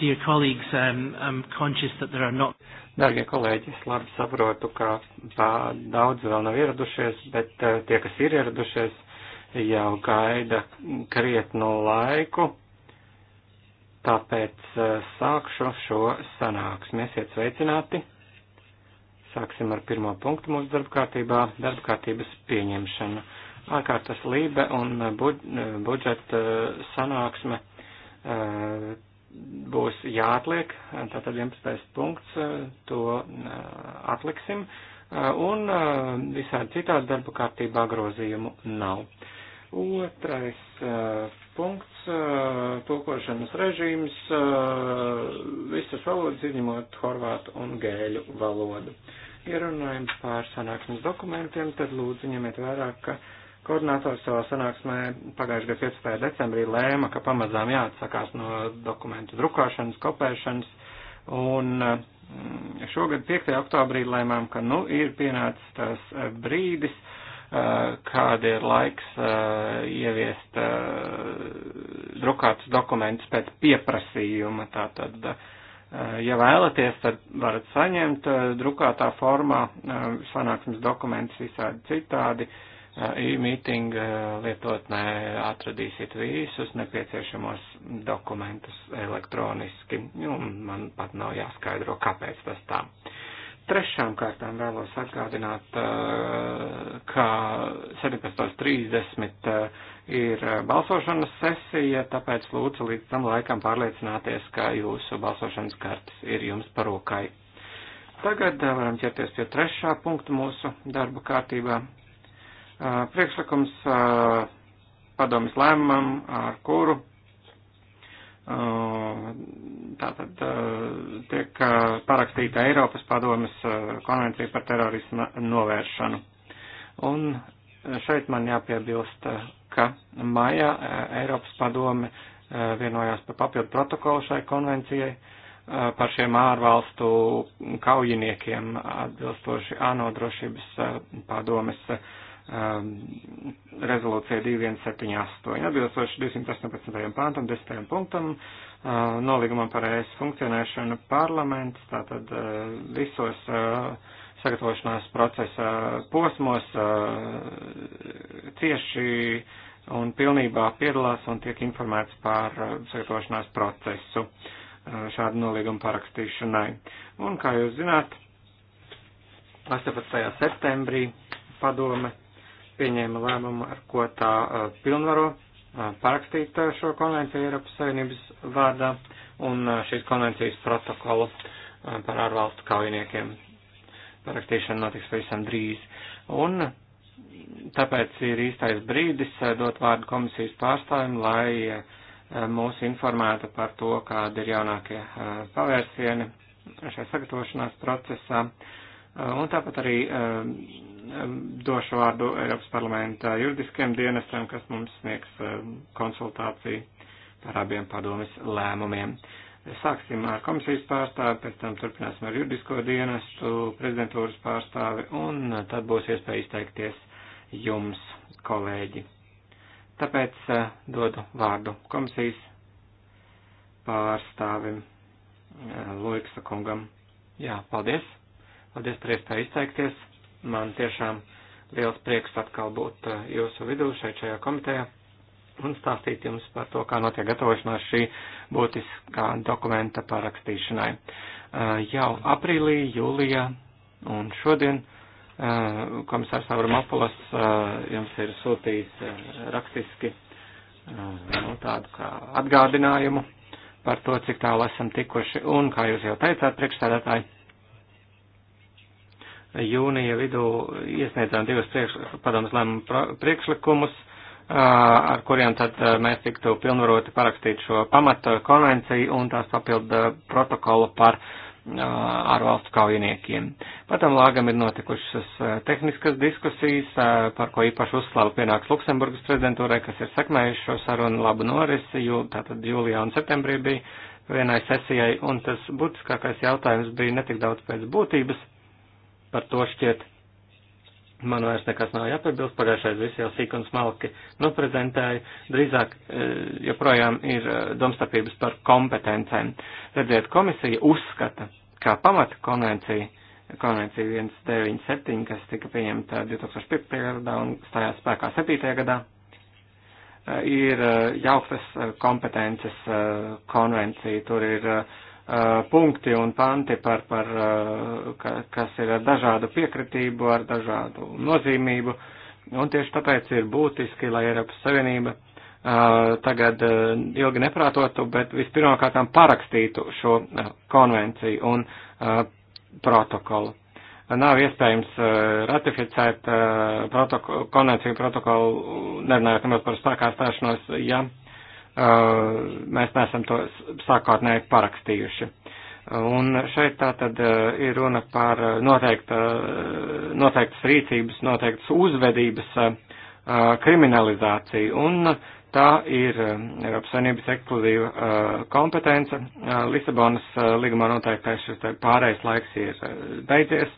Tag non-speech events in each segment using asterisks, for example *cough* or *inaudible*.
Dear colleagues, um, I'm conscious that there are not. Dargie kolēģi, es labi saprotu, ka daudz vēl nav ieradušies, bet uh, tie, kas ir ieradušies, jau gaida krietnu laiku. Tāpēc uh, sākšu šo sanāksmi. Esiet sveicināti. Sāksim ar pirmo punktu mūsu darbkārtībā - darbkārtības pieņemšana. Ārkārtas lībe un uh, uh, budžeta uh, sanāksme. Uh, būs jāatliek, tātad 11. punkts, eh, to eh, atliksim, eh, un visādi citādi darba kārtībā grozījumu nav. Otrais punkts, tulkošanas režīms, visas valodas izņemot horvātu un gēļu valodu. Ja runājam par sanāksmes dokumentiem, tad lūdzu ņemiet vērā, ka uh, Koordinātors savā sanāksmē pagājušajā gada 15. decembrī lēma, ka pamazām jāatsakās no dokumentu drukāšanas, kopēšanas, un mm, šogad 5. oktobrī lēmām, ka nu ir pienācis tas eh, brīdis, eh, kāda ir laiks eh, ieviest drukātus dokumentus pēc pieprasījuma. Tātad, ja vēlaties, tad varat saņemt drukātā formā sanāksmes dokumentus visādi citādi e-meeting lietotnē atradīsiet visus nepieciešamos dokumentus elektroniski. Un nu, man pat nav jāskaidro, kāpēc tas tā. Trešām kārtām vēlos atgādināt, ka 17.30 ir balsošanas sesija, tāpēc lūdzu līdz tam laikam pārliecināties, ka jūsu balsošanas kartes ir jums parūkai. Tagad varam ķerties pie trešā punkta mūsu darba kārtībā Uh, priekšlikums uh, padomis lēmumam, ar kuru uh, tātad tiek parakstīta Eiropas padomis konvencija par terorisma novēršanu. Un šeit man jāpiebilst, ka maijā Eiropas padome vienojās par papildu protokolu šai konvencijai par šiem ārvalstu kaujiniekiem atbilstoši ANO drošības padomes uh, Um, rezolūcija 2178 atbilstoši 218. pāntam, 10. punktam, uh, nolīgumam par ES funkcionēšanu parlaments, tātad uh, visos uh, sagatavošanās procesa posmos cieši un pilnībā piedalās un tiek informēts par sagatavošanās procesu šādu nolīgumu parakstīšanai. Un, kā jūs zināt, 18. septembrī padome pieņēma lēmumu, ar ko tā pilnvaro parakstīt šo konvenciju Eiropas Savienības vārdā un šīs konvencijas protokolu par ārvalstu kaujiniekiem. Parakstīšana notiks pavisam drīz. Un tāpēc ir īstais brīdis dot vārdu komisijas pārstāvim, lai mūs informētu par to, kāda ir jaunākie pavērsieni šajā sagatavošanās procesā. Un tāpat arī došu vārdu Eiropas parlamenta juridiskajam dienestam, kas mums sniegs konsultāciju par abiem padomis lēmumiem. Sāksim ar komisijas pārstāvi, pēc tam turpināsim ar juridisko dienestu, prezidentūras pārstāvi, un tad būs iespēja izteikties jums, kolēģi. Tāpēc eh, dodu vārdu komisijas pārstāvim eh, Loiksa kungam. Jā, paldies! Paldies par iespēju izteikties! man tiešām liels prieks atkal būt eh, jūsu vidū šeit šajā komitejā un stāstīt jums par to, kā notiek gatavošanās šī būtiskā dokumenta parakstīšanai. Eh, jau aprīlī, jūlijā un šodien eh, komisārs Avramopulas jums ir sūtījis rakstiski nu, tādu kā atgādinājumu par to, cik tālu esam tikuši. Un, kā jūs jau teicāt, priekšstādātāji, jūnija vidū iesniedzām divus padomus lēmumu priekšlikumus, ar kuriem tad mēs tiktu pilnvaroti parakstīt šo pamata konvenciju un tās papildu protokolu par ārvalstu kaujiniekiem. Patam lāgam ir notikušas tehniskas diskusijas, par ko īpaši uzslavu pienāks Luksemburgas prezidentūrai, kas ir sekmējuši šo sarunu labu norisi, jo tātad jūlijā un septembrī bija vienai sesijai, un tas būtiskākais jautājums bija netik daudz pēc būtības Par to šķiet man vairs nekas nav jāpiebilst, pagājušais visi jau sīk un smalki noprezentēja, drīzāk e, joprojām ir e, domstarpības par kompetencēm. Redziet, komisija uzskata, kā pamata konvencija, konvencija 197, kas tika pieņemta 2005. gadā un stājās spēkā 7. gadā, e, ir jaukstas kompetences konvencija, tur ir uh, Eh, punkti un panti, par, par, eh, kas ir ar dažādu piekritību, ar dažādu nozīmību. Un tieši tāpēc ir būtiski, lai Eiropas Savienība eh, tagad ilgi neprātotu, bet vispirmkārtām parakstītu šo konvenciju un protokolu. Nav iespējams ratificēt protokolu, konvenciju protokolu, nerunājot nemaz par spēkā stāšanos, ja mēs neesam to sākotnēji parakstījuši. Un šeit tā tad ir runa par noteikta, noteiktas rīcības, noteiktas uzvedības kriminalizāciju. Un tā ir Eiropas Savienības ekskluzīva kompetence. Lisabonas līgumā noteiktais šis pārējais laiks ir beidzies.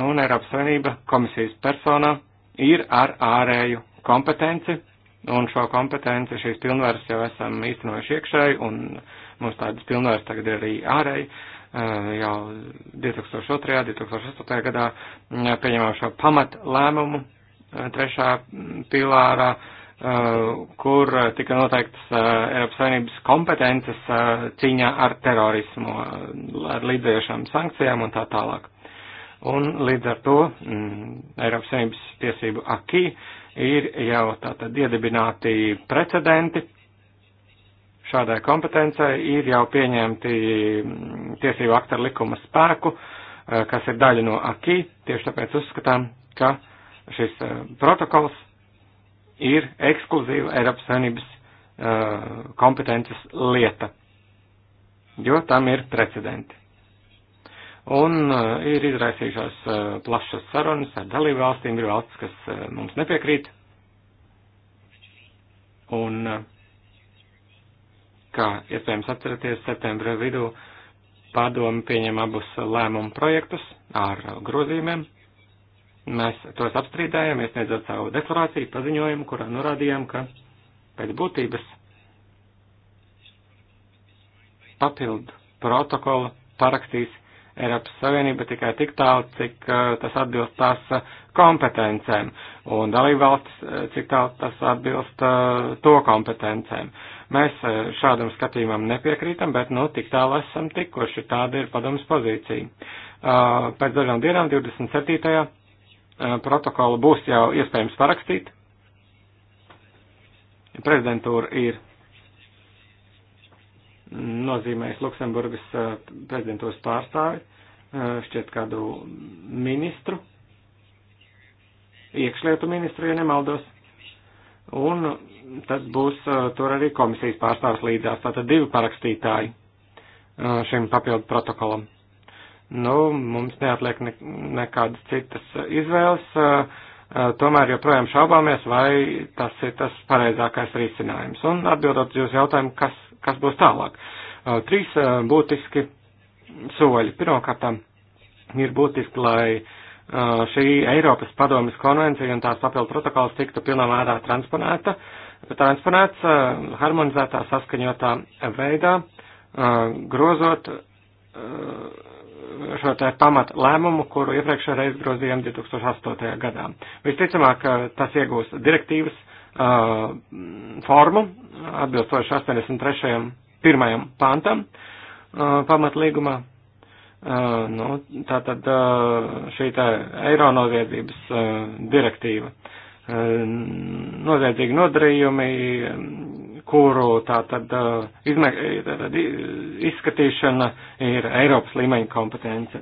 Un Eiropas Savienība komisijas personā ir ar ārēju kompetenci Un šo kompetenci, šīs pilnvaras jau esam īstenojuši iekšēji, un mums tādas pilnvaras tagad ir arī ārēji. Eh, jau 2002. 2008. gadā eh, pieņemam šo pamat lēmumu eh, trešā pilārā, kur tika noteiktas Eiropas Savienības kompetences cīņā ar terorismu, ar līdzējušām sankcijām un tā tālāk. Un līdz ar to mm, Eiropas Savienības tiesību akī ir jau tātad iedibināti precedenti. Šādai kompetencei ir jau pieņemti mm, tiesību akta likuma spēku, eh, kas ir daļa no akī. Tieši tāpēc uzskatām, ka šis eh, protokols ir ekskluzīva Eiropas Savienības eh, kompetences lieta, jo tam ir precedenti un eh, ir izraisījušās eh, plašas sarunas ar dalību valstīm, ir valsts, kas eh, mums nepiekrīt. Un, kā iespējams atceraties, septembra vidū padomu pieņem abus lēmumu projektus ar grozījumiem. Mēs tos apstrīdējām, iesniedzot savu deklarāciju, paziņojumu, kurā norādījām, ka pēc būtības papildu protokolu parakstīs Eiropas Savienība tikai tik tālu, cik eh, tas atbilst tās eh, kompetencēm, un dalībvalstis, eh, cik tālu tas atbilst to kompetencēm. Mēs šādam skatījumam nepiekrītam, bet, nu, tik tālu esam tikuši, tāda ir padomas pozīcija. Pēc dažām dienām, 27. protokolu būs jau iespējams parakstīt. Prezidentūra ir nozīmējis Luksemburgas prezidentūras pārstāvi, šķiet kādu ministru, iekšlietu ministru, ja nemaldos. Un tad būs tur arī komisijas pārstāvis līdzās, tātad divi parakstītāji šim papildu protokolam. Nu, mums neatliek ne, nekādas citas izvēles, tomēr joprojām šaubāmies, vai tas ir tas pareizākais risinājums. Un atbildot uz jūsu jautājumu, kas kas būs tālāk. Trīs būtiski soļi. Pirmkārt, ir būtiski, lai šī Eiropas padomjas konvencija un tās papildu protokols tiktu pilnā mērā transponēta, transponēts harmonizētā, saskaņotā veidā, grozot šo te pamat lēmumu, kuru iepriekšējā reiz grozījām 2008. gadā. Visticamāk, tas iegūs direktīvas formu, atbilstoši 83. pirmajam pantam pamatlīgumā. Nu, tā tad šī tā eiro noziedzības direktīva. Noziedzīgi nodarījumi, kuru tā tad, izme, tā tad izskatīšana ir Eiropas līmeņa kompetence.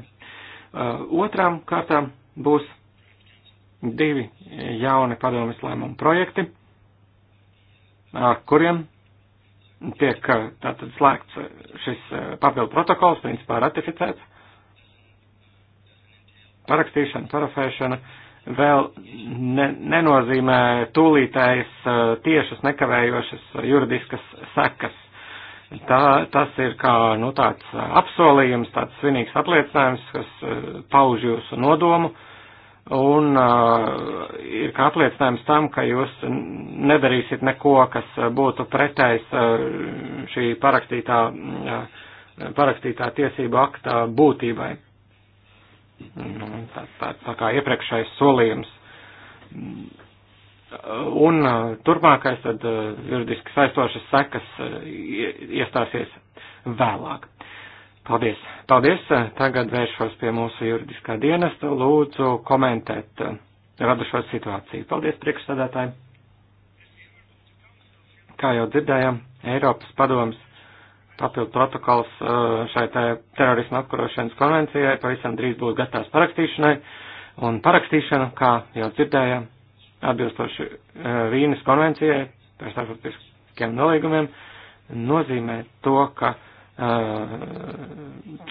Otrām kārtām būs divi jauni padomjas lēmumu projekti ar kuriem tiek tātad slēgts šis papildu protokols, principā ratificēts, parakstīšana, parafēšana vēl ne, nenozīmē tūlītējas tiešas nekavējošas juridiskas sekas. Tā, tas ir kā nu, tāds apsolījums, tāds svinīgs apliecinājums, kas pauž jūsu nodomu, uh, un uh, ir kā apliecinājums tam, ka jūs nedarīsiet neko, kas būtu pretējs uh, šī parakstītā, uh, parakstītā tiesība akta būtībai. Nu, tā, tā, tā kā iepriekšējais solījums. Un uh, turpmākais tad uh, juridiski saistošas sekas uh, iestāsies vēlāk. Paldies. Paldies. Tagad vēršos pie mūsu juridiskā dienesta. Lūdzu komentēt radušo situāciju. Paldies, priekšsādātāji. Kā jau dzirdējām, Eiropas padomas papildu protokols uh, šai te terorismu apkarošanas konvencijai pavisam drīz būs gatavs parakstīšanai. Un parakstīšana, kā jau dzirdējām, atbilstoši Vīnes uh, konvencijai par starptautiskiem nolīgumiem, nozīmē to, ka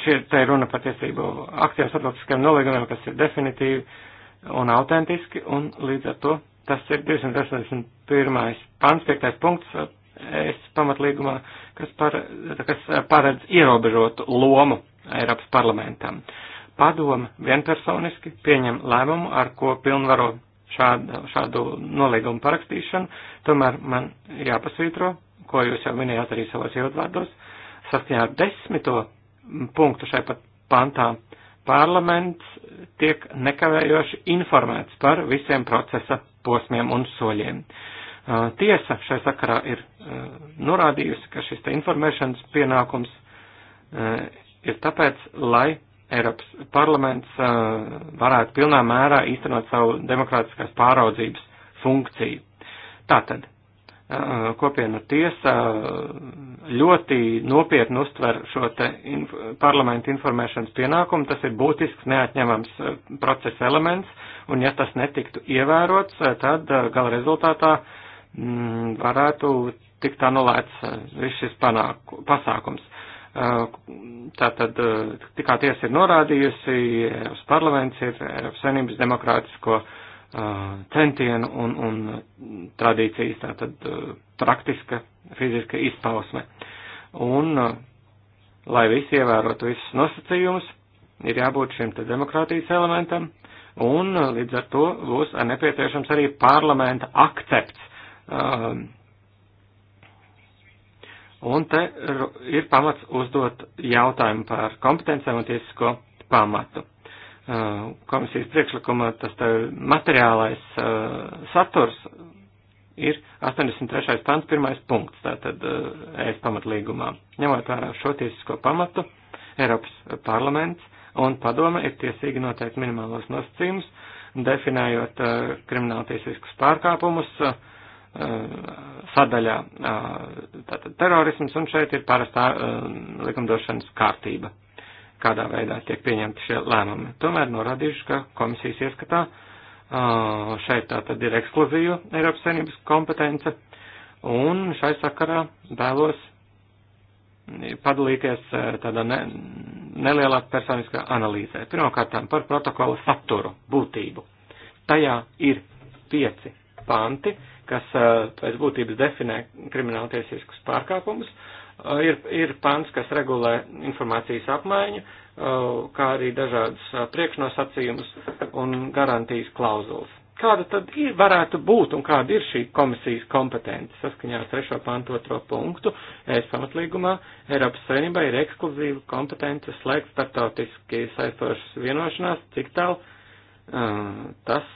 šie, te ir runa par tiesību aktiem starptautiskiem nolīgumiem, kas ir definitīvi un autentiski, un līdz ar to tas ir 281. pants, 5. punkts es pamatlīgumā, kas, par, kas paredz ierobežotu lomu Eiropas parlamentam. Padoma vienpersoniski pieņem lēmumu, ar ko pilnvaro šādu, šādu nolīgumu parakstīšanu, tomēr man jāpasvītro, ko jūs jau minējāt arī savos ievadvārdos, uh, saskaņā ar desmito punktu šai pat pantā parlaments tiek nekavējoši informēts par visiem procesa posmiem un soļiem. Uh, tiesa šai sakarā ir uh, norādījusi, ka šis te informēšanas pienākums uh, ir tāpēc, lai Eiropas parlaments varētu pilnā mērā īstenot savu demokrātiskās pāraudzības funkciju. Tātad kopienu tiesa eh, ļoti nopietni uztver šo te inf parlamentu informēšanas pienākumu. Tas ir būtisks, neatņemams eh, procesa elements, un ja tas netiktu ievērots, eh, tad gala rezultātā m, mm, varētu tikt anulēts viss šis panāku, pasākums. Tātad tikā tiesa ir norādījusi, Eiropas parlaments ir Eiropas Savienības demokrātisko uh, centienu un, un tradīcijas, tātad praktiska fiziska izpausme. Un, lai visi ievērotu visus nosacījumus, ir jābūt šim te demokrātijas elementam, un līdz ar to būs nepieciešams arī parlamenta akcepts. Um, un te ir pamats uzdot jautājumu par kompetencēm un tiesisko pamatu. Eh, komisijas priekšlikumā tas materiālais eh, saturs ir 83. pants, pirmais punkts, tātad ES eh, pamatlīgumā. Ņemot vērā šo tiesisko pamatu, Eiropas parlaments un padome ir tiesīgi noteikt minimālos nosacījumus, definējot krimināltiesiskus pārkāpumus sadaļā tātad terorisms, un šeit ir parastā likumdošanas kārtība kādā veidā tiek pieņemti šie lēmumi. Tomēr norādījuši, ka komisijas ieskatā šeit tā tad ir ekskluzīva Eiropas Savienības kompetence, un šai sakarā vēlos padalīties tādā ne, nelielā personiskā analīzē. Pirmkārt, par protokola saturu, būtību. Tajā ir pieci panti, kas pēc būtības definē krimināltiesiskus pārkāpumus, uh, Eh, ir, ir pants, kas regulē informācijas apmaiņu, eh, kā arī dažādas eh, priekšnosacījumus un garantijas klauzulas. Kāda tad ir, varētu būt un kāda ir šī komisijas kompetence saskaņā ar 3. pantu 2. punktu ES pamatlīgumā? Eiropas Savienībā ir ekskluzīva kompetence slēgt startautiski saistošas vienošanās, cik tālu tas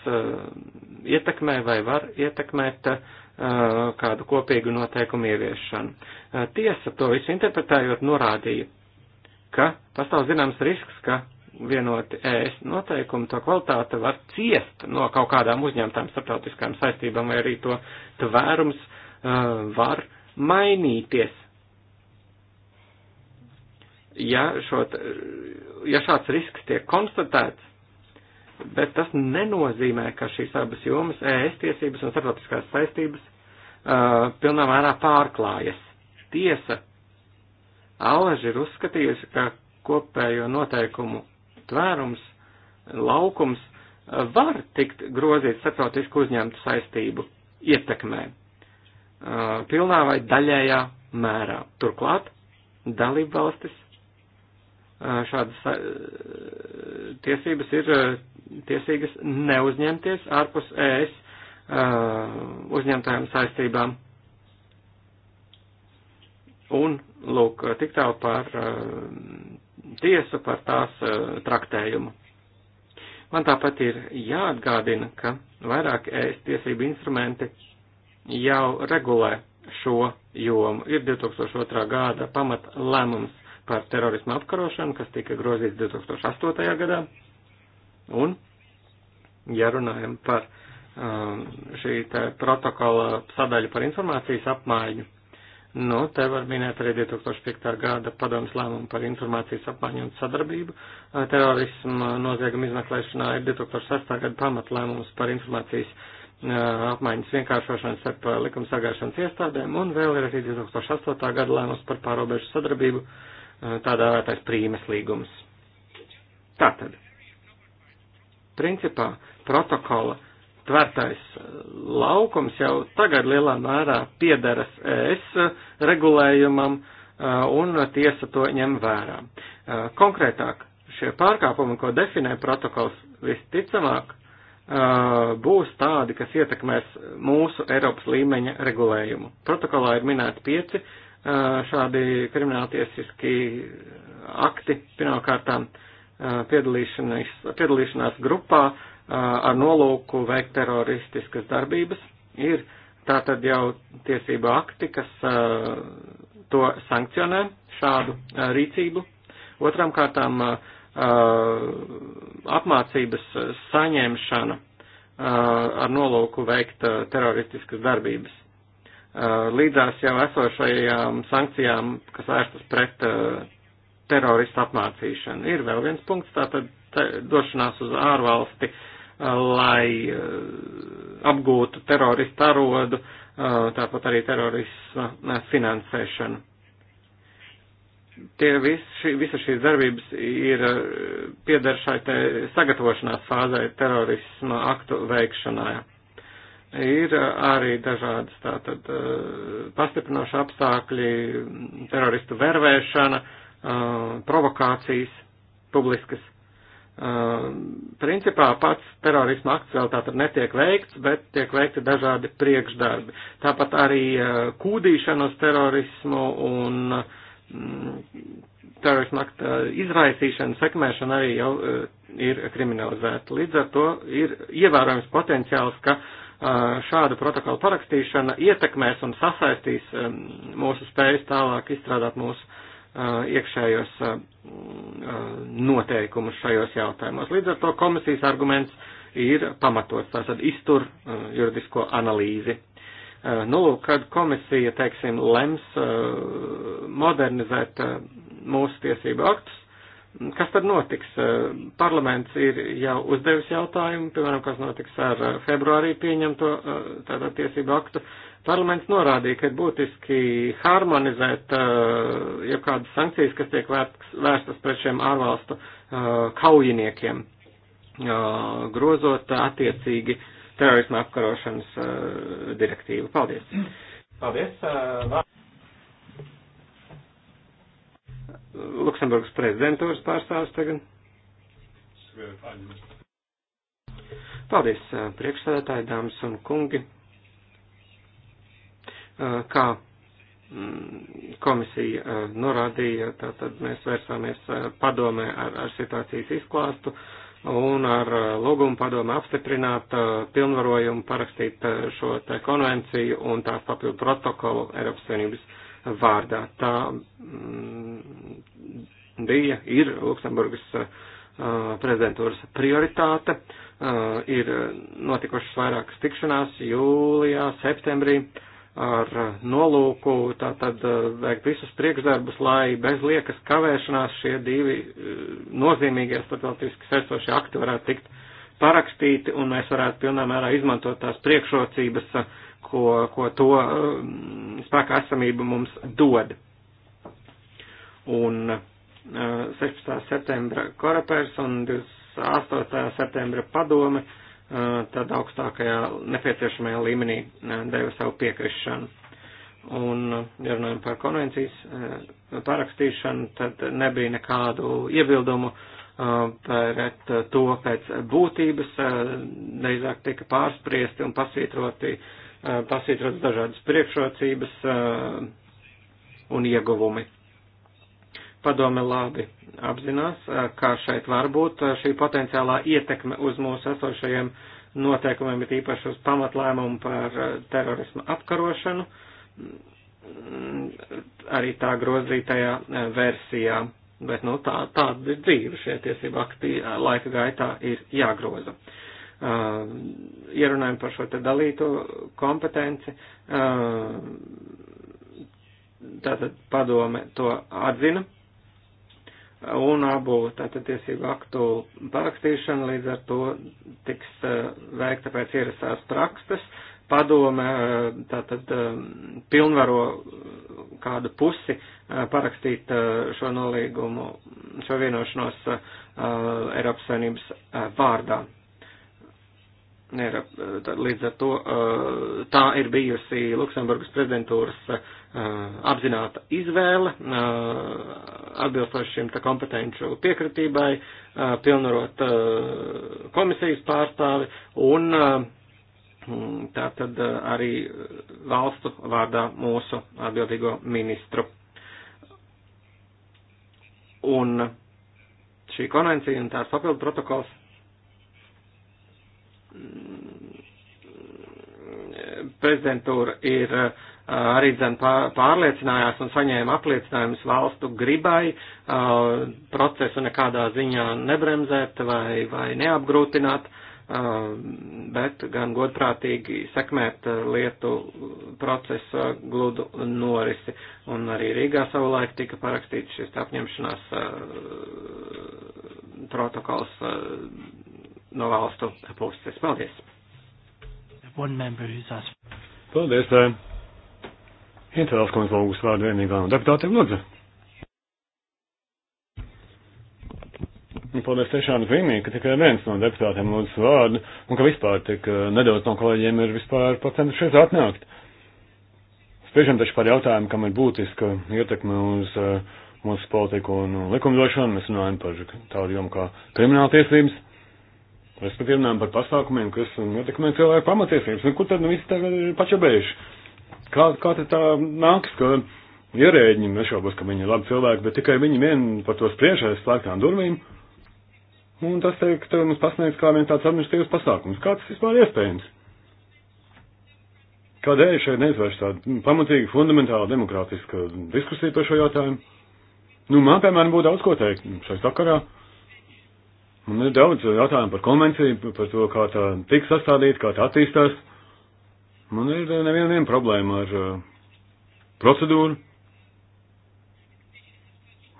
ietekmē vai var ietekmēt uh, kādu kopīgu noteikumu ieviešanu. Tiesa to visu interpretējot norādīja, ka pastāv zināms risks, ka vienoti ES noteikumi, to kvalitāte var ciest no kaut kādām uzņemtām starptautiskām saistībām, vai arī to tvērums uh, var mainīties. Ja, šo, ja šāds risks tiek konstatēts, bet tas nenozīmē, ka šīs abas jomas, ES tiesības un starptautiskās saistības, Uh, pilnā mērā pārklājas. Tiesa, Alaži ir uzskatījusi, ka kopējo noteikumu tvērums, laukums uh, var tikt grozīts starptautisku uzņemtu saistību ietekmē, uh, pilnā vai daļējā mērā. Turklāt dalību valstis šādas tiesības ir tiesīgas neuzņemties ārpus ES Uh, uzņemtajām saistībām. Un, lūk, tik tālu par uh, tiesu, par tās uh, traktējumu. Man tāpat ir jāatgādina, ka vairāk ēst tiesību instrumenti jau regulē šo jomu. Ir 2002. gada pamat lēmums par terorismu apkarošanu, kas tika grozīts 2008. gadā. Un, ja runājam par uh, Um, šī te protokola sadaļa par informācijas apmaiņu. Nu, te var minēt arī 2005. gada padomjas lēmumu par informācijas apmaiņu un sadarbību. Uh, Terorismu noziegumu izmeklēšanā ir 2006. gada pamatlēmums par informācijas uh, apmaiņas vienkāršošanu starp uh, likumsagāšanas iestādēm, un vēl ir arī 2008. gada lēmums par pārobežu sadarbību, tādā vērtais prīmes līgums. Tātad, principā, protokola tvērtais laukums jau tagad lielā mērā piedaras ES regulējumam un tiesa to ņem vērā. Konkrētāk, šie pārkāpumi, ko definē protokols, visticamāk būs tādi, kas ietekmēs mūsu Eiropas līmeņa regulējumu. Protokolā ir minēti pieci šādi krimināltiesiski akti, pirmkārtām piedalīšanās grupā, ar nolūku veikt teroristiskas darbības. Ir tātad jau tiesība akti, kas to sankcionē šādu rīcību. Otram kārtām apmācības saņemšana ar nolūku veikt teroristiskas darbības. Līdzās jau esošajām sankcijām, kas vērstas pret teroristu apmācīšanu. Ir vēl viens punkts, tātad došanās uz ārvalsti lai eh, apgūtu teroristu arodu, eh, tāpat arī teroristu eh, finansēšanu. Tie visi, visa šīs darbības ir piedar šai te sagatavošanās fāzai terorisma aktu veikšanai. Ir arī dažādas tātad pastiprinoši apstākļi, teroristu vervēšana, provokācijas publiskas Ehm, principā pats terorisma akts vēl tātad netiek veikts, bet tiek veikti dažādi priekšdarbi. Tāpat arī eh, kūdīšana uz terorismu un mm, terorisma akta izraisīšana, sekmēšana arī jau eh, ir kriminalizēta. Līdz ar to ir ievērojams potenciāls, ka eh, šādu protokolu parakstīšana ietekmēs un sasaistīs ehm, mūsu spējas tālāk izstrādāt mūsu Uh, iekšējos uh, uh, noteikumus šajos jautājumos. Līdz ar to komisijas arguments ir pamatots, tātad iztur juridisko analīzi. Nu, kad komisija, teiksim, lems modernizēt mūsu tiesību aktus, kas tad notiks? Parlaments ir jau uzdevis jautājumu, piemēram, kas notiks ar februārī pieņemto tātad tiesību aktu, Parlaments norādīja, ka ir būtiski harmonizēt uh, eh, jau kādas sankcijas, kas tiek vērstas pret šiem ārvalstu uh, kaujiniekiem, uh, grozot attiecīgi terorisma apkarošanas uh, direktīvu. Paldies! Paldies! Uh, Luksemburgas prezidentūras pārstāvis tagad. Paldies, priekšsēdētāji, dāmas un kungi! Eh, kā mm, komisija eh, norādīja, tātad mēs vērsāmies eh, padomē ar, ar situācijas izklāstu un ar lūgumu padomē apstiprināt pilnvarojumu parakstīt šo te konvenciju un tās papildu protokolu Eiropas Savienības vārdā. Tā mm, bija, ir Luksemburgas prezidentūras prioritāte. Ir notikušas vairākas tikšanās jūlijā, septembrī. Uh, ar eh, nolūku tātad eh, veikt visus priekšdarbus, lai bez liekas kavēšanās šie divi eh, nozīmīgie starptautiski saistošie akti varētu tikt parakstīti un mēs varētu pilnā mērā izmantot tās priekšrocības, ko, ko to spēka esamība mums dod. Un 16. septembra korapērs un 28. septembra padome tad augstākajā nepieciešamajā līmenī eh, deva savu piekrišanu. Un, ja runājam par konvencijas eh, parakstīšanu, tad nebija nekādu iebildumu eh, pret to pēc būtības, neizāk tika pārspriesti un pasvītroti, pasvītrots dažādas priekšrocības un ieguvumi. Padome labi apzinās, eh, kā šeit var būt eh, šī potenciālā ietekme uz mūsu esošajiem noteikumiem, bet īpaši uz pamatlēmumu par eh, terorismu apkarošanu, mm, arī tā grozītajā versijā. Bet nu, tā, tāda ir dzīve šie tiesību akti laika gaitā ir jāgroza. Uh, ierunājam par šo te dalīto kompetenci. Uh, tātad padome to atzina un abu tātad tiesību aktu parakstīšana līdz ar to tiks eh, veikta pēc ierastās prakses. Padome eh, tātad eh, pilnvaro kādu pusi parakstīt šo nolīgumu, šo vienošanos Eiropas Savienības vārdā. Ir, tad, eh, līdz ar to eh, tā ir bijusi Luksemburgas prezidentūras eh, apzināta izvēle, atbilstoši šim kompetenču piekritībai, pilnvarot komisijas pārstāvi un mm, tā tad arī valstu vārdā mūsu atbildīgo ministru. Un šī konvencija un tās papildu protokols prezidentūra ir arī dzen pārliecinājās un saņēma apliecinājumus valstu gribai procesu nekādā ziņā nebremzēt vai, vai neapgrūtināt, bet gan godprātīgi sekmēt lietu procesa gludu norisi. Un arī Rīgā savulaik tika parakstīts šis apņemšanās protokols no valstu puses. Paldies! Paldies! Ietvēls kundze lūgus vārdu vienīgām deputātiem lūdzu. Un nu, paldies tiešām zīmīgi, ka tikai viens no deputātiem lūdzu vārdu un ka vispār tik eh, nedaudz no kolēģiem ir vispār pacentušies atnākt. Spriežam taču par jautājumu, kam ir būtiska ietekme uz uh, mūsu politiku un likumdošanu. Mēs runājam par tādu jomu kā krimināla tiesības. Mēs pat runājam par pasākumiem, kas ietekmē cilvēku pamatiesības. Un nu, kur tad nu visi tagad ir pačabējuši? Kā, kā tad tā nāks, ka ierēģi, nu, nešaubos, ka viņi ir labi cilvēki, bet tikai viņi vien par to spriež aiz slēgtām durvīm? Un tas teikt, mums pasniedz kā viens tāds administratīvs pasākums. Kā tas vispār iespējams? Kādēļ šeit neizvērš tāda nu, pamatīga, fundamentāla demokrātiska diskusija par šo jautājumu? Nu, man, piemēram, būtu daudz ko teikt šai sakarā. Un ir daudz jautājumu par konvenciju, par to, kā tā tiks sastādīta, kā tā attīstās. Man ir eh, neviena vien problēma ar uh, procedūru.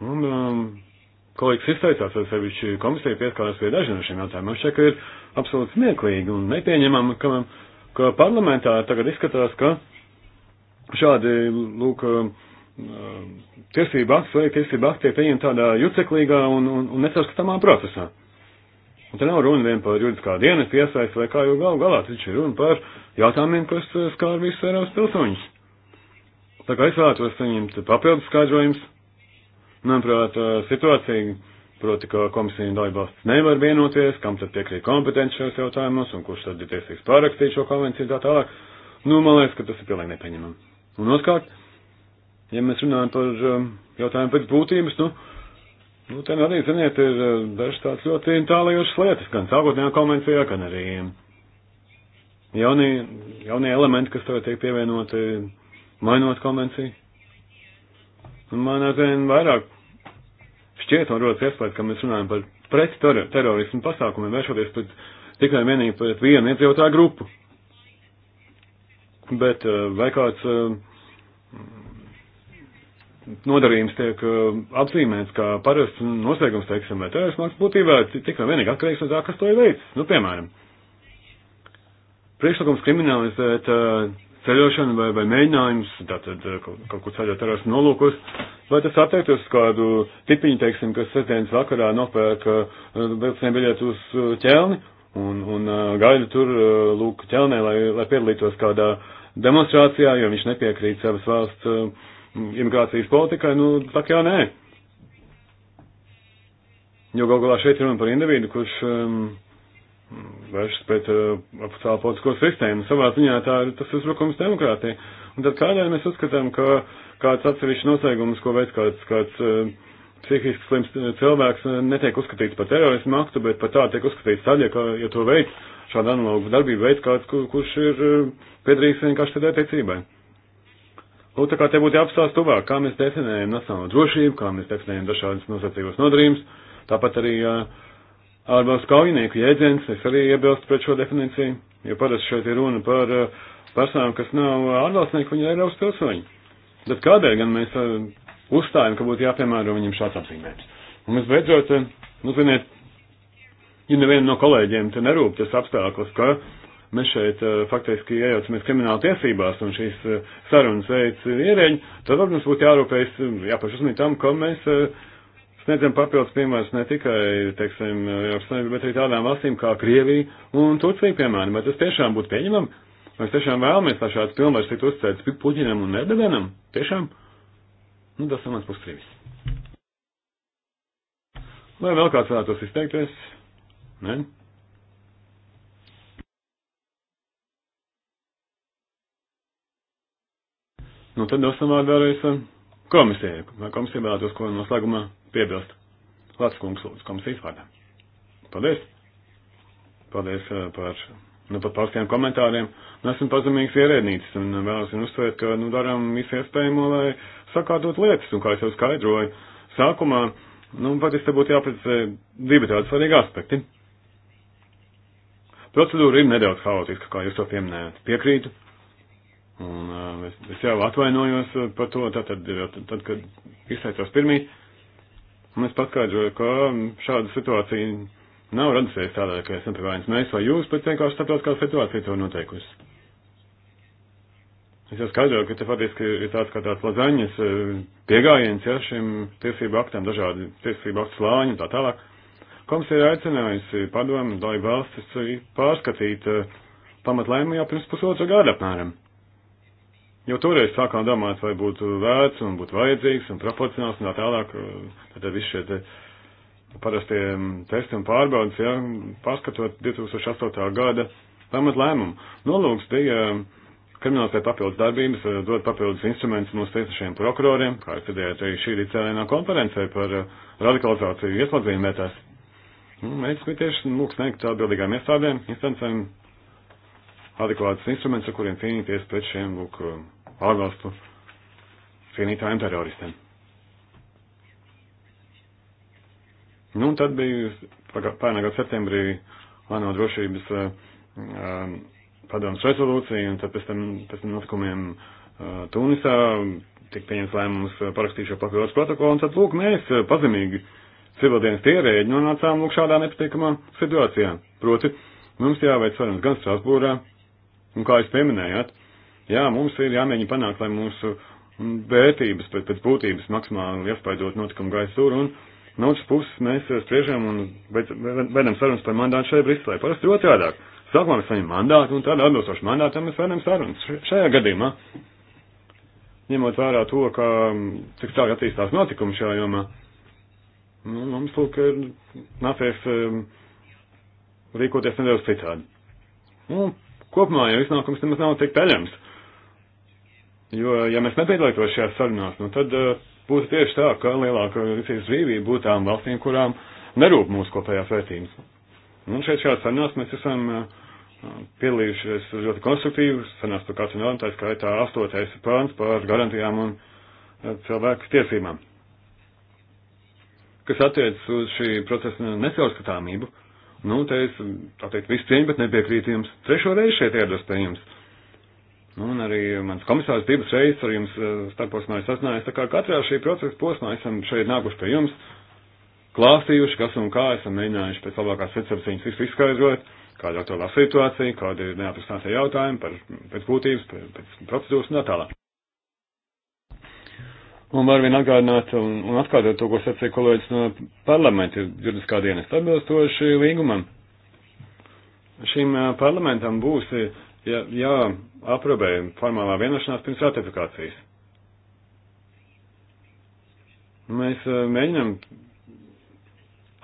Un um, kolēģis izteicās, ka sevišķi komisija pieskārās pie dažiem no šiem jautājumiem. Es šķiet, ka ir absolūti smieklīgi un nepieņemami, ka, ka parlamentā tagad izskatās, ka šādi, lūk, uh, tiesība akts vai tiesība akts tiek pieņemta tādā juceklīgā un, un, un nesaskatāmā procesā. Uh, Un te nav runa vien par juridiskā dienas iesaistu vai kā jau gal galā, taču ir runa par jautājumiem, kas eh, skār visus Eiropas pilsoņus. Tā kā es vēlētos saņemt papildus skaidrojumus, manuprāt, eh, situācija, proti, ka komisija un dalībvalsts nevar vienoties, kam tad piekrīt kompetenci šajos jautājumos un kurš tad ir tiesīgs pārakstīt šo konvenciju tā tālāk, nu, man liekas, ka tas ir pilnīgi nepieņemami. Un otrkārt, ja mēs runājam par eh, jautājumu pēc būtības, nu, Nu, te arī, ziniet, ir eh, dažas tādas ļoti tālajošas lietas, gan sākotnējā konvencijā, gan arī jaunie, jaunie elementi, kas tagad tiek pievienoti, mainot konvenciju. Un man arvien vairāk šķiet un rodas iespējas, ka mēs runājam par pret terorismu pasākumiem, vēršoties pret tikai vienīgi pret vienu iedzīvotāju grupu. Bet eh, vai kāds eh, nodarījums tiek eh, apzīmēts kā parasts noslēgums, teiksim, vai tērēs mākslas būtībā tikai vienīgi atkarīgs no tā, kas to ir veicis. Nu, piemēram, priekšlikums kriminalizēt eh, ceļošanu vai, vai mēģinājums, tātad eh, kaut, kaut kur ceļot terorismu nolūkus, vai tas attiektos kādu tipiņu, teiksim, kas sestdienas vakarā nopērk vilcienu biļetu uz ķelni un, un gaida tur, lūk, ķelnē, lai, lai piedalītos kādā demonstrācijā, jo viņš nepiekrīt savas valsts uh, imigrācijas politikai, nu, tā kā nē. Jo gal galā šeit runa par individu, kurš um, vēršas pret uh, oficiālu politisko sistēmu. Savā ziņā tā ir tas uzbrukums demokrātijai. Un tad kādēļ mēs uzskatām, ka kāds atsevišķs noslēgums, ko veids kāds, kāds uh, psihiski slims uh, cilvēks, uh, netiek uzskatīts par terorismu aktu, bet par tā tiek uzskatīts tad, ja, ka, ja to veids šāda analogu darbību veids kāds, kur, kurš ir uh, piedarījis vienkārši tādai teicībai. Nu, tā kā te būtu jāapstāsta tuvāk, kā mēs definējam nacionālo drošību, kā mēs definējam dažādas nosacījumus nodrīmes, tāpat arī ārvalstu kaujinieku jēdziens, es arī iebilstu pret šo definīciju, jo parasti šeit ir runa par eh, personām, kas nav ārvalstnieki, viņi ir Eiropas pilsoņi. Bet kādēļ gan mēs eh, uzstājam, ka būtu jāpiemēro viņam šāds apzīmējums? Un mēs beidzot, eh, nu, ziniet, ja nevienam no kolēģiem te nerūp tas apstākļus, ka Mēs šeit eh, faktiski iejaucamies krimināla tiesībās un šīs eh, sarunas veids ierēģi, tad mums būtu jārūpējas, eh, jāpaši uzmanīt tam, ko mēs sniedzam papildus piemērus ne tikai, teiksim, Eiropas Savienībai, bet arī tādām valstīm kā Krievija un Turcija, piemēram. Vai tas tiešām būtu pieņemami? Mēs tiešām vēlamies, lai šāds pilnvars tiktu uzticēts Puķinam un Erdoganam? Tiešām? Nu, tas ir mans pustrīvis. Vai vēl kāds vēlētos izteikties? Nē? Nu, tad dosim vārdu vēlreiz um, komisijai. Vai komisija vēlētos ko noslēgumā piebilst? Lats kungs lūdzu komisijas vārdā. Paldies! Paldies uh, par nu, pat paustiem komentāriem. Nu, esmu pazemīgs ierēdnītis un vēlos jums uzsvērt, ka, nu, darām visu iespējamo, lai sakārtot lietas, un kā es jau skaidroju, sākumā, nu, patiesībā būtu jāprecē divi tādi svarīgi aspekti. Procedūra ir nedaudz haotiska, kā jūs to pieminējat. Piekrītu. Un uh, es, es jau atvainojos par to, tātad, tad, tad kad izteicos pirmī, un es paskaidroju, ka šāda situācija nav radusies tādēļ, ka es nepievainojos mēs vai jūs, bet vienkārši starptautiskā situācija to noteikusi. Es jau skaidroju, ka te faktiski ir tāds kā tāds lazaņas pieejams ja, šim tiesību aktam, dažādi tiesību aktu slāņi un tā tālāk. Komisija ir aicinājusi padomu, lai valstis pārskatīt pamatlēmu jau pirms pusotra gada apmēram. Jau toreiz sākām domāt, vai būtu vērts un būtu vajadzīgs un proporcionāls un tā tālāk. Eh, tad visi šie te parastie mm, testi un pārbaudas, ja, pārskatot 2008. gada pamat lēmumu. Nolūks bija mm, kriminalizēt papildus darbības, eh, dot papildus instrumentus mūsu tiesnešiem prokuroriem, kā es dzirdēju arī šī rīt cēlēnā konferencē par eh, radikalizāciju ieslodzījumietās. Mm, mērķis bija tieši lūk sniegt atbildīgām iestādēm, instancēm adekvātus instrumentus, ar kuriem cīnīties pret šiem lūk, ārvalstu cīnītājiem teroristiem. Nu, un tad bija pērnā gada septembrī ANO drošības um, padomas rezolūcija, un tad pēc tam, pēc tam notikumiem uh, Tunisā tika pieņems lēmums parakstīt šo papildus protokolu, un tad, lūk, mēs pazemīgi civildienas tierēģi nonācām, lūk, šādā nepatīkamā situācijā. Proti, mums jāveic sarunas gan Strasbūrā, Un kā jūs pieminējāt, jā, mums ir jāmēģina panākt, lai mūsu vērtības pēc, pēc būtības maksimāli iespaidot notikumu gaisūru, un no otras puses mēs spriežam un vedam sarunas par mandātu šeit Briselē. Parasti otrādāk. Sākumā mēs saņem mandātu, un tad atbilstoši mandātam mēs vedam sarunas. Šajā gadījumā, ņemot vērā to, ka cik tālāk attīstās notikumi šajā jomā, nu, mums lūk ir nācies um, rīkoties nedaudz citādi. Un kopumā jau iznākums nemaz nav tik peļams. Jo, ja mēs nepiedalītos šajās sarunās, nu tad uh, būtu tieši tā, ka lielāka Rīsijas brīvība būtu tām valstīm, kurām nerūp mūsu kopējās vērtības. Nu, un šeit šajās sarunās mēs esam uh, piedalījušies ļoti konstruktīvi, sanās par kāds no tā skaitā astotais pāns par garantijām un uh, cilvēku tiesībām. Kas attiec uz šī procesa necaurskatāmību, uh, Nu, te es, tā teikt, visu cieņu, bet nepiekrītu jums. Trešo reizi šeit ierados pie jums. Nu, un arī mans komisārs divas reizes ar jums eh, starposmā ir sasnājies. Tā kā katrā šī procesa posmā esam šeit nākuši pie jums, klāstījuši, kas un kā esam mēģinājuši pēc labākās secapsiņas visu izskaidrot, kāda ir aktuālā situācija, kāda ir neatrastātie jautājumi par, pēc būtības, pēc, pēc procedūras un tā tālāk. Un var vien atgādināt un, un atkārtot to, ko sacīja kolēģis no parlamenta juridiskā dienas atbilstoši līgumam. Šim parlamentam būs jā, jā aprobē formālā vienošanās pirms ratifikācijas. Mēs mēģinām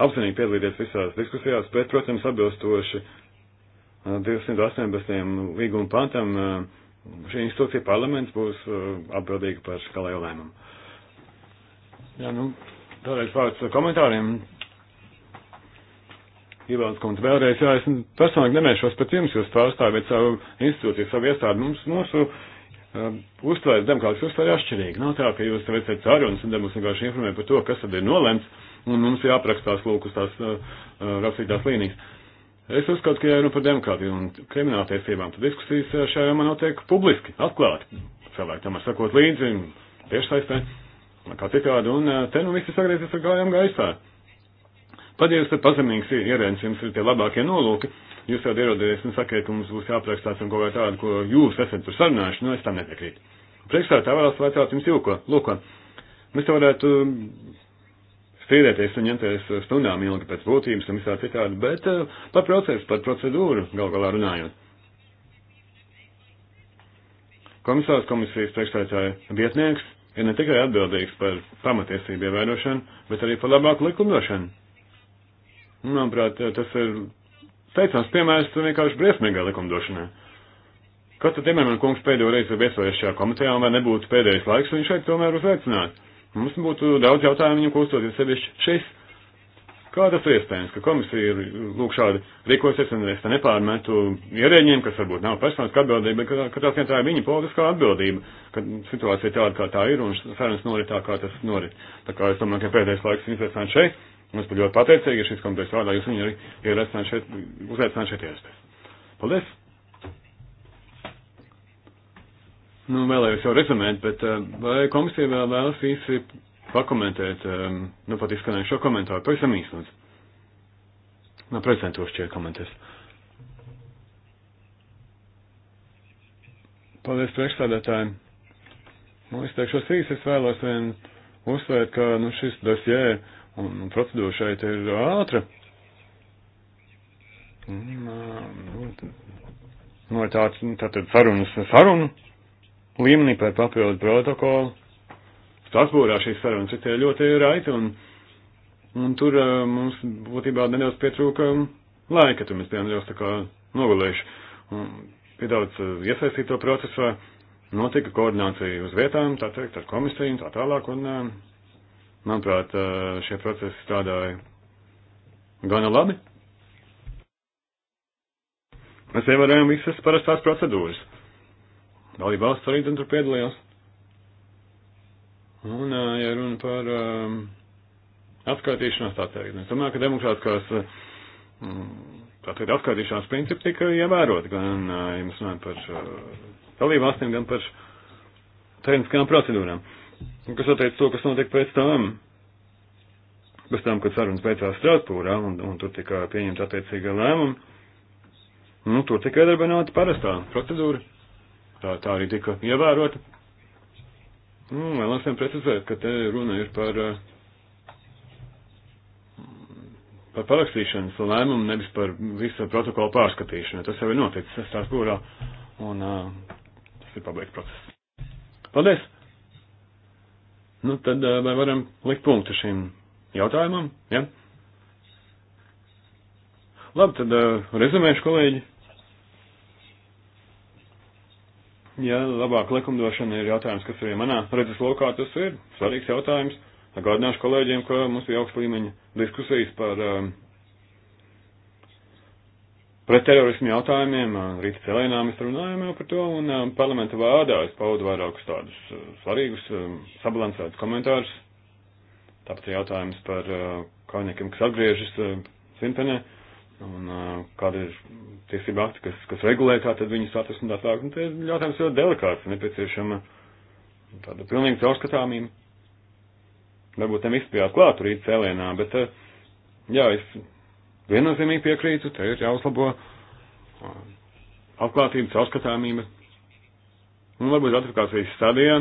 apzinīgi piedalīties visās diskusijās, bet, protams, atbilstoši 218. līguma pantam šī institūcija parlaments būs atbildīga par skalēju lēmumu. Jā, nu, tālreiz vārds komentāriem. Ievēlēt kundze vēlreiz, jā, es personīgi nemēršos pēc jums, jūs pārstāvēt savu institūciju, savu iestādi. Mums, mūsu uh, uztvērs demokrātis uztvēr atšķirīgi. Nav tā, ka jūs veicat sarunas un mums vienkārši informē par to, kas tad ir nolemts, un mums jāaprakstās lūk uz tās uh, uh, rakstītās līnijas. Es uzskatu, ka, ja runa par demokrātiju un krimināltiesībām, tad diskusijas uh, šajā jomā notiek publiski, atklāti. Cilvēki tam ir sakot līdzi un tiešsaistē kā citādi, un eh, te nu visi sagriezies ar kājām gaisā. Pat ja jūs esat pazemīgs ierēns, jums ir tie labākie nolūki, jūs jau ierodaties un sakiet, ka mums būs jāaprakstās un kaut kā tādu, ko jūs esat tur sarunājuši, nu es tam nepiekrītu. Priekšā tā vēlas vaicāt jums jūko, lūko. Mēs te varētu strīdēties un ņemties stundām ilgi pēc būtības un visā citādi, bet eh, par procesu, par procedūru gal galā runājot. Komisārs komisijas priekšstādātāja vietnieks ir ne tikai atbildīgs par pamatiesību ievērošanu, bet arī par labāku likumdošanu. Manuprāt, tas ir teicams piemērs vienkārši briesmīgai likumdošanai. Kas tad Timermana kungs pēdējo reizi ir viesojies šajā komitejā, un vai nebūtu pēdējais laiks viņu šeit tomēr uzveicināt? Mums būtu daudz jautājumu viņu kūstoties sevišķi šis Kā tas ir iespējams, ka komisija ir lūk šādi rīkosies un es te nepārmetu ierēģiem, kas varbūt nav personiska atbildība, bet ka, ka tās vien tā ir viņa politiskā atbildība, ka situācija tāda, kā tā ir un sarunas norit tā, kā tas norit. Tā kā es domāju, ka pēdējais laiks ir interesants šeit. Mēs pat ļoti pateicīgi, ja šis komitejas vārdā jūs viņu arī ierastināt šeit, uzaicināt šeit ierasties. Paldies! Nu, vēlējos jau rezumēt, bet eh, vai komisija vēl vēlas īsi pakomentēt, nu pat izskanēju šo komentāru, pavisam īsnots. No prezidentūras šķiet komentēs. Paldies priekšstādātājiem. Nu, es teikšos īsi, es vēlos vien uzsvērt, ka, nu, šis dosjē un procedūra šeit ir ātra. Nu, nu, tāds, tātad sarunas sarunu līmenī par papildu protokolu Strasbūrā šīs sarunas citēja ļoti raiti, un, un tur uh, mums būtībā nedaudz pietrūka laika, tur mēs bijām ļoti tā kā nogulējuši. Un piedaudz uh, eh, iesaistīto procesā notika koordinācija uz vietām, tā teikt, ar komisiju un tā tālāk, un, uh, manuprāt, uh, šie procesi strādāja gana labi. Mēs ievērojam visas parastās procedūras. Dalībvalsts arī tur piedalījās. Un, ja runa par um, atskaitīšanās atcerību, es domāju, ka demokrātiskās tātad atskaitīšanās principi tika ievēroti gan, ja mēs runājam par dalību valstīm, gan par tehniskām procedūrām. Un, kas attiec to, kas notiek pēc tam, pēc tam, kad sarunas beidzās Strasbūrā un, un tur tika pieņemta attiecīga lēmuma, nu, tur tika iedarbināta parastā procedūra. Tā, tā arī tika ievērota. Nu, vēlos vien precizēt, ka te runa ir par, eh, par parakstīšanas lēmumu, nevis par visu protokolu pārskatīšanu. Tas jau ir noticis Strasbūrā, un uh, tas ir pabeigts process. Paldies! Nu, tad uh, vai varam likt punktu šim jautājumam? Ja? Labi, tad uh, rezumēšu, kolēģi. Ja labāk likumdošana ir jautājums, kas arī manā redzes lokā tas ir svarīgs jautājums. Atgādināšu kolēģiem, ka mums bija augsta līmeņa diskusijas par um, pret terorismu jautājumiem. Uh, Rīta cēlēnā mēs runājām jau par to, un um, parlamenta vārdā es paudu vairākus tādus uh, svarīgus, um, sabalansētus komentārus. Tāpat ir jautājums par uh, kaujiniekiem, kas atgriežas uh, simtenē. Uh, un kāda ir tiesība akti, kas, kas regulē tā tad viņu status un tā tālāk. Un nu, te jautājums ļoti delikāts, nepieciešama tāda pilnīga caurskatāmība. Varbūt tam izspējāt klāt rīt cēlienā, bet, jā, es viennozīmīgi piekrītu, te ir jāuzlabo atklātība, caurskatāmība. Un varbūt ratifikācijas stadijā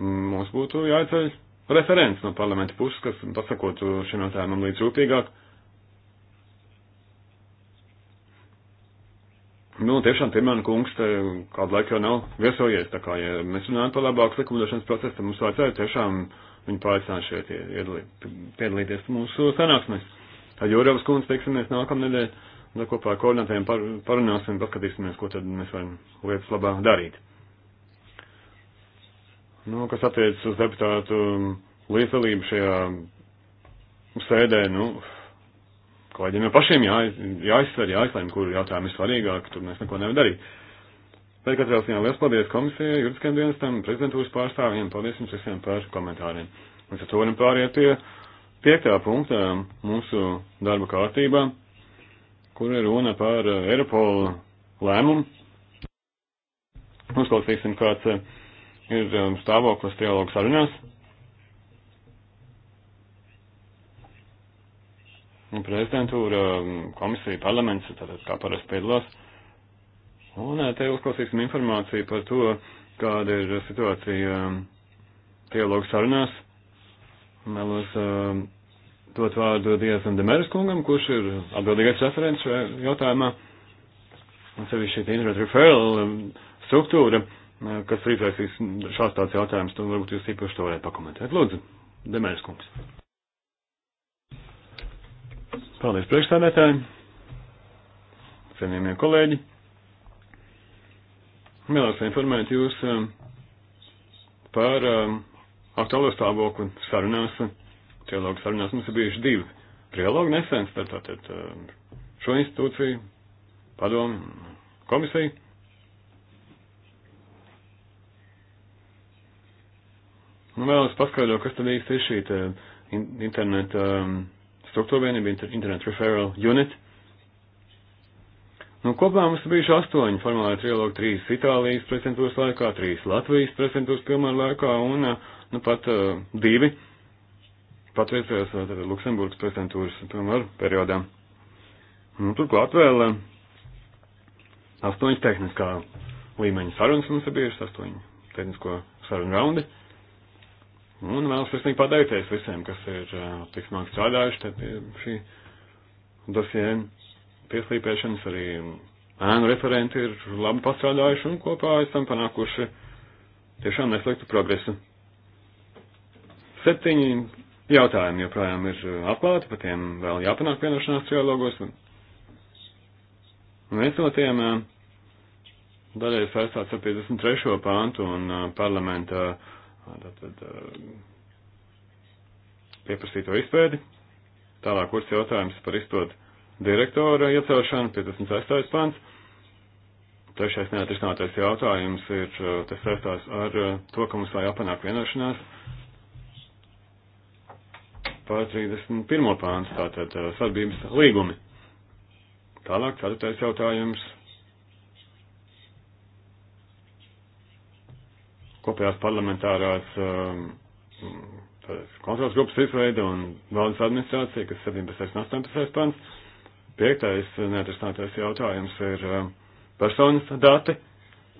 mums būtu jāceļ referents no parlamenta puses, kas pasakotu šim jautājumam līdz rūpīgāk. Nu, tiešām, Timēna kungs te kādu laiku jau nav viesojies, tā kā, ja mēs runājam par labāku likumdošanas procesu, tad mums vajadzēja tiešām viņu pārstāvēt šeit iedalī, piedalīties mūsu sanāksmēs. Tad Jūravas kundze tiksimies nākamnedēļ, un tad kopā ar koordinatējiem par, parunāsim, paskatīsimies, ko tad mēs varam lietas labā darīt. Nu, kas attiecas uz deputātu līdzdalību šajā sēdē, nu, kolēģiem jau pašiem jā, jāizsver, jāizlēm, kur jautājumi ir svarīgāk, tur mēs neko nevaram darīt. Bet katrā ziņā liels paldies komisijai, juridiskajam dienestam, prezidentūras pārstāvjiem, paldies jums visiem par komentāriem. Mēs ar to varam pāriet pie piektā punktā mūsu darba kārtībā, kur ir runa par eh, Eiropolu lēmumu. Uzklausīsim, kāds eh, ir eh, stāvoklis trialogu sarunās. prezidentūra, komisija, parlaments, tātad kā parasti piedalās. Un eh, te uzklausīsim informāciju par to, kāda ir situācija eh, dialogu sarunās. Mēlos eh, dot vārdu Diezam Demeres kungam, kurš ir atbildīgais referents šajā jautājumā. Un sevišķi šī internet referral struktūra, kas rīpēsīs šās tāds jautājums, tad varbūt jūs īpaši to varētu pakomentēt. Lūdzu, Demeres kungs. Paldies priekšstādētājiem, cienījamie kolēģi. Vēlos informēt jūs um, par um, aktuālo stāvokli sarunās. Trialogu sarunās mums ir bijuši divi trialogi nesen, tātad um, šo institūciju, padomu, komisiju. Un nu, vēlos paskaidrot, kas tad īsti ir šī interneta. Um, struktūrvienība, Internet Referral Unit. Nu, kopā mums bijuši astoņi formāli trilogi, trīs Itālijas prezidentūras laikā, trīs Latvijas prezidentūras pilnvaru laikā un, nu, pat uh, divi patreizējās uh, Luksemburgas prezidentūras pilnvaru periodā. Nu, turklāt vēl uh, eh, astoņas tehniskā līmeņa sarunas mums ir bijušas, astoņi tehnisko sarunu raundi. Uh, Un vēl sirsnīgi pateikties visiem, kas ir tik smagi strādājuši, tad šī dosie pieslīpēšanas arī ēnu referenti ir labi pastrādājuši un kopā esam panākuši tiešām nesliktu progresu. Septiņi jautājumi joprojām ir atklāti, par tiem vēl jāpanāk vienošanās trialogos. Viens no tiem daļai saistāts ar 53. pāntu un parlamenta uh, tātad eh, pieprasīto izpēdi. Tālāk, kurš jautājums par izpildu direktora iecelšanu, 56. pants. Trešais neatrisinātais jautājums ir, eh, tas saistās ar eh, to, ka mums vajag apanāk vienošanās par 31. pāns, tātad sadarbības līgumi. Tālāk, ceturtais jautājums kopējās parlamentārās um, kontrols grupas izveida un valdes administrācija, kas 17. un 18. pants. Piektais neatrisinātais jautājums ir um, personas dati,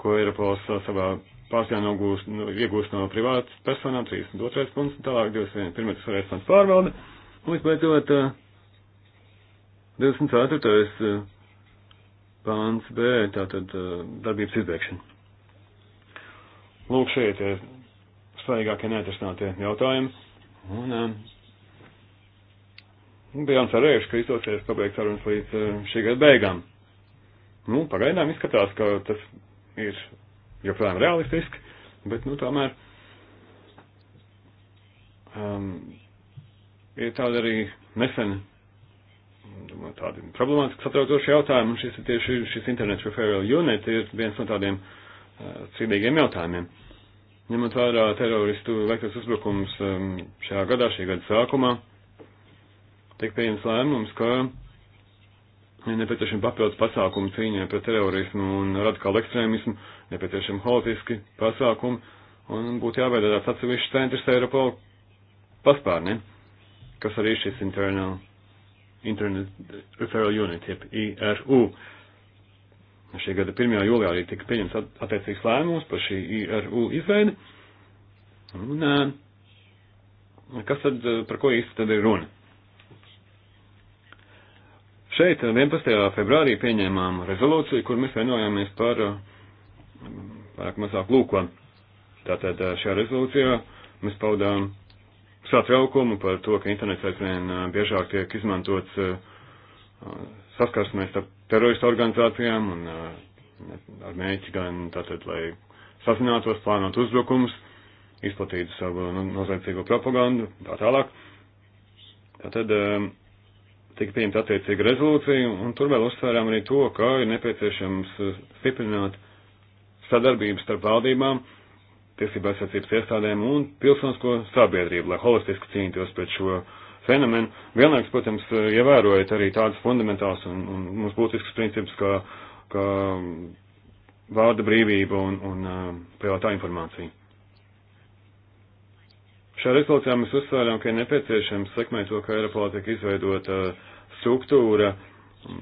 ko Eiropols savā pārstāvjā nogūst, nu, iegūst no privātas personām, 32. punkts, tālāk 21. svarēs pants pārvalde, un visbeidzot uh, 24. Uh, pants B, tātad uh, darbības izbēgšana. Lūk, šie eh, tie svarīgākie neatrisinātie jautājumi. Un, um, bijām cerējuši, ka izdosies pabeigt sarunas līdz uh, šī gada beigām. Nu, pagaidām izskatās, ka tas ir joprojām realistiski, bet, nu, tomēr um, ir tāda arī nesen domāju, tādi problemātiski satraucoši jautājumi, un šis ir tieši šis internets referral unit ir viens no tādiem uh, cīdīgiem jautājumiem. Ņemot vērā teroristu veiktos uzbrukums um, šajā gadā, šī gada sākumā, tiek pieņems lēmums, ka nepieciešami papildus pasākumi cīņā pret terorismu un radikālu ekstrēmismu, nepieciešami holistiski pasākumi, un būtu jāveidā tāds atsevišķs centrs Eiropol paspārni, kas arī šis internal, Internet Referral Unit, jeb IRU. Uh, Šī gada 1. jūlijā arī tika pieņemts attiecīgs lēmums par šī IRU izveidi. Un, eh, kas tad, eh, par ko īsti tad ir runa? Šeit 11. Eh, februārī pieņēmām rezolūciju, kur mēs vienojāmies par pārāk mazāk lūko. Tātad šajā rezolūcijā mēs paudām satraukumu par to, ka internets aizvien biežāk tiek izmantots saskarsmēs ar teroristu organizācijām un uh, ar mēģi gan tātad, lai sazinātos, plānot uzbrukums, izplatītu savu nu, noziedzīgo propagandu, tā tālāk. Tātad um, tika pieņemta attiecīga rezolūcija, un tur vēl uzsvērām arī to, ka ir nepieciešams uh, stiprināt sadarbības starp valdībām, tiesībā aizsardzības iestādēm un pilsonsko sabiedrību, lai holistiski cīnītos pret šo uh, fenomenu. Vienlaiks, protams, ievērojot arī tādas fundamentāls un, un mums būtisks princips, kā, kā vārda brīvība un, un privātā informācija. Šajā rezolūcijā mēs uzsvērām, ka ir nepieciešams sekmēt to, ka Eiropolā tiek izveidota struktūra um,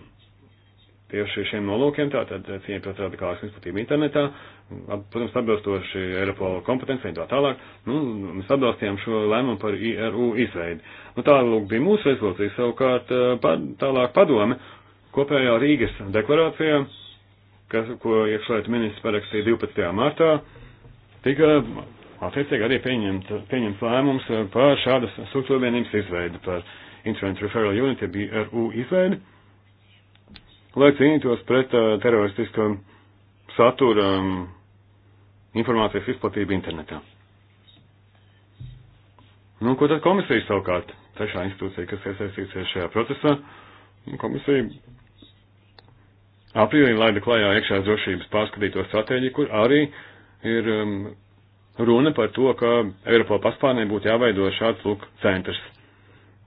tieši šiem nolūkiem, tātad cīņa pret radikālismu izplatību internetā, protams, atbilstoši Eiropola kompetencijai tā tālāk, nu, mēs atbalstījām šo lēmumu par IRU izveidi. Nu, tālāk bija mūsu rezolūcija, savukārt eh, pad, tālāk padome kopējā Rīgas deklarācijā, kas, ko iekšlietu ministrs parakstīja 12. martā, tika attiecīgi arī pieņemt, pieņemts lēmums par šādas struktūrvienības izveidi, par Insurance Referral Unit, jeb IRU izveidi, lai cīnītos pret uh, eh, teroristiskam saturam. Mm, um, informācijas izplatību internetā. Nu, ko tad komisija savukārt, trešā institūcija, kas iesaistīsies šajā procesā, nu, komisija aprīlī laida klajā iekšējās drošības pārskatīto stratēģiju, kur arī ir um, runa par to, ka Eiropā paspārnē būtu jāveido šāds lūk centrs.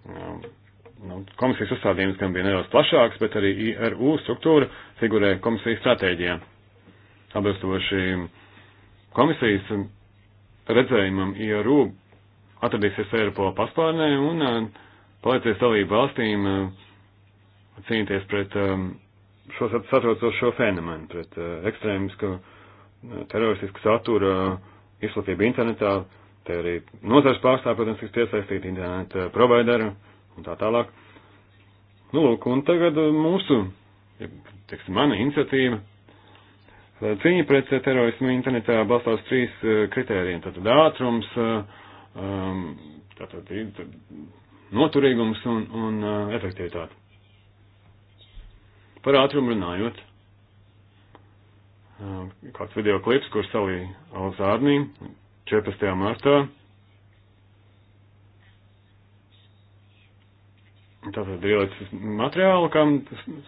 Um, nu, komisijas uzstādījums gan bija nedaudz plašāks, bet arī IRU struktūra figurē komisijas stratēģijā. Atbilstoši komisijas redzējumam IRU atradīsies Eiropola paspārnē un um, palīdzēs dalību valstīm um, cīnīties pret um, šo satraucošo fenomenu, pret uh, ekstrēmisku, uh, teroristisku satura uh, izplatību internetā, te arī nozars pārstāv, protams, kas piesaistīti interneta provideru un tā tālāk. Nu, lūk, un tagad mūsu, ja, teiksim, mana iniciatīva Cīņa pret eh, terorismu internetā balstās trīs eh, kritērijiem. Tātad ātrums, eh, um, tātad noturīgums un, un efektivitāte. Par ātrumu runājot. Kāds video klips, kur salīja Alzārnī 14. martā. Tātad ir ielicis materiālu, kam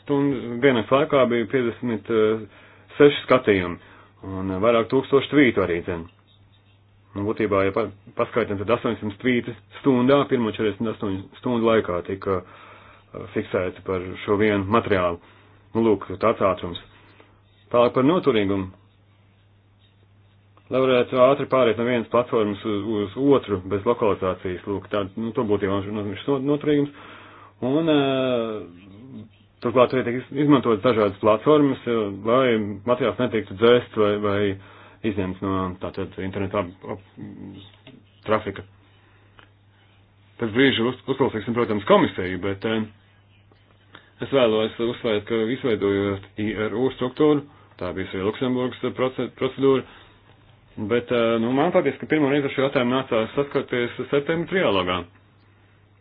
stundu dienas laikā bija 50 seši skatījumi un vairāk tūkstoši tvītu arī zina. Nu, būtībā, ja pa, paskaitam, tad 800 tvīti stundā, pirmo 48 stundu laikā tika uh, fiksēti par šo vienu materiālu. Nu, lūk, tāds ātrums. Tālāk par noturīgumu. Lai varētu ātri pāriet no vienas platformas uz, uz otru bez lokalizācijas, lūk, tā, nu, to būtībā viņš noturīgums. Un uh, Turklāt arī tiek izmantotas dažādas platformas, eh, lai materiāls netiktu dzēsts vai, vai izņemts no tātad internetā trafika. Pēc brīža uz, uzklausīsim, protams, komisiju, bet eh, es vēlos uzsvērt, ka izveidojot IRU struktūru, tā bija arī Luksemburgas procedūra, bet, eh, nu, man patiesi, ka pirmo reizi ar šo jautājumu nācās saskarties septembra trialogā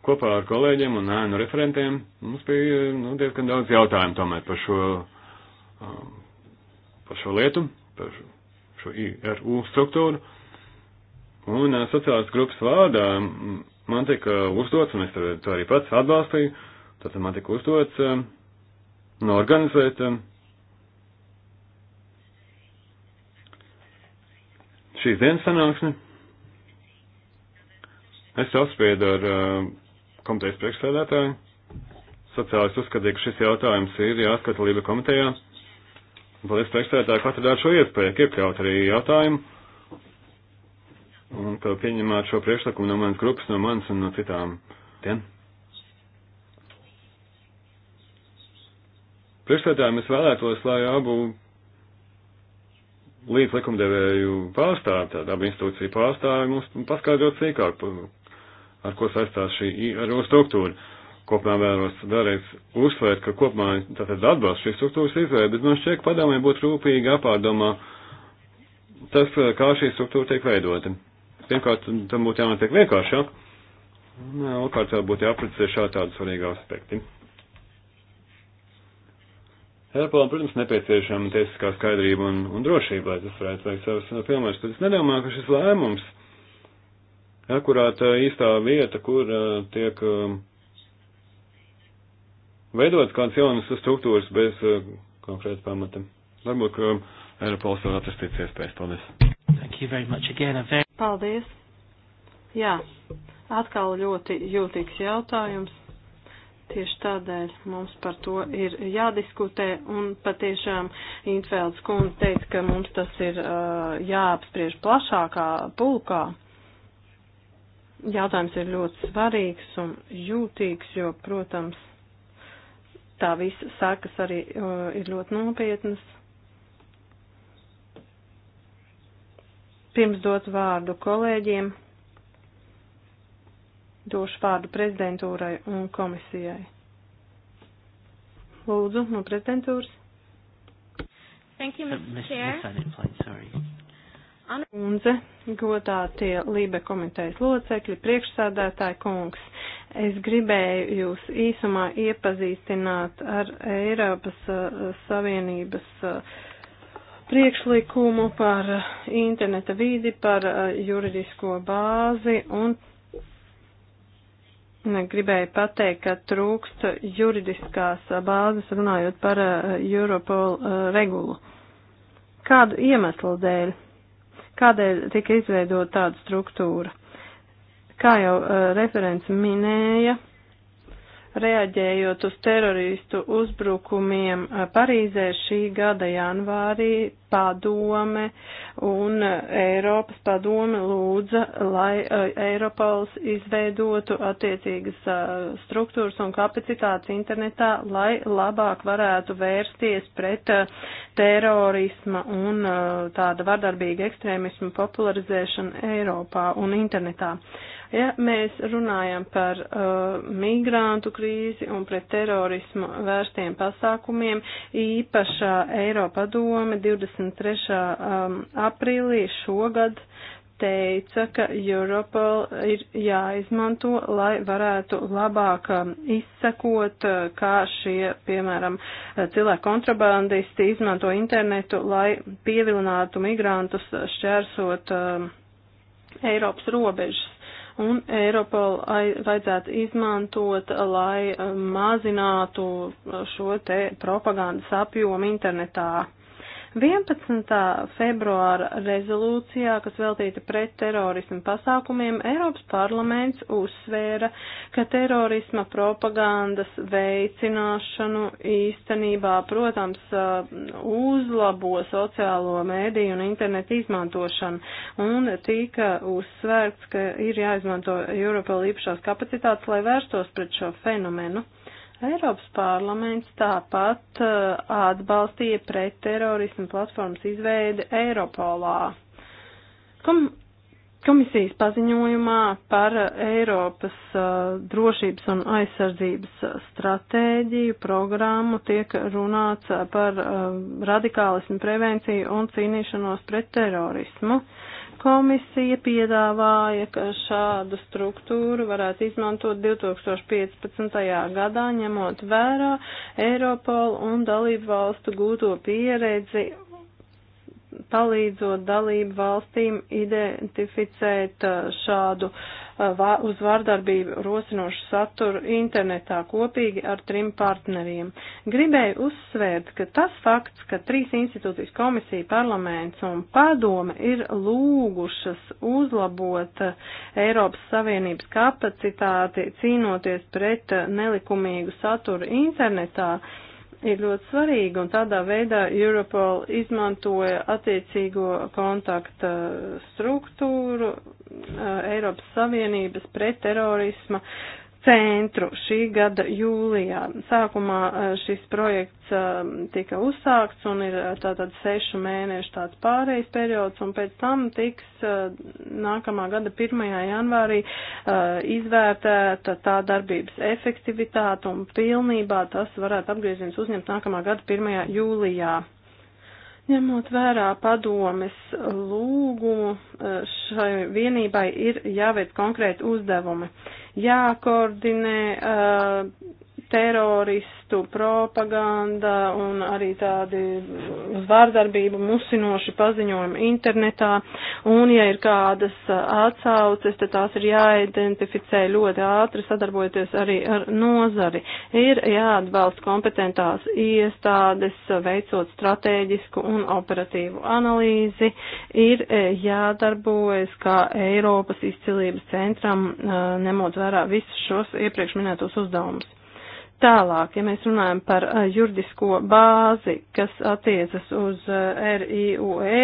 kopā ar kolēģiem un ēnu referentiem mums bija eh, nu, diezgan daudz jautājumu tomēr par šo, um, par šo lietu, par šo, šo IRU struktūru. Un uh, sociālās grupas vārdā man tika uzdots, un es to arī pats atbalstīju, tad man tika uzdots um, eh, norganizēt nu, um, šīs dienas sanāksmi. Es apspriedu ar uh, komitejas priekšsēdētāji. Sociālisti uzskatīja, ka šis jautājums ir jāskata Lība komitejā. Paldies priekšsēdētāji, ka atradāt šo iespēju, iekļaut arī jautājumu. Un ka pieņemāt šo priekšlikumu no manas grupas, no manas un no citām. Tien. Priekšsēdētājiem es vēlētos, lai abu līdz likumdevēju pārstāvi, tāda abi institūcija pārstāvi mums paskaidrot sīkāk, ar ko saistās šī IRO struktūra. Kopumā vēlos vēlreiz uzsvērt, ka kopumā tātad atbalsts šīs struktūras izvēle, bet man šķiet, ka padomē būtu rūpīgi jāpārdomā tas, kā šī struktūra tiek veidota. Pirmkārt, tam būtu jānotiek vienkāršāk, otrkārt, tā būtu jāaprecē šādi tādi svarīgi aspekti. Eiropolam, protams, nepieciešama tiesiskā skaidrība un, un drošība, lai tas varētu veikt savus piemērus, bet es nedomāju, ka šis lēmums akurāta īstā vieta, kur tiek veidotas kādas jaunas struktūras bez konkrēta pamata. Varbūt, ka Eiropols var atrast cits iespējas. Paldies. Thank you very much again. Very... Paldies. Jā, atkal ļoti jūtīgs jautājums. Tieši tādēļ mums par to ir jādiskutē, un patiešām Intvēlds kundze teica, ka mums tas ir uh, jāapspriež plašākā pulkā jautājums ir ļoti svarīgs un jūtīgs, jo, protams, tā visa sākas arī uh, ir ļoti nopietnas. Pirms dot vārdu kolēģiem, došu vārdu prezidentūrai un komisijai. Lūdzu, no prezidentūras. Thank you, Mr. Uh, Chair. Anundze, godātie Lībe komitejas locekļi, priekšsādātāji kungs, es gribēju jūs īsumā iepazīstināt ar Eiropas uh, Savienības uh, priekšlikumu par uh, interneta vīdi, par uh, juridisko bāzi un gribēju pateikt, ka trūkst juridiskās uh, bāzes runājot par Europol regulu. Kādu iemeslu dēļ? Kādēļ tika izveidota tāda struktūra? Kā jau uh, referents minēja, Reaģējot uz teroristu uzbrukumiem Parīzē šī gada janvārī, padome un Eiropas padome lūdza, lai Eiropols izveidotu attiecīgas struktūras un kapacitātes internetā, lai labāk varētu vērsties pret terorisma un tāda vardarbīga ekstrēmisma popularizēšanu Eiropā un internetā. Ja mēs runājam par uh, migrantu krīzi un pret terorismu vērstiem pasākumiem, īpašā Eiropadome 23. Um, aprīlī šogad teica, ka Europol ir jāizmanto, lai varētu labāk um, izsekot, uh, kā šie, piemēram, cilvēku kontrabandisti izmanto internetu, lai pievilinātu migrantus šķērsot um, Eiropas robežas un Eiropola vajadzētu izmantot, lai mazinātu šo te propagandas apjomu internetā. 11. februāra rezolūcijā, kas veltīta pret terorismu pasākumiem, Eiropas parlaments uzsvēra, ka terorisma propagandas veicināšanu īstenībā, protams, uzlabo sociālo mēdīju un internetu izmantošanu. Un tika uzsvērts, ka ir jāizmanto Eiropa līpšās kapacitātes, lai vērstos pret šo fenomenu. Eiropas parlaments tāpat uh, atbalstīja pretterorismu platformas izveidi Eiropolā. Kom Komisijas paziņojumā par Eiropas uh, drošības un aizsardzības stratēģiju programmu tiek runāts par uh, radikālismu prevenciju un cīnīšanos pret terorismu. Uh, Komisija piedāvāja, ka šādu struktūru varētu izmantot 2015. gadā, ņemot vērā Eiropolu un dalību valstu gūto pieredzi, palīdzot dalību valstīm identificēt uh, šādu uh, Uh, uz vārdarbību rosinošu saturu internetā kopīgi ar trim partneriem. Gribēju uzsvērt, ka tas fakts, ka trīs institūcijas komisija, parlaments un padome ir lūgušas uzlabot uh, Eiropas Savienības kapacitāti cīnoties pret uh, nelikumīgu saturu internetā, uh, ir ļoti svarīga, un tādā veidā Europol izmantoja attiecīgo kontakta struktūru uh, Eiropas Savienības pret terorisma uh, centru šī gada jūlijā. Sākumā eh, šis projekts eh, tika uzsākts un ir eh, tātad sešu mēnešu tāds pārejas periods, un pēc tam tiks nākamā gada 1. janvārī izvērtēta tā darbības efektivitāte un pilnībā tas varētu apgrieziens uzņemt nākamā gada 1. jūlijā. Ņemot vērā padomes lūgumu, e, šai vienībai ir jāveic konkrēti uzdevumi, jākoordinē uh, teroristu propaganda un arī tādi uz vārdarbību musinoši paziņojumi internetā. Un, ja ir kādas atsauces, tad tās ir jāidentificē ļoti ātri, sadarbojoties arī ar nozari. Ir jāatbalsta kompetentās iestādes, veicot stratēģisku un operatīvu analīzi, ir e, jādarbojas kā Eiropas izcilības centram, nemot e, vērā visus šos iepriekš minētos uzdevumus. Tālāk, ja mēs runājam par eh, juridisko bāzi, kas attiecas uz eh, RIUE,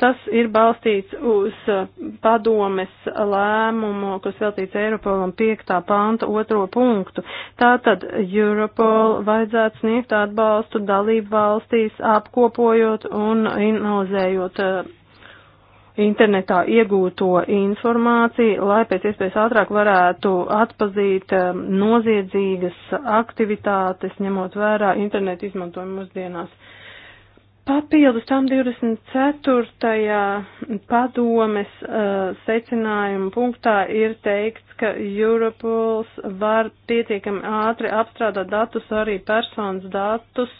tas ir balstīts uz eh, padomes lēmumu, kas veltīts Eiropolam 5. panta 2. punktu. Tātad Europol vajadzētu sniegt atbalstu dalību valstīs, apkopojot un inozējot internetā iegūto informāciju, lai pēc iespējas ātrāk varētu atpazīt um, noziedzīgas aktivitātes, ņemot vērā internetu izmantojumu mūsdienās. Papildus tam 24. padomes uh, secinājumu punktā ir teikts, ka Europols var pietiekami ātri apstrādāt datus, arī personas datus, uh,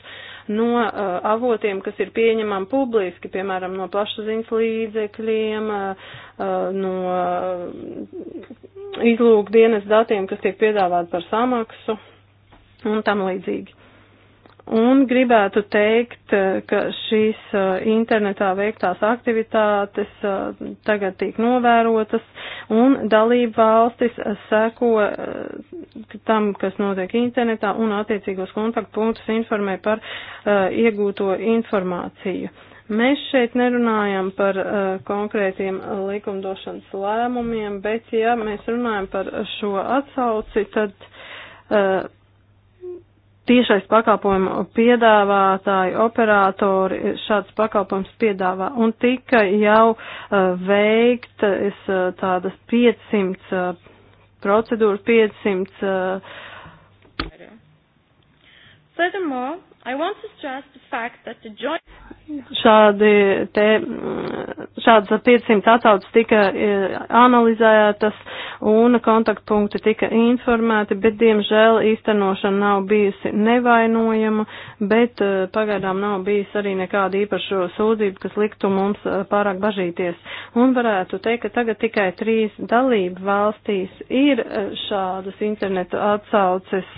no uh, avotiem, kas ir pieņemami publiski, piemēram, no plašsaziņas līdzekļiem, uh, uh no uh, izlūkdienas datiem, kas tiek piedāvāti par samaksu un tam līdzīgi. Un gribētu teikt, eh, ka šīs eh, internetā veiktās aktivitātes eh, tagad tiek novērotas un dalība valstis seko tam, kas notiek internetā un attiecīgos kontaktpunktus informē par iegūto informāciju. Mēs šeit nerunājam par uh, konkrētiem likumdošanas lēmumiem, bet ja mēs runājam par šo atsauci, tad uh, tiešais pakalpojumu piedāvātāji, operatori šāds pakalpojums piedāvā. Un tika jau uh, veiktas uh, uh, tādas 500 uh, procedūras, 500. Uh, Furthermore, Šādi te, šādas 500 atsauces tika e, analizētas un kontaktpunkti tika informēti, bet diemžēl īstenošana nav bijusi nevainojama, bet e, pagaidām nav bijis arī nekāda īpaša sūdzība, kas liktu mums e, pārāk bažīties. Un varētu teikt, ka tagad tikai trīs dalību valstīs ir šādas internetu atsauces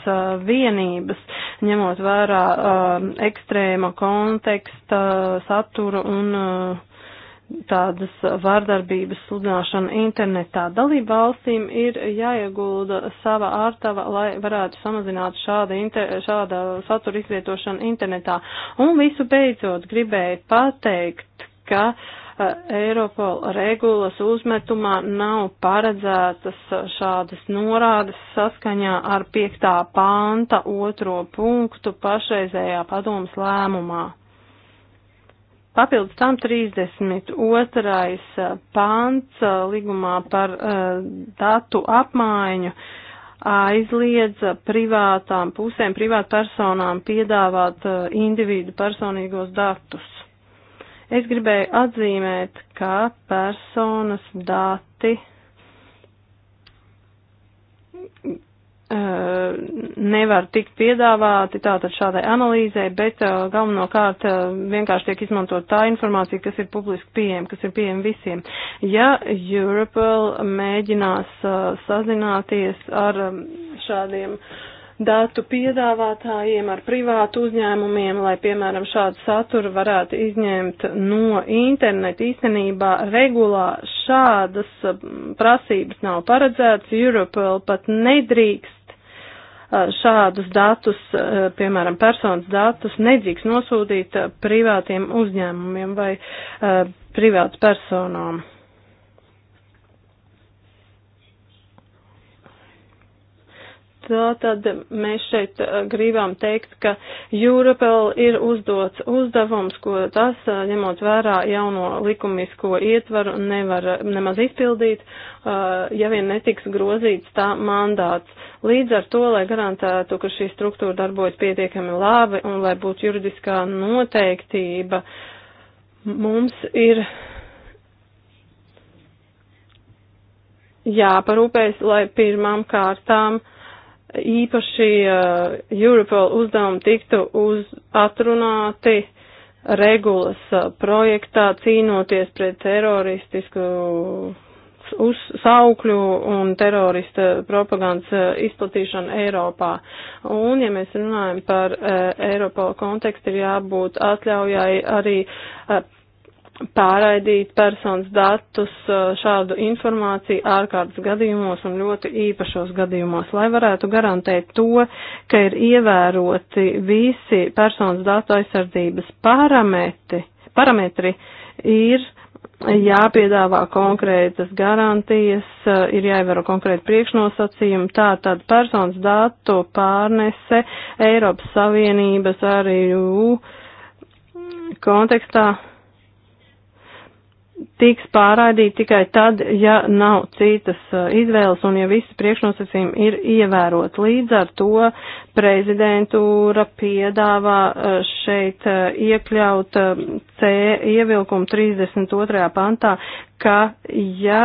vienības, ņemot vērā Um, ekstrēma konteksta, satura un uh, tādas vārdarbības sludināšana internetā. Dalību valstīm ir jāiegulda sava ārtava, lai varētu samazināt šāda, inter, šāda satura izvietošanu internetā. Un visu beidzot gribēju pateikt, ka uh, Eiropola regulas uzmetumā nav paredzētas šādas norādes saskaņā ar 5. panta otro punktu pašreizējā padomas lēmumā. Papildus tam 32. pants līgumā par datu apmaiņu aizliedz privātām pusēm, privātpersonām piedāvāt individu personīgos datus. Es gribēju atzīmēt, ka personas dati eh, nevar tikt piedāvāti tātad šādai analīzē, bet eh, galvenokārt eh, vienkārši tiek izmantot tā informācija, kas ir publiski pieejama, kas ir pieejama visiem. Ja Europol mēģinās sazināties ar šādiem uh, datu piedāvātājiem, ar privātu uzņēmumiem, lai, piemēram, šādu saturu varētu izņemt no interneta. Īstenībā regulā šādas prasības nav paredzētas. Europol pat nedrīkst šādus datus, piemēram, personas datus, nedrīkst nosūtīt privātiem uzņēmumiem vai privātas personām. Tātad mēs šeit uh, gribam teikt, ka Europol ir uzdots uzdevums, ko tas, uh, ņemot vērā jauno likumisko ietvaru, nevar uh, nemaz izpildīt, ja vien netiks grozīts tā mandāts. Līdz ar to, lai garantētu, ka šī struktūra darbojas pietiekami labi un lai būtu juridiskā noteiktība, mums ir jāparūpējas, lai pirmām kārtām uh, īpaši uh, Europol uzdevumi tiktu uz atrunāti regulas uh, projektā cīnoties pret teroristisku uzsaukļu un terorista propagandas uh, izplatīšanu Eiropā. Un, ja mēs runājam par uh, Eiropola kontekstu, ir jābūt atļaujai arī uh, pārraidīt personas datus, šādu informāciju ārkārtas gadījumos un ļoti īpašos gadījumos, lai varētu garantēt to, ka ir ievēroti visi personas datu aizsardzības parametri, parametri ir jāpiedāvā konkrētas garantijas, ir jāievēro konkrēti priekšnosacījumi, tā tad personas datu pārnese Eiropas Savienības arī kontekstā tiks pārraidīti tikai tad, ja nav citas uh, izvēles un ja visi priekšnosacījumi ir ievērot. Līdz ar to prezidentūra piedāvā uh, šeit uh, iekļaut um, C ievilkumu 32. pantā, ka ja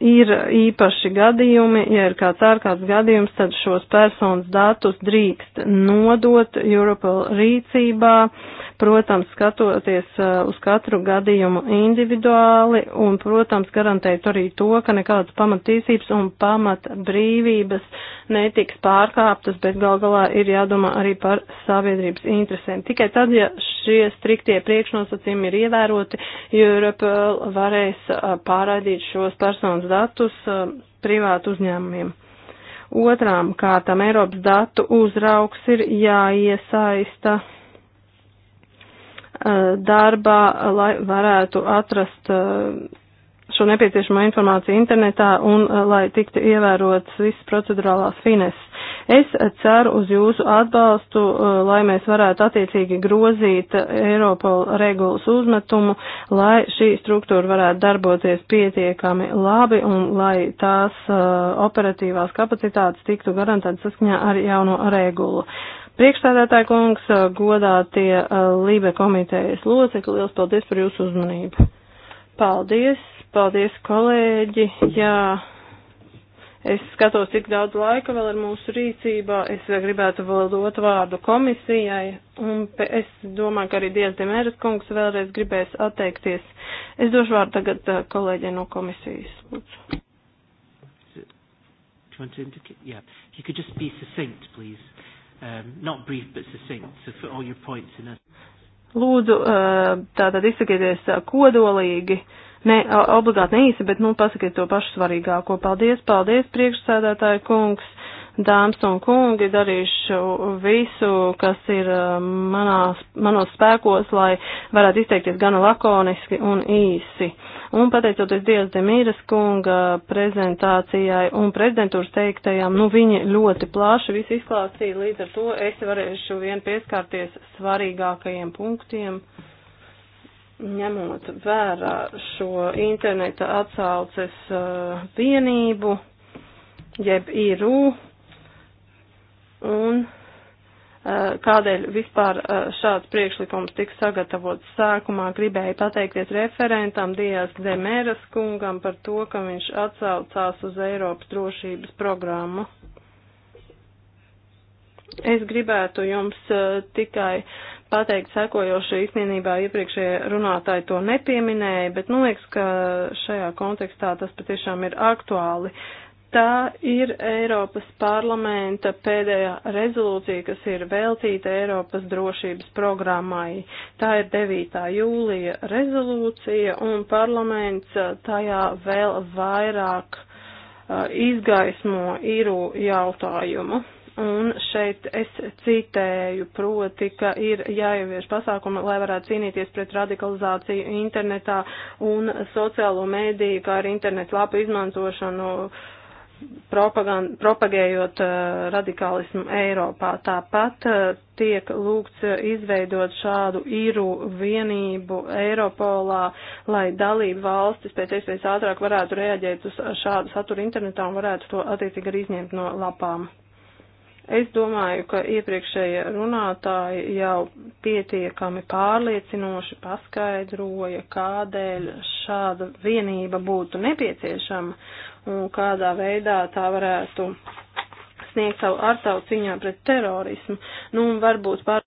ir īpaši gadījumi, ja ir kāds ārkārtas gadījums, tad šos personas datus drīkst nodot Europol rīcībā. Uh, protams, skatoties eh, uz katru gadījumu individuāli un, protams, garantēt arī to, ka nekādas pamatīsības un pamat brīvības netiks pārkāptas, bet gal galā ir jādomā arī par sabiedrības interesēm. Tikai tad, ja šie striktie priekšnosacījumi ir ievēroti, Europa eh, varēs eh, pārraidīt šos personas datus privātu uzņēmumiem. Otrām kārtām Eiropas datu uzraugs ir jāiesaista Uh, darbā, uh, lai varētu atrast uh, šo nepieciešamo informāciju internetā un lai tiktu ievērotas visas procedurālās fineses. Es ceru uz jūsu atbalstu, lai mēs varētu attiecīgi grozīt Eiropola regulas uzmetumu, lai šī struktūra varētu darboties pietiekami labi un lai tās operatīvās kapacitātes tiktu garantētas saskaņā ar jauno regulu. Priekšstādātāja kungs, godātie Lībe komitejas locekļi, liels paldies par jūsu uzmanību. Paldies, paldies kolēģi, jā. Es skatos, cik daudz laika vēl ir mūsu rīcībā. Es gribētu vēl dot vārdu komisijai, un es domāju, ka arī Dievs Demēras kungs vēlreiz gribēs atteikties. Es došu vārdu tagad kolēģiem no komisijas. Lūdzu. Yeah. If you could just be succinct, please um, not brief but succinct, so for all your points in a... Lūdzu, uh, tātad izsakieties uh, kodolīgi, ne, obligāti neīsi, bet, nu, pasakiet to pašu svarīgāko. Paldies, paldies, priekšsēdētāji kungs dāmas un kungi, darīšu visu, kas ir eh, manās, manos spēkos, lai varētu izteikties gan lakoniski un īsi. Un pateicoties Dievs Demīras kunga prezentācijai un prezidentūras teiktajām, nu viņi ļoti plaši visu izklāstīja, līdz ar to es varēšu vien pieskārties svarīgākajiem punktiem ņemot vērā šo interneta atsauces uh, vienību, jeb īrū, un eh, kādēļ vispār eh, šāds priekšlikums tika sagatavots. Sākumā gribēju pateikties referentam Dijas Demēras kungam par to, ka viņš atsaucās uz Eiropas drošības programmu. Es gribētu jums eh, tikai pateikt sekojošu īstenībā iepriekšējie runātāji to nepieminēja, bet nu liekas, ka šajā kontekstā tas patiešām ir aktuāli. Uh, Tā ir Eiropas parlamenta pēdējā rezolūcija, kas ir veltīta Eiropas drošības programmai. Tā ir 9. jūlija rezolūcija, un parlaments uh, tajā vēl vairāk uh, izgaismo īru jautājumu. Un šeit es citēju, proti, ka ir jāievieš pasākumi, lai varētu cīnīties pret radikalizāciju internetā un sociālo mēdīju, kā arī internetu lapu izmantošanu. Uh, propagējot eh, radikālismu Eiropā. Tāpat eh, tiek lūgts eh, izveidot šādu īru vienību Eiropolā, lai dalību valstis pēc iespējas ātrāk varētu reaģēt uz šādu saturu internetā un varētu to attiecīgi arī izņemt no lapām. Es domāju, ka iepriekšējie runātāji jau pietiekami pārliecinoši paskaidroja, kādēļ šāda vienība būtu nepieciešama un kādā veidā tā varētu sniegt savu ar savu ciņā pret terorismu. Nu, un varbūt pār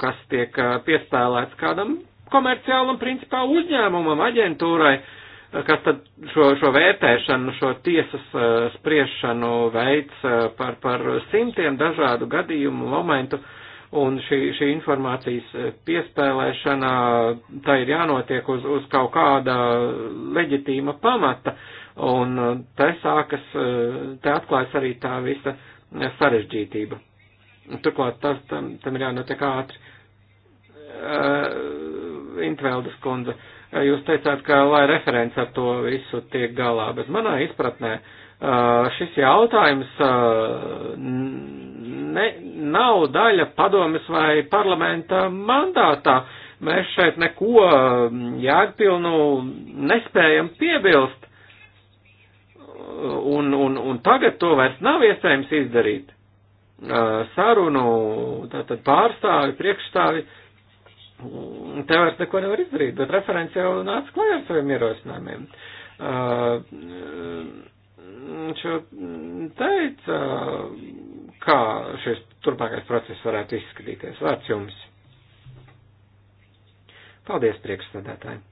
kas tiek piespēlēts kādam komerciālam principā uzņēmumam, aģentūrai, kas tad šo, šo vērtēšanu, šo tiesas spriešanu veids par, par simtiem dažādu gadījumu momentu. Un šī, šī informācijas piespēlēšana, tā ir jānotiek uz, uz kaut kāda leģitīma pamata, un te sākas, te atklājas arī tā visa sarežģītība. Turklāt tas, tam, tam ir jānotiek ātri. Uh, Intveldes kundze, eh, jūs teicāt, ka lai referents ar to visu tiek galā, bet manā izpratnē uh, šis jautājums uh, ne, nav daļa padomis vai parlamenta mandātā. Mēs šeit neko jēgpilnu nespējam piebilst, un, un, un tagad to vairs nav iespējams izdarīt sarunu tātad pārstāvi, priekšstāvi, te vairs neko nevar izdarīt, bet referents jau nāca klajā ar saviem ierosinājumiem. Viņš jau teica, kā šis turpmākais process varētu izskatīties. Vārds jums. Paldies, priekšstādātāji.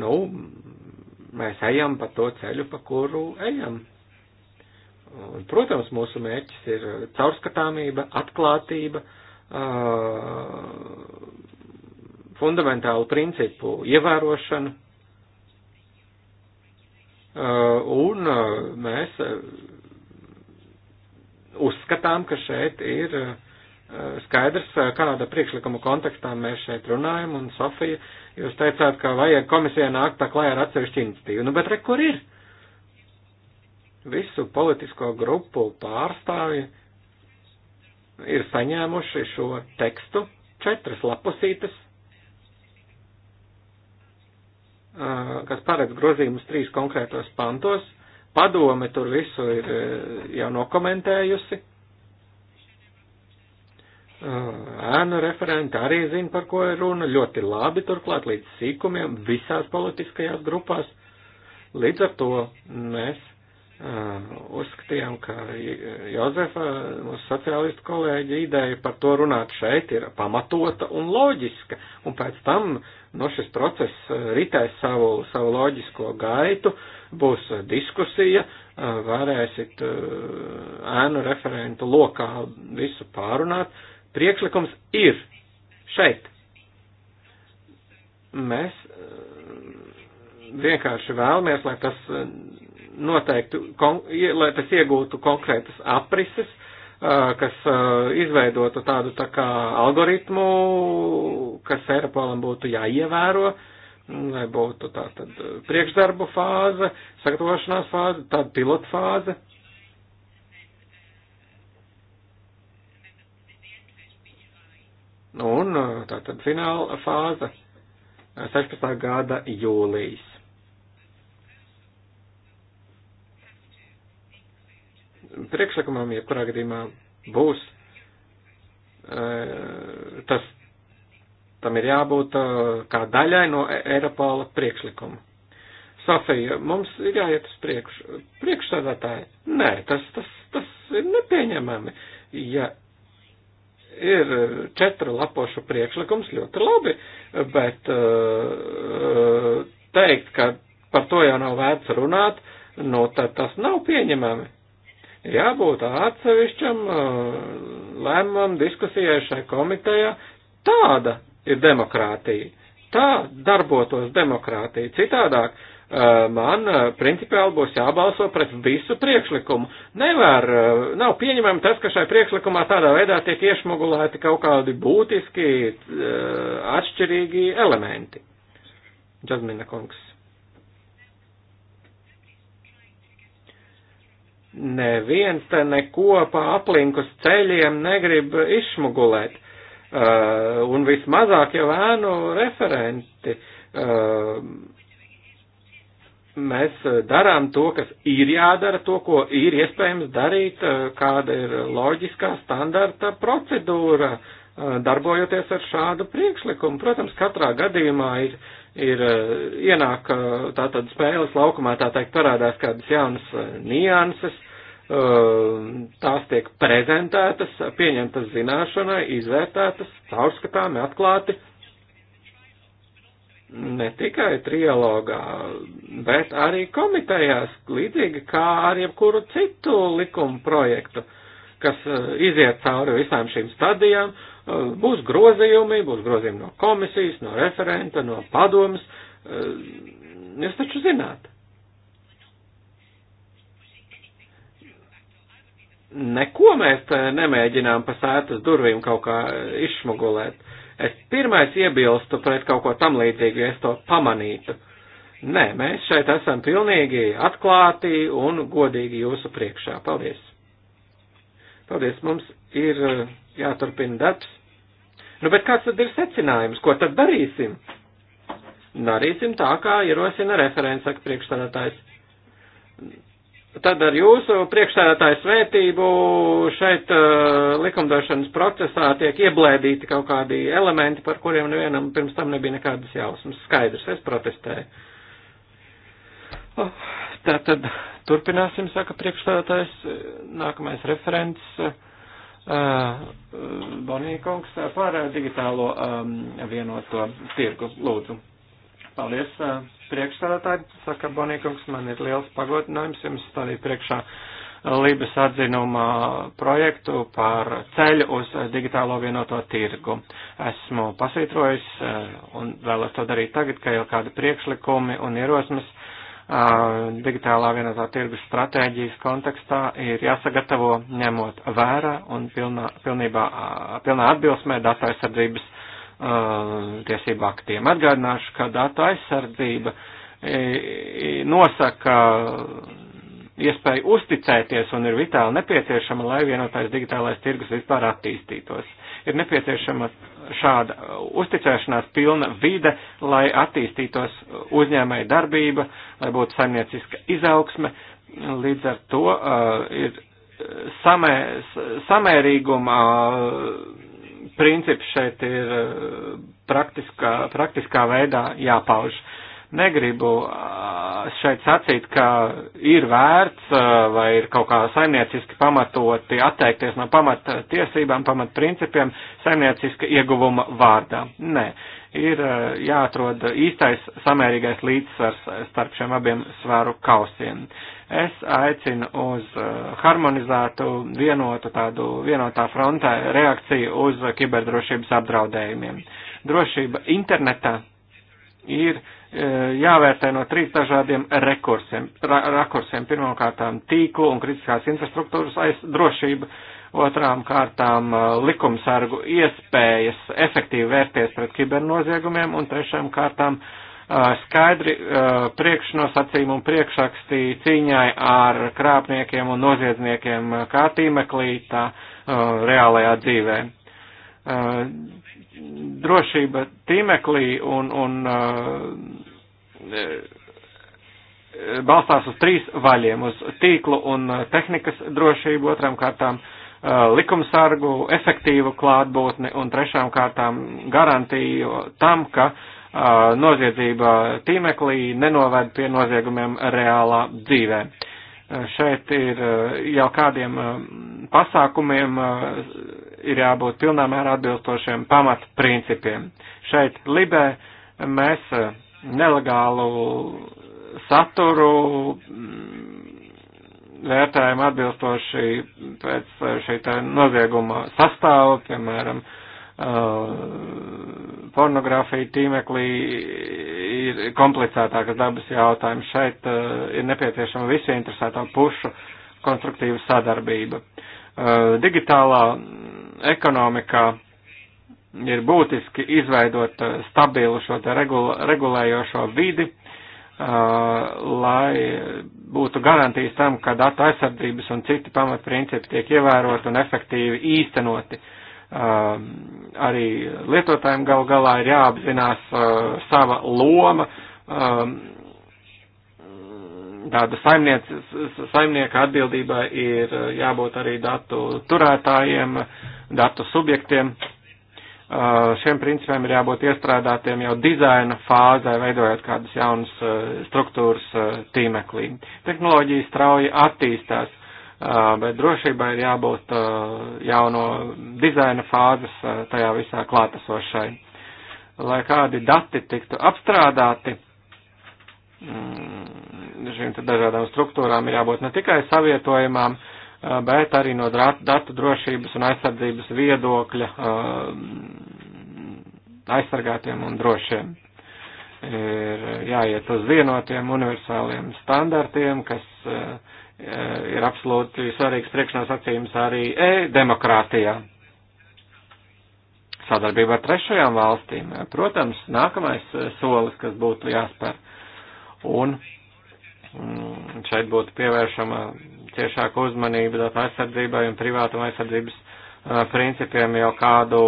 Nu, mēs ejam pa to ceļu, pa kuru ejam. Un, protams, mūsu mērķis ir caurskatāmība, atklātība, fundamentālu principu ievērošana. Un mēs uzskatām, ka šeit ir skaidrs, kāda priekšlikuma kontekstā mēs šeit runājam, un Sofija, jūs teicāt, ka vajag komisijai nākt tā klājā ar atsevišķu iniciatīvu. Nu, bet re, kur ir? Uh, visu politisko grupu pārstāvji ir saņēmuši šo tekstu četras lapusītes, kas paredz grozījumus trīs konkrētos pantos. Padome tur visu ir jau nokomentējusi. Ēnu referenti arī zina, par ko ir runa. Ļoti labi turklāt līdz sīkumiem visās politiskajās grupās. Līdz ar to mēs Uh, uzskatījām, ka Jozefa, mūsu sociālistu kolēģi, ideja par to runāt šeit ir pamatota un loģiska, un pēc tam no nu, šis process uh, ritēs savu, savu loģisko gaitu, būs diskusija, uh, varēsit ēnu referentu lokā visu pārunāt. Priekšlikums ir šeit. Mēs vienkārši vēlamies, lai tas noteikti, kon, lai tas iegūtu konkrētas aprises, kas izveidotu tādu tā kā algoritmu, kas Eiropolam būtu jāievēro, lai būtu tā tad priekšdarbu fāze, sagatavošanās fāze, tad pilotu fāze. Un tā tad fināla fāze 16. gada jūlijas. priekšlikumam, jebkurā gadījumā būs e, tas, tam ir jābūt e, kā daļai no e- Eiropola priekšlikuma. Sofija, mums ir jāiet uz priekšu. Priekšsādātāji, nē, tas, tas, tas ir nepieņemami. Ja ir četru lapošu priekšlikums, ļoti labi, bet teikt, ka par to jau nav vērts runāt, nu, tad tas nav pieņemami ir jābūt atsevišķam lēmumam, diskusijai šai komitejā. Tāda ir demokrātija. Tā darbotos demokrātija. Citādāk man principiāli būs jābalso pret visu priekšlikumu. Nevar, nav pieņemami tas, ka šai priekšlikumā tādā veidā tiek iešmugulēti kaut kādi būtiski atšķirīgi elementi. Džazmina kungs. neviens te neko pa aplinkus ceļiem negrib izšmugulēt. Uh, un vismazāk jau ēnu referenti. Uh, mēs darām to, kas ir jādara, to, ko ir iespējams darīt, uh, kāda ir loģiskā standarta procedūra, uh, darbojoties ar šādu priekšlikumu. Protams, katrā gadījumā ir, ir uh, ienāk uh, tātad spēles laukumā, tā teikt, parādās kādas jaunas nianses, Ehm, tās tiek prezentētas, pieņemtas zināšanai, izvērtētas, caurskatāmi, atklāti, ne tikai trijologā, bet arī komitejās, līdzīgi kā ar jebkuru citu likumu projektu, kas eh, iziet cauri visām šīm stadijām, ehm, būs grozījumi, būs grozījumi no komisijas, no referenta, no padomas, ehm, jūs taču zināt. neko mēs eh, nemēģinām pa sētas durvīm kaut kā eh, izšmugulēt. Es pirmais iebilstu pret kaut ko tam līdzīgu, ja es to pamanītu. Nē, mēs šeit esam pilnīgi atklāti un godīgi jūsu priekšā. Paldies! Paldies, mums ir eh, jāturpina darbs. Nu, bet kāds tad ir secinājums? Ko tad darīsim? Darīsim tā, kā ierosina referents, saka priekšstādātājs tad ar jūsu priekšsēdētāju svētību šeit uh, likumdošanas procesā tiek ieblēdīti kaut kādi elementi, par kuriem nevienam pirms tam nebija nekādas jausmas. Skaidrs, es protestēju. Oh, tā tad turpināsim, saka priekšsēdētājs. Nākamais referents. Uh, Bonīkungs par digitālo um, vienoto tirgu. Lūdzu. Paldies. Uh, priekšstādātāji, saka Bonīkungs, man ir liels pagodinājums jums stādīt priekšā Lībijas atzinuma projektu par ceļu uz digitālo vienoto tirgu. Esmu pasvītrojis eh, un vēlos to darīt tagad, ka jau kādi priekšlikumi un ierosmes eh, digitālā vienotā tirgus stratēģijas kontekstā ir jāsagatavo ņemot vērā un pilnā, pilnībā, pilnā atbilsmē datu aizsardzības Uh, tiesību aktiem. Atgādināšu, ka datu aizsardzība e, e, nosaka iespēju uzticēties un ir vitāli nepieciešama, lai vienotais digitālais tirgus vispār attīstītos. Ir nepieciešama šāda uzticēšanās pilna vide, lai attīstītos uzņēmēja darbība, lai būtu saimnieciska izaugsme. Līdz ar to uh, ir samē, samērīguma uh, princips šeit ir eh, praktiskā, praktiskā veidā jāpauž. Negribu eh, šeit sacīt, ka ir vērts eh, vai ir kaut kā saimnieciski pamatoti atteikties no pamat tiesībām, pamat principiem saimnieciska ieguvuma vārdā. Nē, ir jāatrod īstais samērīgais līdzsvars starp šiem abiem svaru kausiem. Uh, Es aicinu uz uh, harmonizētu, vienotu tādu, vienotā frontē reakciju uz kiberdrošības apdraudējumiem. Drošība internetā ir uh, jāvērtē no trīs dažādiem rekursiem. Ra rakursiem pirmkārtām tīklu un kritiskās infrastruktūras aiz drošība, otrām kārtām uh, likumsargu iespējas efektīvi vērsties pret kibernoziegumiem un trešām kārtām uh, skaidri priekšnosacījumi un priekšrakstī cīņai ar krāpniekiem un noziedzniekiem kā tīmeklī, tā reālajā dzīvē. Drošība tīmeklī un, un balstās uz trīs vaļiem - uz tīklu un tehnikas drošību, otram kārtām likumsargu, efektīvu klātbūtni un trešām kārtām garantiju tam, ka uh, noziedzība tīmeklī nenoved pie noziegumiem reālā dzīvē. Šeit ir jau kādiem pasākumiem ir jābūt pilnā mērā atbilstošiem pamatprincipiem. Šeit Libē mēs nelegālu saturu mm, vērtējam atbilstoši pēc šī nozieguma sastāvu, piemēram, Uh, pornogrāfija tīmeklī ir komplicētākas dabas jautājums. Šeit uh, ir nepieciešama visu interesēto pušu konstruktīva sadarbība. Uh, digitālā ekonomikā ir būtiski izveidot stabilu šo te regulējošo vidi, lai būtu garantijas tam, ka datu aizsardzības un citi pamatprincipi tiek ievēroti un efektīvi īstenoti. Uh, Um, arī lietotājiem gal galā ir jāapzinās uh, sava loma, um, tāda saimnieka atbildībai ir uh, jābūt arī datu turētājiem, datu subjektiem. Uh, šiem principiem ir jābūt iestrādātiem jau dizaina fāzē, veidojot kādas jaunas struktūras tīmeklī. Tehnoloģija strauji attīstās bet drošībai ir jābūt jauno dizaina fāzes tajā visā klātesošai. Lai kādi dati tiktu apstrādāti, mm, šīm dažādām struktūrām ir jābūt ne tikai savietojumām, bet arī no datu drošības un aizsardzības viedokļa aizsargātiem un drošiem. Ir jāiet uz vienotiem universāliem standartiem, kas uh, Eh, ir absolūti svarīgs priekšnosacījums arī e-demokrātijā. Sadarbība ar trešajām valstīm, eh, protams, nākamais eh, solis, kas būtu jāspēr. Un mm, šeit būtu pievēršama ciešāka uzmanība datu aizsardzībai un privātuma aizsardzības principiem jau kādu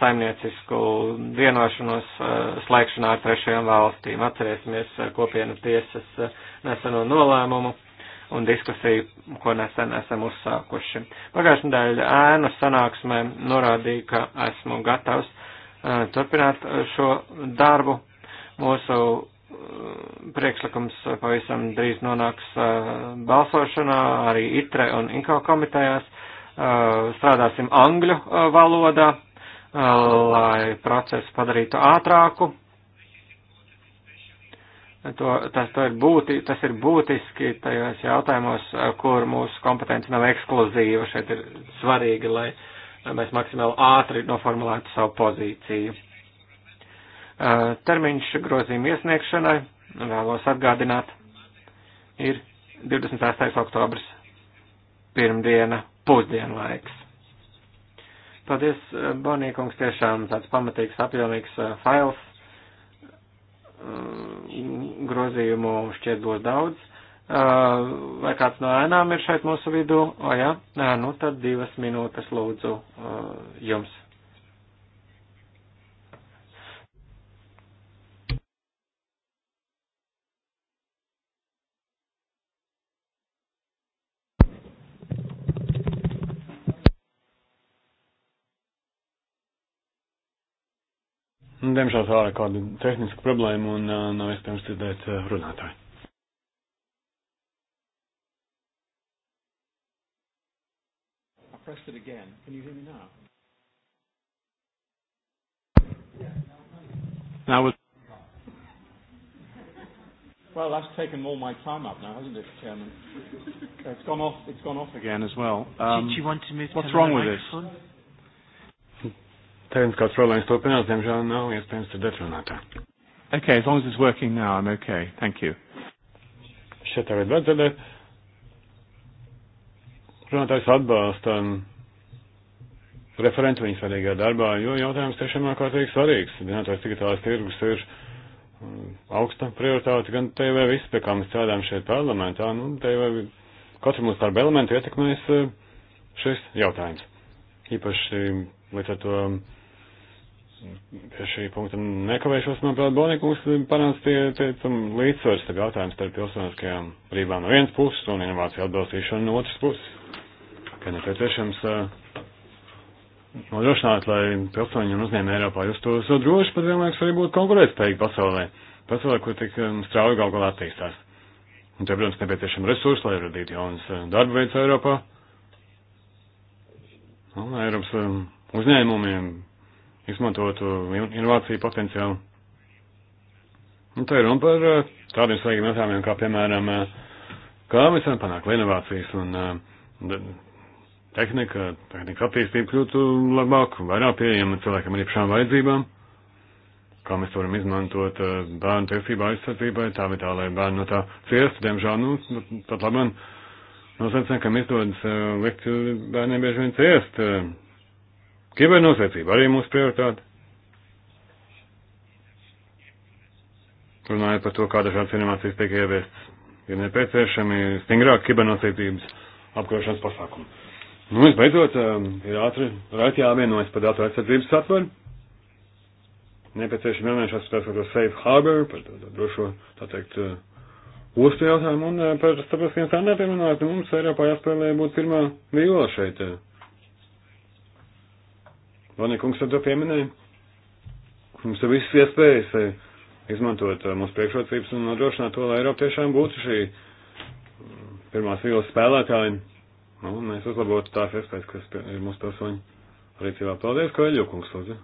saimniecisku vienošanos slēgšanā ar trešajām valstīm. Atcerēsimies kopienu tiesas neseno nolēmumu un diskusiju, ko nesen esam uzsākuši. Pagājušajā nedēļā ēnu sanāksmē norādīju, ka esmu gatavs turpināt šo darbu. Mūsu priekšlikums pavisam drīz nonāks balsošanā arī ITRE un INKO komitejās. Strādāsim angļu valodā, lai procesu padarītu ātrāku To, tas, to ir būti, tas ir būtiski tajos jautājumos, eh, kur mūsu kompetence nav ekskluzīva. Šeit ir svarīgi, lai mēs maksimāli ātri noformulētu savu pozīciju. Eh, termiņš grozījuma iesniegšanai, vēlos atgādināt, ir 28. oktobrs, pirmdiena, pusdienlaiks. Paldies, eh, Bonīkungs, tiešām tāds pamatīgs, apjomīgs fails Mm, grozījumu šķiet būs daudz. Vai kāds no ēnām ir šeit mūsu vidū? O, jā, ja? nu tad divas minūtes lūdzu jums. Nu, diemžēl tā ir kāda tehniska problēma un uh, nav iespējams dzirdēt uh, runātāju. pressed it again. Can you hear me now? Now was. Well, that's taken all my time up now, hasn't it, Chairman? *laughs* It's gone off. It's gone off again as well. Um, Did you want to move? What's to wrong with microphone? this? Tehniskās problēmas turpinās, diemžēl nav iespējams dzirdēt runātā. Okay, as long as it's working now, I'm okay. Thank you. Šeit tagad var dzirdēt. Runātājs atbalsta referentu viņa svarīgajā darbā, jo jautājums tiešām ir kārtīgi svarīgs. Vienotās digitālās tirgus ir mm, augsta prioritāte gan TV viss, pie kā mēs strādājam šeit parlamentā. Nu, TV katru mūsu darba elementu ietekmēs eh, šis jautājums. Īpaši mm, līdz ar to pie šī punkta nekavēšos, manuprāt, Bonīkungs panāca tie, teicam, līdzsvars tagad jautājums starp pilsoniskajām brīvībām no vienas puses un inovāciju atbalstīšanu no otras puses. Ka nepieciešams uh, nodrošināt, lai pilsoņi un uzņēmēji Eiropā justos so droši, bet vienlaikus arī būtu konkurētspējīgi pasaulē. Pasaulē, kur tik um, strauji gal galā attīstās. Un te, protams, nepieciešama resursa, lai radītu jaunas uh, darba veids Eiropā. Un Eiropas um, uzņēmumiem izmantotu inovāciju potenciālu. Un nu, tā ir runa par eh, tādiem svarīgiem jautājumiem, kā piemēram, eh, kā mēs varam panākt, lai inovācijas un eh, tehnika, tehnika attīstība kļūtu labāk, vairāk pieejama cilvēkam ar īpašām vajadzībām, kā mēs varam izmantot bērnu tiesību aizsardzībai, tā vietā, lai bērni no tā ciestu, diemžēl, nu, pat labam, no sensēm, kam izdodas likt bērniem bieži vien ciest. Uh, Kibernosveicība arī mūsu prioritāte. Runājot par to, kā dažādas animācijas tiek ieviestas, ir nepieciešami stingrāk kibernosveicības apkarošanas pasākumi. Nu, visbeidzot, um, ir ātri raiti jāvienojas par datu aizsardzības satvaru. Nepieciešami vienojušās par to safe harbor, par to drošo, tā teikt, uh, ostu jautājumu un uh, par starptautiskiem standartiem runāt. Nu, mums Eiropā jāspēlē būt pirmā vīla šeit. Tā uh, Vanikungs ar to pieminēja. Mums ir visas iespējas eh, izmantot eh, mūsu priekšrocības un nodrošināt to, lai Eiropa tiešām būtu šī mm, pirmās vīles spēlētāji. Nu, un mēs uzlabotu tās iespējas, kas ir mūsu pilsoņi rīcībā. Paldies, Koeļo kungs, lūdzu.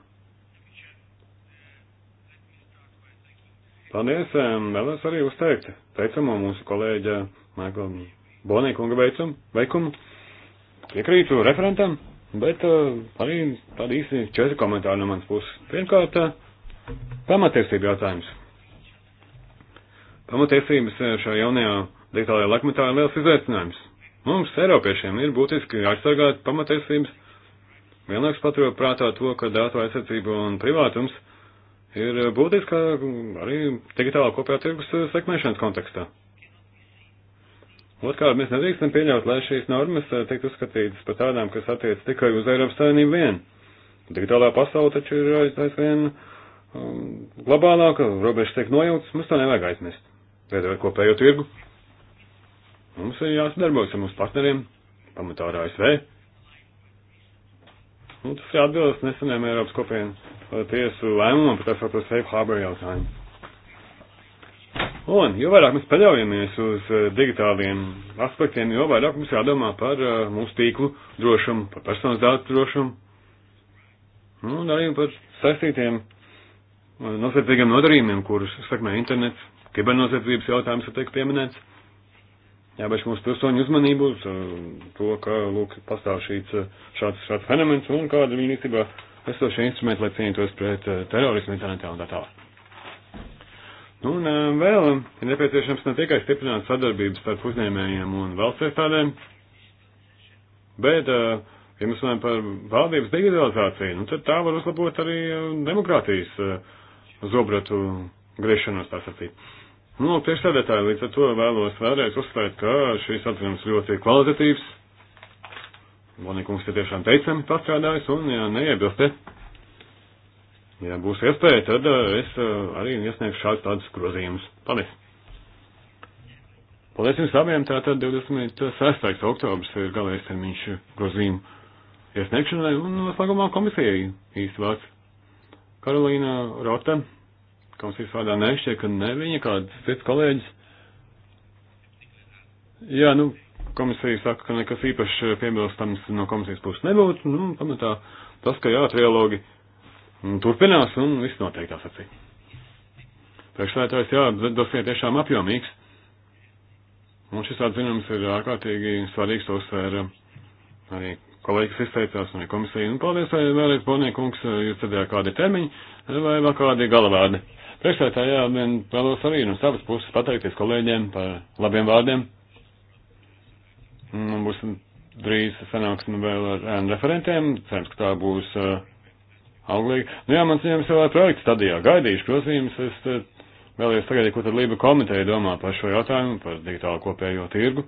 Paldies, vēlos arī uzteikt teicamo mūsu kolēģa Maikla Bonīkunga veicumu. Piekrītu referentam bet uh, arī tādi īsti četri komentāri no manas puses. Pirmkārt, uh, pamatiesība jautājums. Pamatiesības uh, šajā jaunajā digitālajā laikmetā ir liels izaicinājums. Mums, Eiropiešiem, ir būtiski aizsargāt pamatiesības, vienlaiks paturot prātā to, ka datu aizsardzība un privātums ir būtiska arī digitālā kopējā tirgus sekmēšanas kontekstā. Otkārt, mēs nedrīkstam pieļaut, lai šīs normas eh, tiktu uzskatītas par tādām, kas attiec tikai uz Eiropas Savienību vien. Digitālā pasaule taču ir aizvien um, globālāka, robežas tiek nojautas, mums to nevajag aizmest. Veidot kopējo tirgu. Mums ir jāsadarbojas ar mūsu partneriem, pamatā ar ASV. Un tas ir atbildes neseniem Eiropas kopienu uh, tiesu lēmumam par tā saucamo safe harbor jautājumu. Un, jo vairāk mēs paļaujamies uz eh, digitāliem aspektiem, jo vairāk mums jādomā par eh, mūsu tīklu drošumu, par personas datu drošumu, nu, un arī par saistītiem eh, nosacītīgiem nodarījumiem, kurus sakmē internets, kibernosacības jautājums ir teikt pieminēts. Jābež mūsu pilsoņu uzmanību uz to, ka, lūk, pastāv šīs, šāds, šāds fenomens un kāda viņa īstenībā esošie instrumenti, lai cīnītos pret terorismu internetā un tā tālāk. Nu, un eh, vēl ir nepieciešams ne tikai stiprināt sadarbības starp uzņēmējiem un valsts iestādēm, bet, eh, ja mēs runājam par valdības digitalizāciju, nu, tad tā var uzlabot arī eh, demokrātijas zobratu griešanos, tā sacīt. Nu, lūk, priekšsēdētāji, līdz ar to vēlos vēlreiz uzsvērt, ka šīs atzinums ļoti kvalitatīvs. Bonīkums ir tiešām teicami pastrādājis un, ja neiebilste, ja būs iespēja, tad eh, es eh, arī iesniegšu šādus tādus grozījumus. Paldies! Paldies jums abiem, tātad 26. oktobrs ir galējais termiņš grozījumu iesniegšanai un noslēgumā komisijai īsti vārds. Karolīna Rota, komisijas vārdā nešķiet, ka ne viņa kāds cits kolēģis. Jā, nu, komisija saka, ka nekas īpaši piebilstams no komisijas puses nebūtu, nu, pamatā tas, ka jā, trialogi Un turpinās, un viss noteikti tā sacīja. Priekšlētājs, jā, dosie tiešām apjomīgs. Un šis atzinums ir ārkārtīgi svarīgs tos ar um, arī kolēģis izteicās un komisija. Un paldies vai vēlreiz, Bonniekungs, jūs cedējāt kādi termiņi vai vēl kādi galavādi. Priekšlētāji, jā, vien vēlos arī no savas puses pateikties kolēģiem par labiem vārdiem. Un būs drīz sanāksme vēl ar referentiem. Cerams, ka tā būs. Uh, auglīgi. Nu jā, man ziņojums vēl ir projekta stadijā. Gaidīšu grozījumus. Es eh, vēlējos sagaidīt, ko tad Lība komiteja domā par šo jautājumu, par digitālo kopējo tirgu.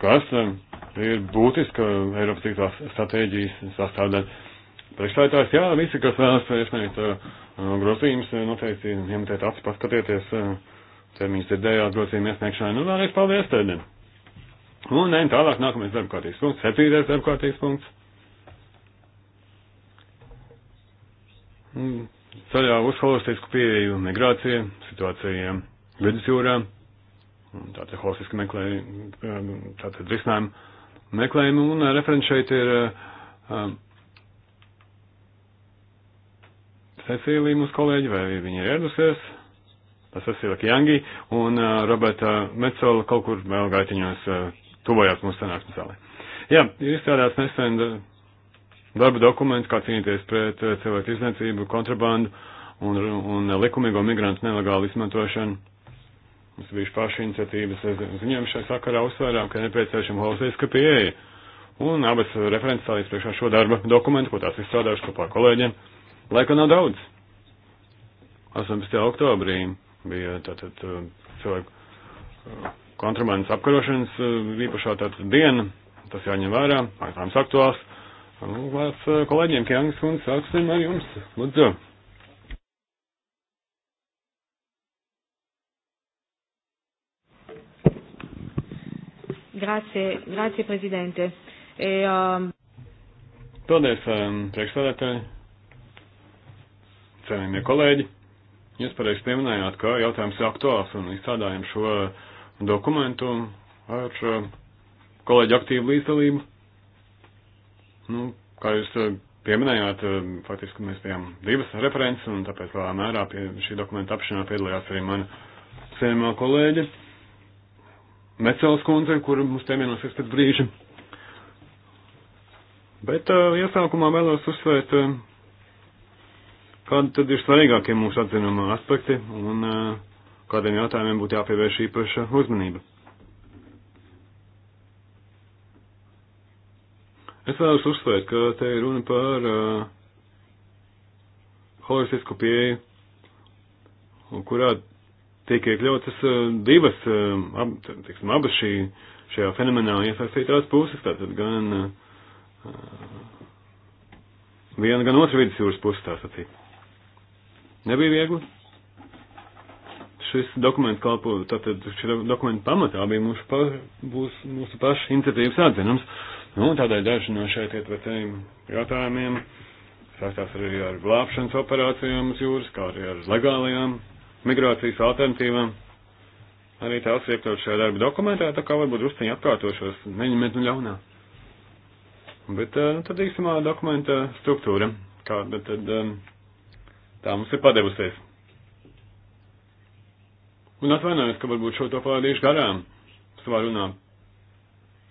Kas eh, ir būtiska Eiropas digitālās stratēģijas sastāvdaļa. Priekšstājotājs, jā, visi, kas vēlas iesniegt eh, grozījumus, noteikti iemetiet acis, paskatieties, termiņus dzirdējāt grozījumu iesniegšanai. Nu, vēlreiz paldies, tēdien! Un ejam tālāk, nākamais darba kārtības punkts, septītais darba kārtības punkts. Ceļā uz holistisku pieeju migrācija situācijām vidusjūrā. Tātad holistiski meklējumu, um, tātad risinājumu meklējumu un uh, referents šeit ir uh, um, Cecīlija mūsu kolēģi, vai viņa ir ieradusies? Tas ir Silka Jangi un uh, Roberta Metzola kaut kur vēl gaitiņos uh, tuvojās mūsu sanāksmes zālē. Jā, ir izstrādāts nesen darba dokuments, kā cīnīties pret eh, cilvēku izniecību, kontrabandu un, un likumīgo migrantu nelegālu izmantošanu. Mums bija paši iniciatīvas ziņām šai sakarā uzsvērām, ka nepieciešama holistiska pieeja. Un abas referents stādīs priekšā šo darba dokumentu, ko tās izstrādājuši kopā kolēģiem. Laika nav daudz. 18. oktobrī bija tātad eh, cilvēku kontrabandas apkarošanas eh, īpašā tātad diena, tas jāņem vērā, aizstāvums aktuāls. Nu, vārds eh, kolēģiem Kjāngas un sāksim ar jums. Lūdzu. Grazie, grazie Presidente. E, um... Paldies, um, priekšstādātāji, cienījamie kolēģi. Jūs pareizi pieminējāt, ka jautājums ir aktuāls un izstrādājam šo uh, dokumentu ar eh, kolēģi aktīvu līdzdalību. Nu, kā jūs eh, pieminējāt, eh, faktiski mēs bijām divas references, un tāpēc lielā mērā pie šī dokumenta apšanā piedalījās arī mana cienījumā kolēģe Mecels kundze, kuru mums piemienosies pēc brīža. Bet uh, iesākumā vēlos uzsvērt, uh, kādi tad ir svarīgākie mūsu atzinumā aspekti, un uh, kādiem jautājumiem būtu jāpievērš īpaša uzmanība. Es vēlos uzsvērt, ka te ir runa par uh, holistisku pieeju, kurā tiek iekļautas uh, divas, uh, ab, tiksim, abas šī, šajā fenomenā iesaistītās puses, tātad gan uh, viena, gan otra vidus jūras puses, tā sacīt. Nebija viegli šis dokuments kalpo, tātad šī dokumenta pamatā bija mūsu, pa, būs, mūsu paša iniciatīvas atzinums. Nu, tādēļ daži no šeit ietvertējiem jautājumiem saistās arī ar glābšanas operācijām uz jūras, kā arī ar legālajām migrācijas alternatīvām. Arī tās iekļaut šajā darba dokumentā, tā kā varbūt uzciņi atkārtošos, neņemiet nu ļaunā. Bet uh, tad īsumā dokumenta struktūra, kā tad, tad eh, um, tā mums ir padevusies. Un atvainojos, ka varbūt šo to palaidīšu garām savā runā.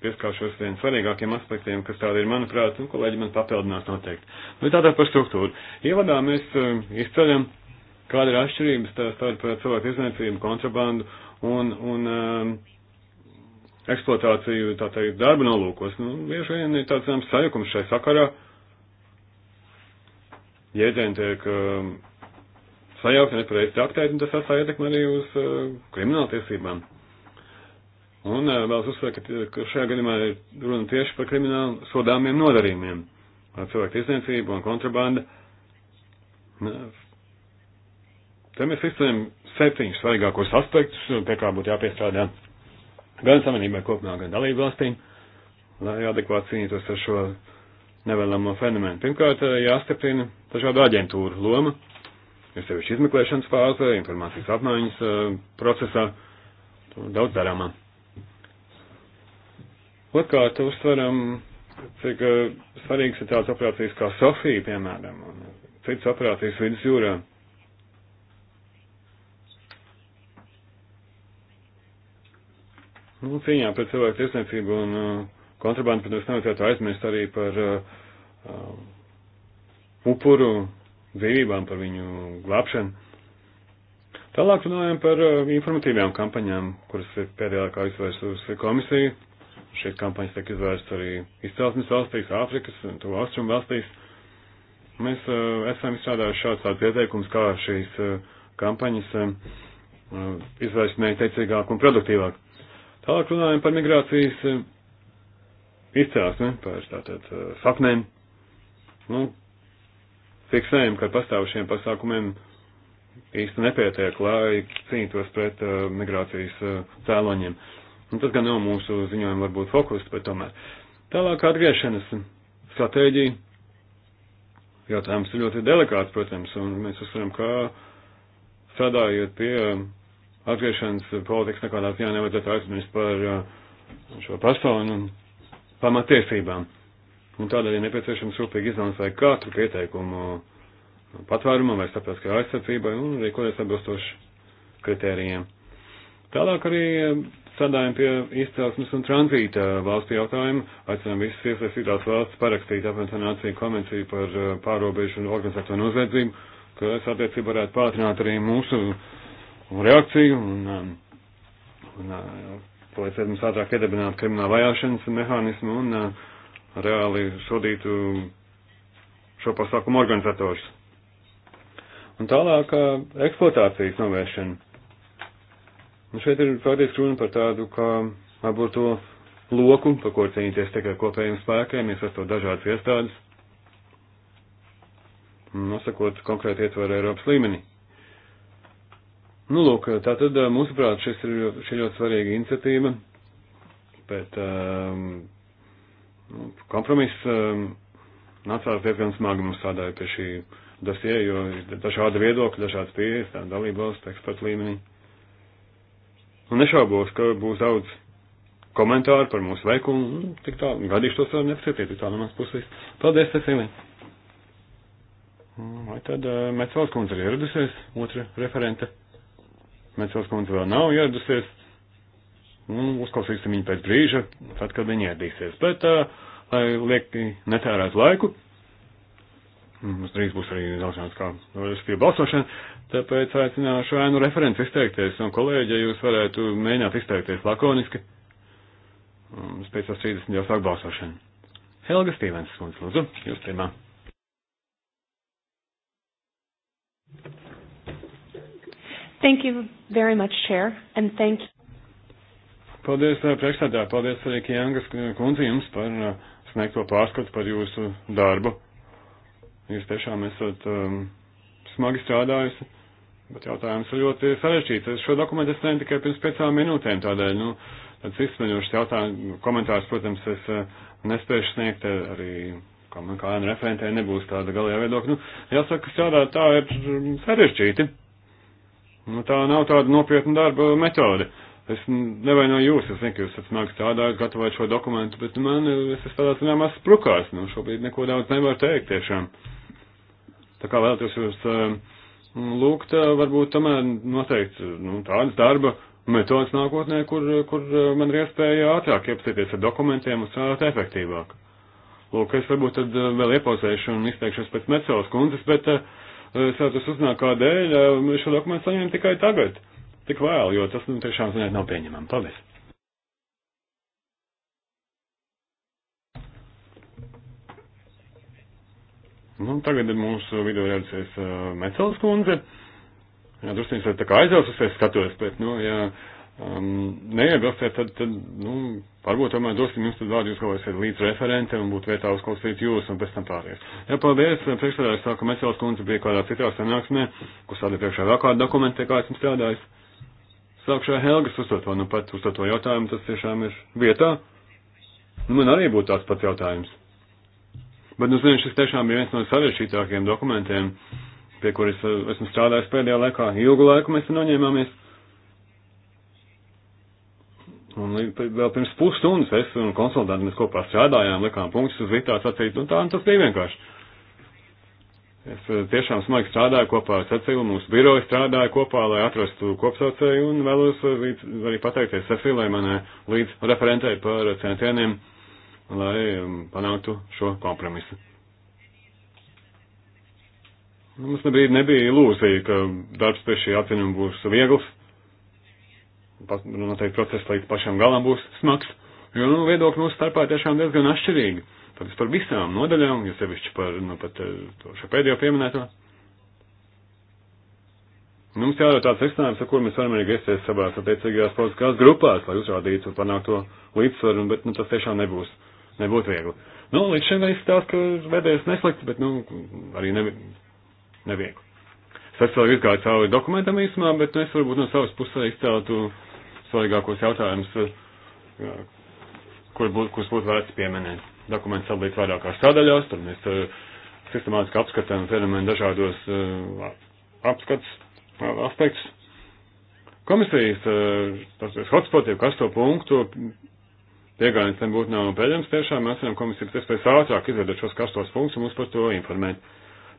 Pieskāršos vien svarīgākiem aspektiem, kas tādi ir, manuprāt, un kolēģi man papildinās noteikti. Nu, tātad par struktūru. Ievadā mēs uh, izceļam, kāda ir atšķirības starp cilvēku izniecību, kontrabandu un, un um, eksploatāciju, tā teikt, darba nolūkos. Nu, bieži vien ir tāds, zināms, sajukums šai sakarā. Jēdzieni tiek um, sajaukt nepareizi atskaitni, tas atstāja ietekmi arī uz uh, krimināltiesībām. Un uh, eh, vēl uzsver, ka, ka šajā gadījumā ir runa tieši par kriminālu sodāmiem nodarījumiem. Cilvēku tiesniecība un kontrabanda. Te mēs izcēlējam septiņus svarīgākos aspektus, pie kā būtu jāpiestrādā gan samanībai kopumā, gan dalību valstīm, lai adekvāti cīnītos ar šo nevēlamo fenomenu. Pirmkārt, eh, jāstiprina dažādu aģentūru loma ir sevišķi izmeklēšanas fāzē, informācijas apmaiņas e, procesā, daudz darāmā. Otkārt, uzsveram, cik e, svarīgs ir tāds operācijas kā Sofija, piemēram, un citas operācijas vidusjūrā. Nu, cīņā pret cilvēku tiesniecību un uh, kontrabandu, protams, nevajadzētu aizmirst arī par uh, uh, upuru dzīvībām, par viņu glābšanu. Tālāk runājam par uh, informatīvajām kampaņām, kuras ir pēdējā laikā izvērsusi komisija. Šīs kampaņas tiek izvērstas arī izcelsmes valstīs, Āfrikas un to austrumu valstīs. Mēs uh, esam izstrādājuši šāds tāds ieteikums, kā šīs uh, kampaņas um, uh, izvērst neteicīgāk un produktīvāk. Tālāk runājam par migrācijas um, izcelsmi, par tātad uh, saknēm. Nu, fiksējam, ka pastāv šiem pasākumiem īsti nepietiek, lai cīnītos pret uh, migrācijas uh, cēloņiem. Un nu, tas gan nav mūsu ziņojuma varbūt fokus, bet tomēr. Tālāk atgriešanas stratēģija. Jautājums ir ļoti delikāts, protams, un mēs uzsveram, ka strādājot pie uh, atgriešanas politikas nekādā ziņā nevajadzētu aizmirst par uh, šo personu pamatiesībām. Un tādēļ ir nepieciešams rūpīgi izanalizēt katru pieteikumu patvērumam vai starptautiskajai aizsardzībai un rīkoties atbilstoši kritērijiem. Tālāk arī eh, strādājam pie izcelsmes un tranzīta valstu jautājuma, aicinām visas iesaistītās valsts parakstīt apvienotāciju konvenciju par eh, pārobežu un organizēto noziedzību, kas attiecībā varētu pātrināt arī mūsu reakciju un, eh, un, un palīdzēt mums ātrāk iedibināt kriminālu vajāšanas mehānismu un uh, reāli sodītu šo pasākumu organizatorus. Un tālāk eksploatācijas novēršana. Un šeit ir faktiski runa par tādu, kā varbūt to loku, par ko cīnīties tikai kopējiem spēkiem, es esmu dažādas iestādes, nosakot konkrēti ietvaru Eiropas līmenī. Nu, lūk, tā tad, mūsuprāt, šis ir šī ļoti svarīga iniciatīva, bet um, Nu, kompromiss ehm, nācās diezgan smagi mums strādāja pie šī dosie, jo ir dažādi viedokļi, dažādas pieejas, tā dalībvalsts, eksperts līmenī. Un nu, nešaubos, ka būs daudz komentāru par mūsu veikumu, un nu, tik tā, gadīšu tos vēl nepasitiet, tik tā no mans puses. Paldies, Cecilija! Mm, vai tad uh, eh, Mecels kundze ir ieradusies, otra referente? Mecels kundze vēl nav ieradusies. Nu, uzklausīsim viņu pēc brīža, tad, kad viņi ēdīsies. Bet, uh, lai lieki netērētu laiku, mums drīz būs arī zināšanas, kā respektīvi balsošana, tāpēc aicināšu ēnu referents izteikties, un kolēģi, ja jūs varētu mēģināt izteikties lakoniski, mums pēc 30 jau sāk balsošana. Helga Stīvens, lūdzu, jūs tēmā. Thank you very much, Chair, and thank you. Paldies, eh, priekšstādā. Paldies arī Kjēngas kundze jums par eh, sniegto pārskatu par jūsu darbu. Jūs tiešām esat um, smagi strādājusi, bet jautājums ir ļoti sarežģīts. Es šo dokumentu es tikai pirms piecām minūtēm, tādēļ, nu, tāds izsmeļošs jautājums, komentārs, protams, es uh, nespēšu sniegt arī, kā man kā referentē nebūs tāda galējā viedokļa. Nu, jāsaka, strādāt tā ir mm, sarežģīti. Nu, tā nav tāda nopietna darba metode. Uh, Es nevainoju jūs, es zinu, ka jūs esat smagi strādājot, gatavojot šo dokumentu, bet man, es esmu tādā zināmā sprukās, nu, šobrīd neko daudz nevaru teikt tiešām. Tā kā vēlaties jūs eh, lūgt, eh, varbūt tomēr noteikti, nu, tādas darba metodas nākotnē, kur, kur eh, man ir iespēja ātrāk iepazīties ar dokumentiem un strādāt efektīvāk. Lūk, es varbūt tad vēl iepauzēšu un izteikšos pēc Mecels kundzes, bet es vēlaties uzzināt, kādēļ šo dokumentu saņem tikai tagad tik vēl, jo tas nu, tiešām ziniet nav pieņemami. Paldies! Nu, tagad mūsu vidū ieradies uh, Mecels kundze. Jā, druskuņi esat tā kā aizjaususies skatos, bet, nu, ja um, neiebilstiet, tad, tad, nu, varbūt tomēr dosim jums tad vārdu, jūs kaut kāds līdz referente un būtu vietā uzklausīt jūs un pēc tam pārējais. Jā, paldies, priekšsēdājs saka, Mecels kundze bija kādā citā sanāksmē, kur sādīja priekšā vēl kādu dokumentu, pie kā esmu strādājis. Sākšu ar Helgas uzdoto, nu pat uzdoto jautājumu, tas tiešām ir vietā. Nu, man arī būtu tāds pats jautājums. Bet, nu, zinu, šis tiešām ir viens no sarežģītākajiem dokumentiem, pie kuras uh, esmu strādājis pēdējā laikā. Ilgu laiku mēs noņēmāmies. Un vēl pirms pusstundas es un konsultanti mēs kopā strādājām, likām punktus uz vitā, sacīt, un tā, un tas bija vienkārši. Es eh, tiešām smagi strādāju kopā ar Cecilu, mūsu biroju strādāju kopā, lai atrastu kopsaucēju un vēlos eh, līdz, arī pateikties Cecilai, manai līdz referentei par centieniem, lai um, panāktu šo kompromisu. Nu, mums nebija, nebija ilūzija, ka darbs pie šī atzinuma būs viegls. Pat, nu, noteikti process līdz pašam galam būs smags, jo nu, viedokļi mūsu starpā tiešām diezgan atšķirīgi par, par visām nodaļām, jo sevišķi par, nu, pat eh, to šo pēdējo pieminēto. Nu, mums jādara tāds risinājums, ar kur mēs varam arī griezties savās attiecīgajās politiskās grupās, lai uzrādītu un panāktu to līdzsvaru, bet, nu, tas tiešām nebūs, nebūtu viegli. Nu, līdz šim es tās, ka vēdējos neslikti, bet, nu, arī ne, neviegli. Es esmu vēl izgājis cauri dokumentam īsumā, bet, nu, es varbūt no savas puses izceltu svarīgākos jautājumus, eh, kur būtu, kurus būtu vērts pieminēt dokuments sadalīts vairākās sadaļās, tur mēs eh, sistemātiski apskatām fenomenu dažādos eh, apskats eh, aspektus. Komisijas tas ir hotspot, jeb kasto punktu, piegājas tam būtu nav pieļams tiešām, mēs varam komisijas iespējas ātrāk izveidot šos kastos punktus un mums par to informēt.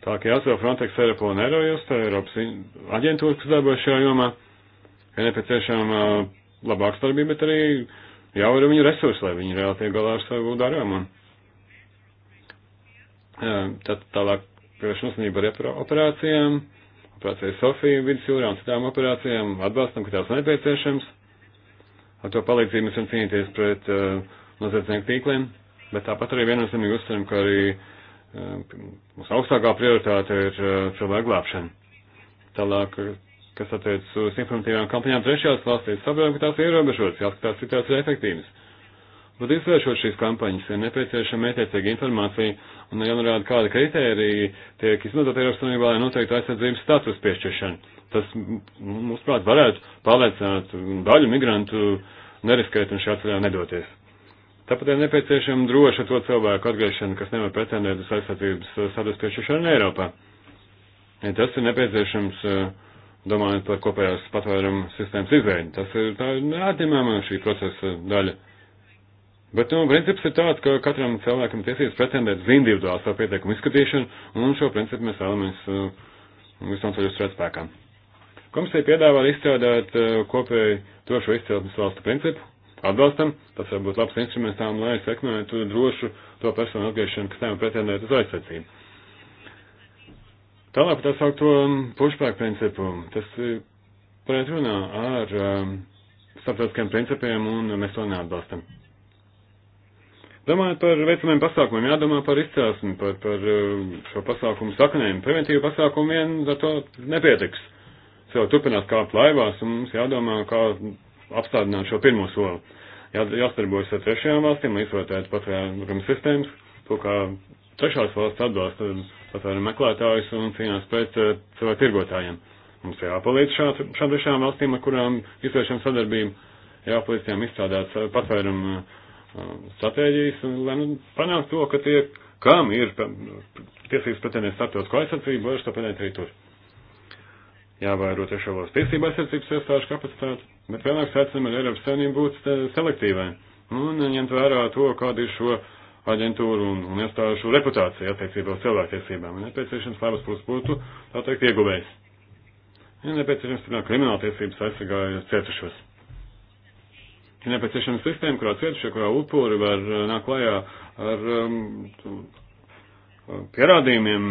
Tā kā jāsver Frontex, Eiropa un Eirojas, tā Eiropas aģentūra, kas darbojas šajā jomā, ir nepieciešama labāka starpība, bet arī jāvar viņu resursi, lai viņi reāli tiek galā ar savu darāmu. Un tad tālāk pievērš uzmanību ar operācijām, operācija Sofija vidusjūrā un citām operācijām, atbalstam, ka tās nepieciešams. Ar to palīdzību mēs varam cīnīties pret uh, noziedznieku tīkliem, bet tāpat arī viennozīmīgi uzsveram, ka arī uh, mūsu augstākā prioritāte ir uh, cilvēku glābšana. Tālāk, kas attiecas uz informatīvām kampaņām trešajās valstīs, saprotam, ka tās ir ierobežotas, jāskatās, cik tās ir efektīvas. Bet izvēršot šīs kampaņas ir nepieciešama mētiecīga informācija un jānorāda, kāda kriterija tiek izmantot Eiropas Savienībā, lai noteiktu aizsardzības status piešķiršanu. Tas, mūsuprāt, varētu pārliecināt daļu migrantu neriskēt un šā ceļā nedoties. Tāpat ir nepieciešama droša to cilvēku atgriešana, kas nevar pretendēt uz aizsardzības status piešķiršanu Eiropā. Ja tas ir nepieciešams uh, domājot par kopējās patvērumu sistēmas izveidi. Tas ir tā neatņemama šī procesa daļa. Bet, nu, princips ir tāds, ka katram cilvēkam tiesības pretendēt uz individuālu savu pieteikumu izskatīšanu, un šo principu mēs vēlamies uh, visam ceļu strādāt spēkā. Komisija piedāvā izstrādāt uh, kopēju drošo izcelsmes valstu principu, atbalstam, tas var būt labs instruments tām, lai sekmētu drošu to personu atgriešanu, kas tam pretendēt uz aizsardzību. Tālāk tā saukto um, pushback principu. Tas pretrunā ar um, starptautiskiem principiem, un mēs to neatbalstam. Domājot par veicamiem pasākumiem, jādomā par izcelsmi, par, par eh, šo pasākumu saknēm. Preventīvu pasākumu vien ar to nepietiks. Cilvēki turpinās kāpt laivās un mums jādomā, kā apstādināt šo pirmo soli. Jā, jāstarbojas ar trešajām valstīm, lai izvērtētu patvērumu sistēmas, to kā trešās valsts atbalsta patvērumu meklētājus un cīnās pret eh, cilvēku tirgotājiem. Mums jāpalīdz šādām šā trešām valstīm, ar kurām izvēršam sadarbību, jāpalīdz tām izstrādāt eh, patvērumu stratēģijas, un lai nu, panāktu to, ka tie, kam ir tiesības pretendēt starptautisko aizsardzību, var to pretendēt arī tur. Jāvēro tiešo valsts tiesību aizsardzības iestāžu kapacitāti, bet vienlāk secinam ar Eiropas savienību būt eh, selektīvai un ņemt vērā to, kāda ir šo aģentūru un, un iestāžu reputācija attiecībā uz cilvēktiesībām. Ir nepieciešams, lai abas puses būtu, tā teikt, ieguvējs. Ir nepieciešams, lai krimināltiesības aizsargājas cietušos. Ir nepieciešama sistēma, kurā cietušie, kurā upuri var eh, nākt klajā ar um, uh, pierādījumiem,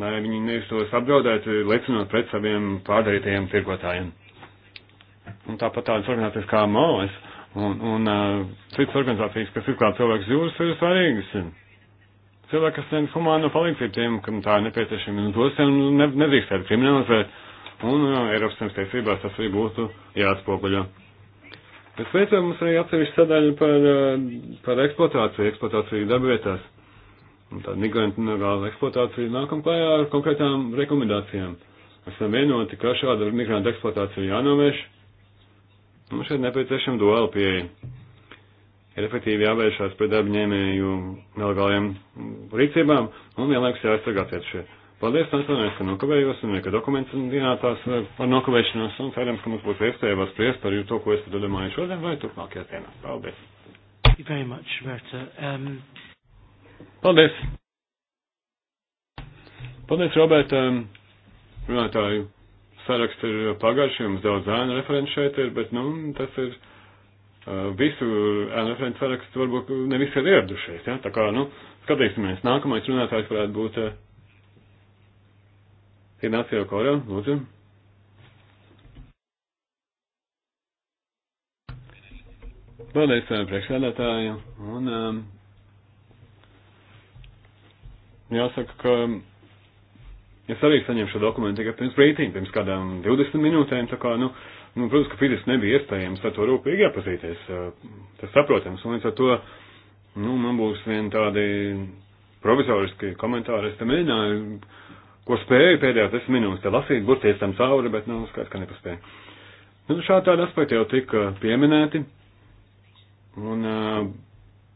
lai viņi neiztos apdraudēt, liecinot pret saviem pārdarītajiem tirgotājiem. Un tāpat tādas organizācijas kā MOS un, un uh, citas organizācijas, kas izklāda cilvēkus jūras, ir svarīgas. Cilvēki, kas sniedz humāno palīdzību tiem, kam tā ir nepieciešama, un nu, tos ne, nedrīkstētu kriminalizēt, un uh, Eiropas Savienības tiesībās tas arī būtu jāatspoguļo. Pēc veicam mums arī atsevišķa sadaļa par, eh, par eksploatāciju, eksploatāciju dabietās. Tāda migrantu eksploatācija nākam klājā ar konkrētām rekomendācijām. Esam vienoti, ka šāda migrantu eksploatācija jānovērš. Mums šeit nepieciešama duāla pieeja. Ir efektīvi jāvēršās pret darba ņēmēju nelegāliem rīcībām un vienlaikus jāaizsargāties šeit Paldies, Antonē, ka nokavējos un ka dokuments dienātās eh, par nokavēšanos un cerams, ka mums būs iespēja vēl spriest par to, ko es tad domāju šodien vai turpmākajās dienās. Paldies. Thank you very much, Roberta. Um... Paldies. Paldies, Roberta. Um, runātāju saraksts ir pagaršs, jums daudz ēnu referenci šeit ir, bet, nu, tas ir uh, visu ēnu referenci saraksts varbūt ne visi ir ieradušies, jā, ja? tā kā, nu, skatīsimies, nākamais runātājs varētu būt. Uh, Finansiālo korā, lūdzu. Paldies eh, priekšsēdētājiem. Un um, jāsaka, ka eh, es arī saņēmu šo dokumentu tikai pirms brītīm, pirms kādām 20 minūtēm. Tā kā, nu, nu, protams, ka fiziski nebija iespējams ar to rūpīgi iepazīties. Tas saprotams. Un līdz ar to nu, man būs vien tādi provizoriski komentāri. Es te mēģināju ko spēju pēdējās desmit minūtes te lasīt, burties tam cauri, bet, nu, skaidrs, ka nepaspēju. Nu, šādi tādi aspekti jau tika pieminēti, un uh,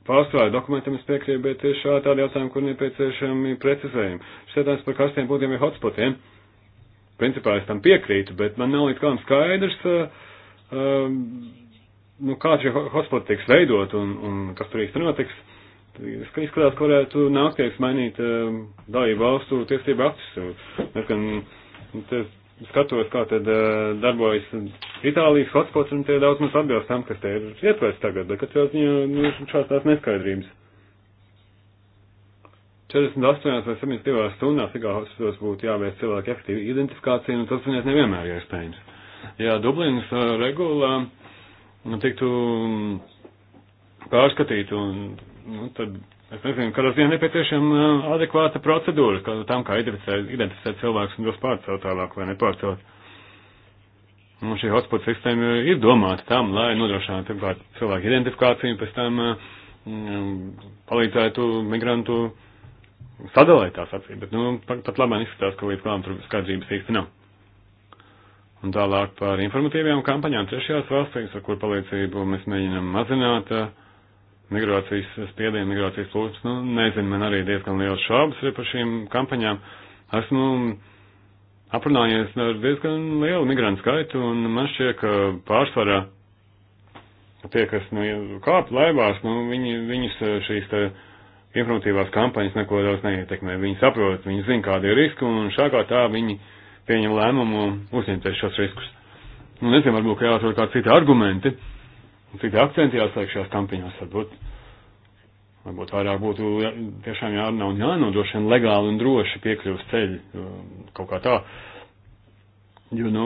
pārstāvju dokumentam es piekrītu, bet ir šādi tādi jautājumi, kur nepieciešami precizējumi. Šis jautājums par karstiem punktiem ir hotspotiem. Principā es tam piekrītu, bet man nav līdz kādam skaidrs, uh, uh, nu, kā šie hotspoti tiks veidot un, un kas tur īsti notiks izskatās, ka varētu nākties mainīt um, dalību valstu tiesību aktus. Es gan skatos, kā tad uh, darbojas Itālijas hotskots, un tie daudz mums atbilst tam, kas te ir ietvērs tagad, bet katrā ziņā nu, šāds tās neskaidrības. 48 vai 72 stundās ikā hospitalos būtu jāveic cilvēku efektīvi identifikācija, un tas viņas nevienmēr ir iespējams. Jā, Dublinas uh, regulā nu, tiktu mm, pārskatīt un nu, tad es nezinu, kādā ziņā nepieciešama uh, adekvāta procedūra, kā tam, kā identificēt, identificēt cilvēkus un tos pārcelt tālāk vai nepārcelt. Un nu, šī hotspot sistēma ir domāta tam, lai nodrošinātu pirmkārt cilvēku identifikāciju, pēc tam uh, mm, palīdzētu migrantu sadalēt tās acīm, bet, nu, pat, pat labāk izskatās, ka līdz galam tur skaidrības īsti nav. Un tālāk par informatīvajām kampaņām trešajās valstīs, ar kur palīdzību mēs mēģinam mazināt uh, migrācijas spiedienu, migrācijas plūsmas. Nu, nezinu, man arī diezgan liels šaubas ir par šīm kampaņām. Esmu aprunājies ar diezgan lielu migrantu skaitu, un man šķiet, ka pārsvarā tie, kas nu, kāp laivās, nu, viņi, viņus šīs te informatīvās kampaņas neko daudz neietekmē. Viņi saprot, viņi zina, kādi ir riski, un šā kā tā viņi pieņem lēmumu uzņemties šos riskus. Nu, nezinu, varbūt, ka jāatrod kādi citi argumenti. Uh, Un cik tie akcenti jāsliek šajās kampaņās, varbūt, varbūt vairāk būtu jā, tiešām jārunā un jānodrošina legāli un droši piekļuvs ceļi, kaut kā tā. Jo, nu,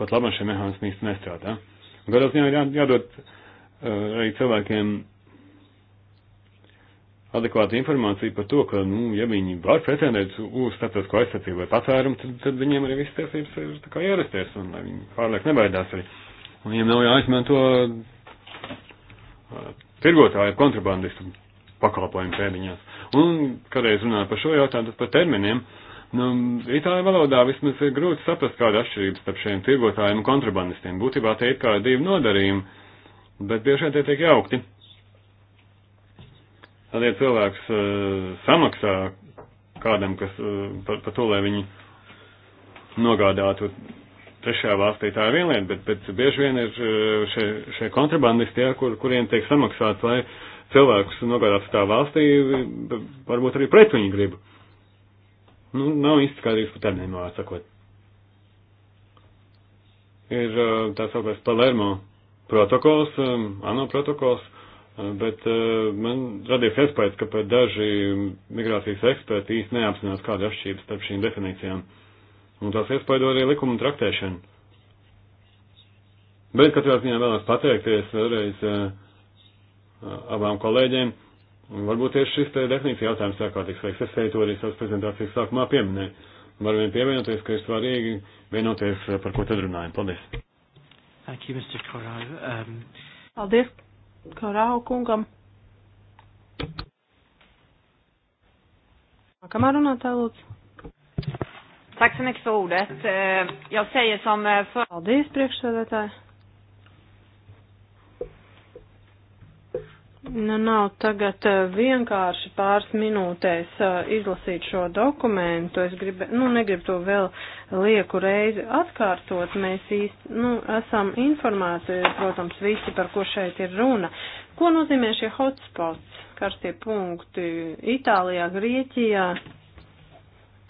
pat labam šie mehānismi īsti nestrādā. Un kādās ziņā ir jā, jādod uh, arī cilvēkiem adekvāta informācija par to, ka, nu, ja viņi var pretendēt uz starptautisko aizsardzību vai patvērumu, tad, tad viņiem arī viss tiesības ir tā kā ierasties un lai viņi pārliek nebaidās arī. Un viņiem nav jāizmanto uh, tirgotāju kontrabandistu pakalpojumu pēdiņās. Un, kādreiz runāju par šo jautājumu, par terminiem, nu, itāļu valodā vismaz ir grūti saprast, kāda atšķirība starp šiem tirgotājiem un kontrabandistiem. Būtībā te ir kā divi nodarījumi, bet bieži vien tie tiek jaukti. Tad, ja cilvēks uh, samaksā kādam, kas uh, par, par to, lai viņi nogādātu trešajā valstī tā ir viena lieta, bet, bet bieži vien ir e, šie, šie kontrabandisti, jā, kur, kuriem tiek samaksāts, lai cilvēkus nogādātu tā valstī, e, varbūt arī pret viņu gribu. Nu, nav īsti skaidrības par termiņiem, vēl sakot. Ir e, tā sauktais Palermo protokols, ANO protokols, bet man radies iespējas, ka pat daži migrācijas eksperti īsti neapzinās kādu atšķirību starp šīm definīcijām un tās iespaido arī likuma traktēšanu. Bet katrā ziņā vēlos pateikties vēlreiz eh, abām kolēģiem. Varbūt tieši šis te definīcija jautājums ārkārtīgi sveiks. Es teicu arī savas prezentācijas sākumā pieminēju. Var vien pievienoties, ka ir svarīgi vienoties, eh, par ko tad runājam. Paldies! Thank you, Mr. Korau. Um... Paldies, Korau kungam. Nākamā runātāja lūdzu. Tack så mycket för ordet. Eh, jag säger som eh, för... Paldies, priekšsēdētāji. Nu, nav tagad eh, vienkārši pāris minūtēs izlasīt šo dokumentu. Es gribu, nu, negribu to vēl lieku reizi atkārtot. Mēs īsti, nu, esam informēti, protams, visi, par ko šeit ir runa. Ko nozīmē šie hotspots, karstie punkti Itālijā, Grieķijā?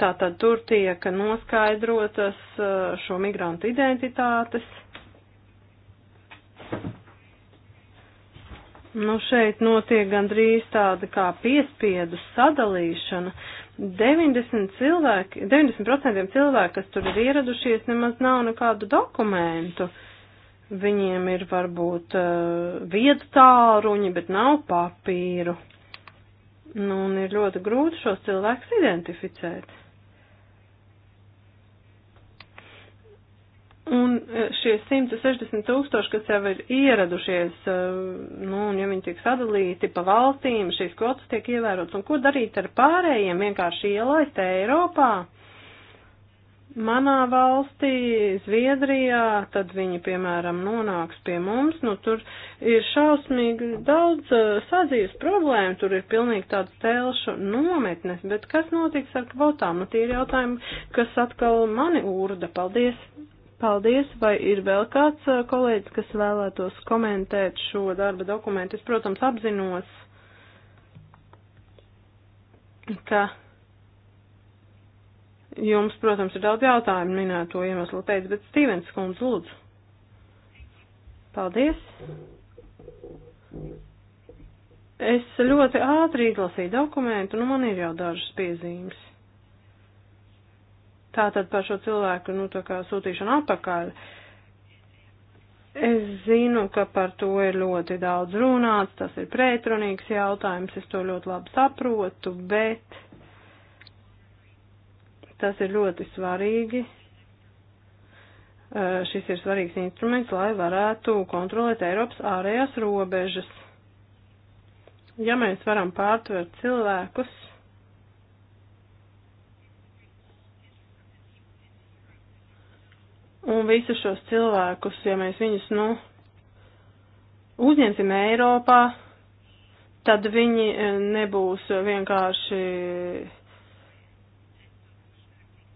Tātad tur tiek noskaidrotas eh, šo migrantu identitātes. Nu, šeit notiek gandrīz tāda kā piespiedu sadalīšana. 90 cilvēki, 90% cilvēki, kas tur ir ieradušies, nemaz nav nekādu dokumentu. Viņiem ir varbūt uh, viedtāruņi, bet nav papīru. Nu, un ir ļoti grūti šos cilvēkus identificēt. Un e, šie 160 tūkstoši, kas jau ir ieradušies, e, nu, un ja viņi tiek sadalīti pa valstīm, šīs kvotas tiek ievērotas, un ko darīt ar pārējiem, vienkārši ielaist Eiropā? Manā valstī, Zviedrijā, tad viņi, piemēram, nonāks pie mums, nu, tur ir šausmīgi daudz e, sadzīves problēmu, tur ir pilnīgi tāds telšu nometnes, bet kas notiks ar kvotām? Nu, tie ir jautājumi, kas atkal mani urda. Paldies! Paldies, vai ir vēl kāds uh, kolēģis, kas vēlētos komentēt šo darba dokumentu? Es, protams, apzinos, ka jums, protams, ir daudz jautājumu minēto iemeslu pēc, bet Stīvens Kundz, lūdzu. Paldies. Es ļoti ātri izlasīju dokumentu, nu man ir jau dažas piezīmes. Tātad par šo cilvēku, nu, tā kā sūtīšanu atpakaļ. Es zinu, ka par to ir ļoti daudz runāts, tas ir pretrunīgs jautājums, es to ļoti labi saprotu, bet tas ir ļoti svarīgi. Šis ir svarīgs instruments, lai varētu kontrolēt Eiropas ārējās robežas. Ja mēs varam pārtvert cilvēkus, Un visus šos cilvēkus, ja mēs viņus, nu, uzņemsim Eiropā, tad viņi eh, nebūs vienkārši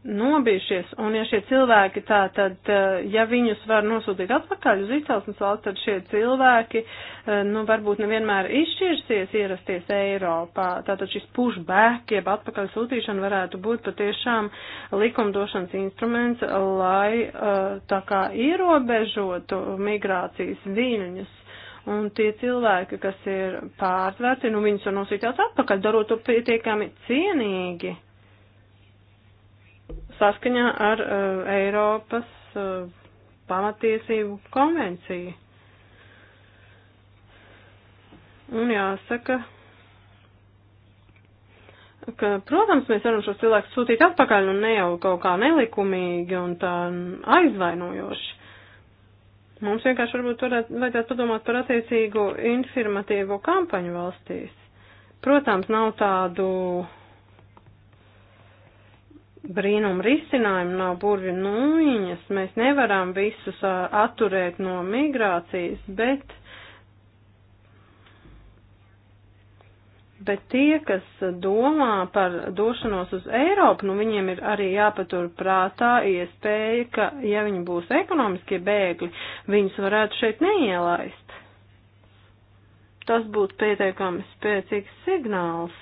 nobijušies, un ja šie cilvēki tā tad, eh, ja viņus var nosūtīt atpakaļ uz izcelsmes valsts, tad šie cilvēki, eh, nu, varbūt nevienmēr izšķirsies ierasties Eiropā. Tātad šis pushback, jeb atpakaļ sūtīšana varētu būt patiešām likumdošanas instruments, lai eh, tā kā ierobežotu migrācijas viļņus. Un tie cilvēki, kas ir pārtverti, nu, viņus var nosūtīt atpakaļ, darot to pietiekami cienīgi saskaņā ar uh, Eiropas uh, pamatiesību konvenciju. Un jāsaka, ka, protams, mēs varam šos cilvēkus sūtīt atpakaļ un nu, ne jau kaut kā nelikumīgi un tā aizvainojoši. Mums vienkārši varbūt varētu, vajadzētu padomāt par attiecīgu informatīvo kampaņu valstīs. Protams, nav tādu brīnuma risinājumu nav burvi nūjiņas, mēs nevaram visus atturēt no migrācijas, bet, bet tie, kas domā par došanos uz Eiropu, nu viņiem ir arī jāpatur prātā iespēja, ka ja viņi būs ekonomiskie bēgļi, viņus varētu šeit neielaist. Tas būtu pietiekami spēcīgs signāls.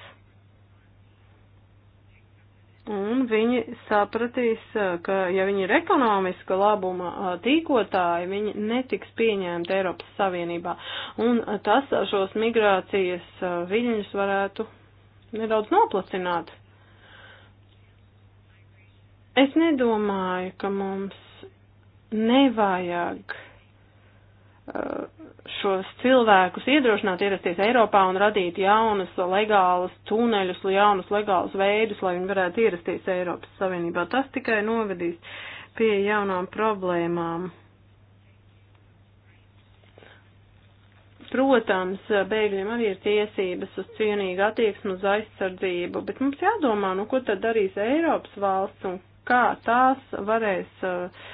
Un viņi sapratīs, ka ja viņi ir ekonomiska labuma tīkotāji, viņi netiks pieņemti Eiropas Savienībā. Un tas šos migrācijas viļņus varētu nedaudz noplacināt. Es nedomāju, ka mums nevajag uh, šos cilvēkus iedrošināt ierasties Eiropā un radīt jaunas legālas tuneļus, jaunus legālus veidus, lai viņi varētu ierasties Eiropas Savienībā. Tas tikai novedīs pie jaunām problēmām. Protams, bēgļiem arī ir tiesības uz cienīgu attieksmu, uz aizsardzību, bet mums jādomā, nu ko tad darīs Eiropas valsts un kā tās varēs uh,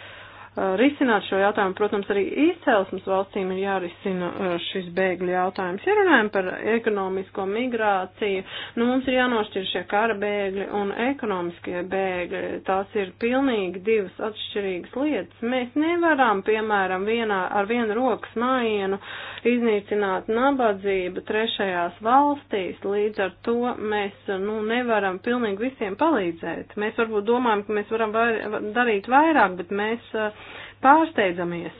Uh, risināt šo jautājumu. Protams, arī izcelsmes valstīm ir jārisina uh, šis bēgļu jautājums. Ja runājam par ekonomisko migrāciju, nu mums ir jānošķir šie kara bēgļi un ekonomiskie bēgļi. Tās ir pilnīgi divas atšķirīgas lietas. Mēs nevaram, piemēram, vienā, ar vienu rokas mājienu iznīcināt nabadzību trešajās valstīs. Līdz ar to mēs nu, nevaram pilnīgi visiem palīdzēt. Mēs varbūt domājam, ka mēs varam vai, darīt vairāk, bet mēs uh, pārsteidzamies.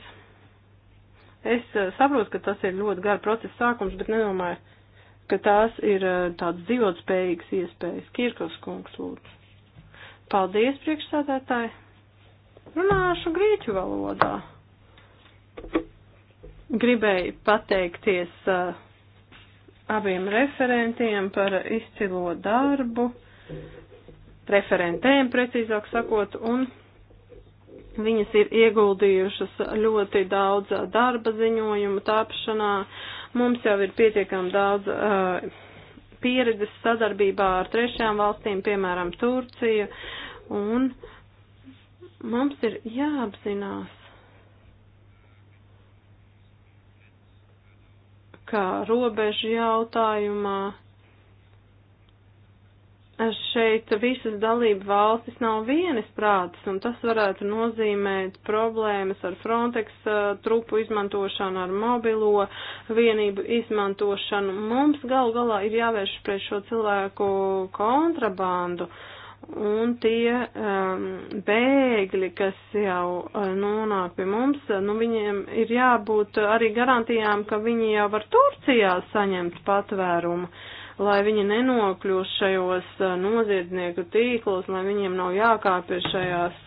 Es eh, saprotu, ka tas ir ļoti gara procesa sākums, bet nedomāju, ka tās ir eh, tāds dzīvotspējīgs iespējas. Kirkos kungs lūdzu. Paldies, priekšsādētāji. Runāšu grieķu valodā. Gribēju pateikties uh, abiem referentiem par izcilo darbu, referentēm precīzāk sakot, un Viņas ir ieguldījušas ļoti daudz uh, darba ziņojumu tapšanā. Mums jau ir pietiekami daudz uh, pieredzes sadarbībā ar trešajām valstīm, piemēram, Turciju, un mums ir jāapzinās, ka robežu jautājumā šeit visas dalība valstis nav vienas prātas, un tas varētu nozīmēt problēmas ar Frontex uh, trupu izmantošanu, ar mobilo vienību izmantošanu. Mums gal galā ir jāvērš pret šo cilvēku kontrabandu. Un tie um, bēgļi, kas jau uh, nonāk pie mums, uh, nu viņiem ir jābūt arī garantijām, ka viņi jau var Turcijā saņemt patvērumu. Uh, lai viņi nenokļūst šajos noziedznieku tīklos, lai viņiem nav jākāpja šajās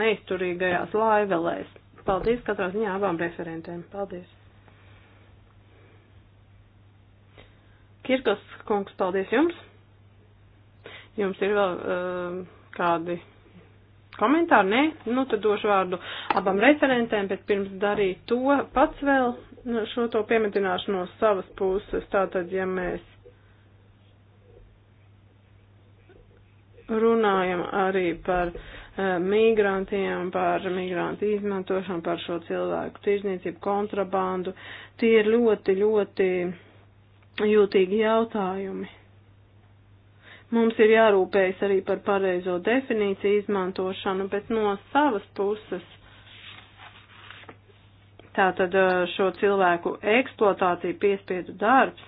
neizturīgajās laivelēs. Paldies katrā ziņā abām referentēm. Paldies. Kirkos kungs, paldies jums. Jums ir vēl uh, kādi komentāri? Nē, nu tad došu vārdu abām referentēm, bet pirms darīt to pats vēl nu, šo to piemetināšu no savas puses. Tātad, ja mēs runājam arī par uh, migrantiem, par migrantu izmantošanu, par šo cilvēku tirzniecību, kontrabandu. Tie ir ļoti, ļoti jūtīgi jautājumi. Mums ir jārūpējas arī par pareizo definīciju izmantošanu, bet no savas puses. Tātad eh, šo cilvēku eksploatācija piespiedu darbs,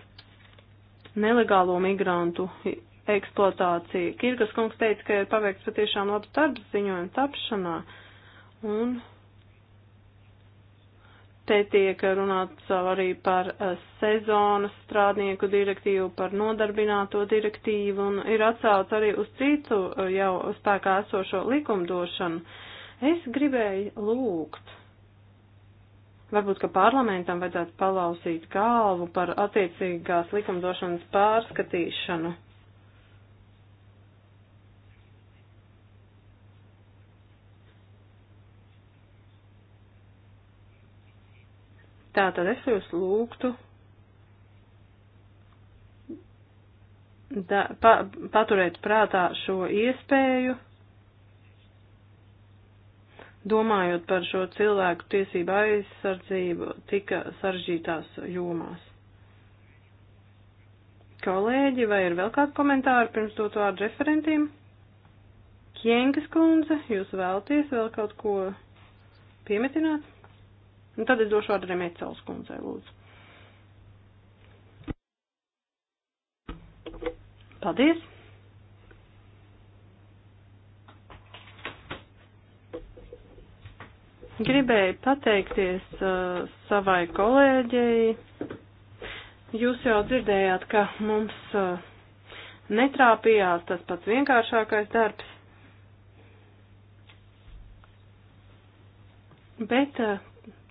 nelegālo migrantu eksploatācija. Kirgas kungs teica, ka ir paveikts patiešām labs darbs ziņojuma tapšanā. Un te tiek runāts arī par eh, sezonas strādnieku direktīvu, par nodarbināto direktīvu un ir atsauc arī uz citu eh, jau spēkā esošo likumdošanu. Es gribēju lūgt. Varbūt, ka parlamentam vajadzētu palausīt galvu par attiecīgās likumdošanas pārskatīšanu. Tātad es jūs lūgtu da, pa, paturēt prātā šo iespēju, domājot par šo cilvēku tiesību aizsardzību tika saržģītās jomās. Kolēģi, vai ir vēl kādi komentāri pirms dot vārdu referentiem? Kienkas kundze, jūs vēlties vēl kaut ko piemetināt? Un nu, tad es došu vārdu Remēcels kundzei, lūdzu. Paldies! Gribēju pateikties uh, savai kolēģei. Jūs jau dzirdējāt, ka mums uh, netrāpījās tas pats vienkāršākais darbs. Bet uh,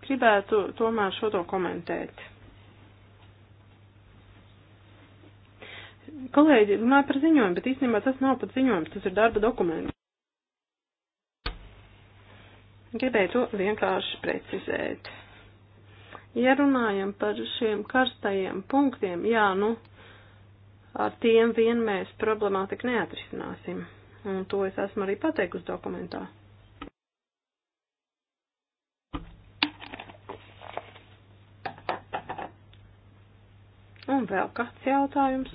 Gribētu tomēr šo to komentēt. Kolēģi runāja par ziņojumu, bet īstenībā tas nav pat ziņojums, tas ir darba dokuments. Gribēju to vienkārši precizēt. Ja runājam par šiem karstajiem punktiem, jā, nu, ar tiem vien mēs problemātiku neatrisināsim. Un to es esmu arī pateikusi dokumentā. Un vēl kāds jautājums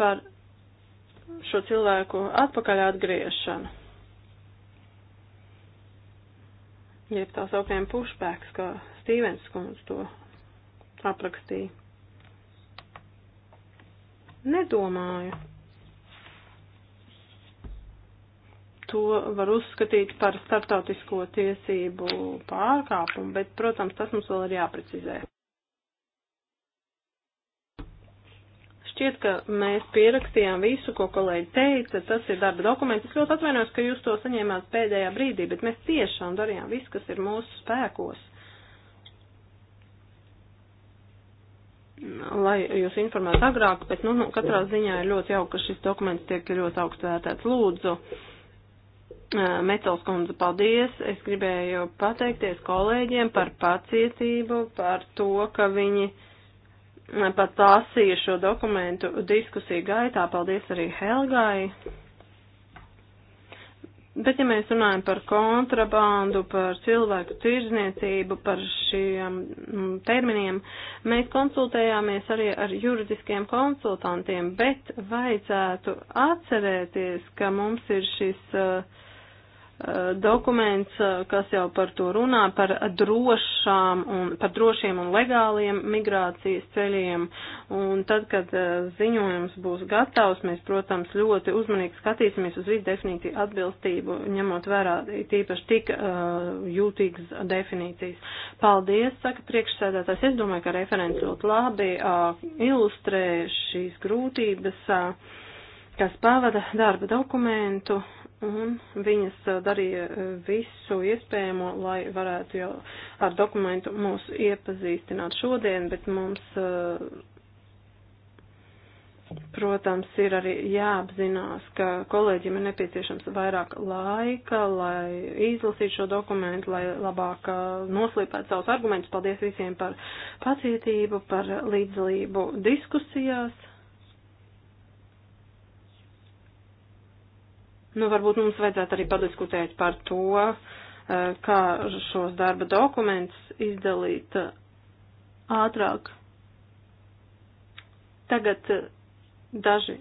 par šo cilvēku atpakaļ atgriešanu. Jeb tā sauktiem pushbacks, kā Stīvens kundz to aprakstīja. Nedomāju. To var uzskatīt par starptautisko tiesību pārkāpumu, bet, protams, tas mums vēl ir jāprecizē. šķiet, ka mēs pierakstījām visu, ko kolēģi teica, tas ir darba dokuments. Es ļoti atvainojos, ka jūs to saņēmāt pēdējā brīdī, bet mēs tiešām darījām visu, kas ir mūsu spēkos. Lai jūs informētu agrāk, bet, nu, nu katrā ziņā ir ļoti jauka, ka šis dokuments tiek ļoti augstu vērtēts. Lūdzu, Metals kundze, paldies. Es gribēju pateikties kolēģiem par pacietību, par to, ka viņi pat lasīju šo dokumentu diskusiju gaitā. Paldies arī Helgai. Bet ja mēs runājam par kontrabandu, par cilvēku tirzniecību, par šiem mm, terminiem, mēs konsultējāmies arī ar juridiskiem konsultantiem, bet vajadzētu atcerēties, ka mums ir šis uh, dokuments, kas jau par to runā, par drošām un par drošiem un legāliem migrācijas ceļiem. Un tad, kad eh, ziņojums būs gatavs, mēs, protams, ļoti uzmanīgi skatīsimies uz visu definīciju atbilstību, ņemot vērā tīpaši tik uh, jūtīgas definīcijas. Paldies, saka priekšsēdētājs. Es domāju, ka referents ļoti labi uh, ilustrē šīs grūtības, uh, kas pavada darba dokumentu Un viņas uh, darīja uh, visu iespējamo, lai varētu jau ar dokumentu mūs iepazīstināt šodien, bet mums, uh, protams, ir arī jāapzinās, ka kolēģim ir nepieciešams vairāk laika, lai izlasītu šo dokumentu, lai labāk noslīpētu savus argumentus. Paldies visiem par pacietību, par līdzdalību diskusijās Nu, varbūt mums vajadzētu arī padiskutēt par to, eh, kā šos darba dokumentus izdalīt eh, ātrāk. Tagad eh, daži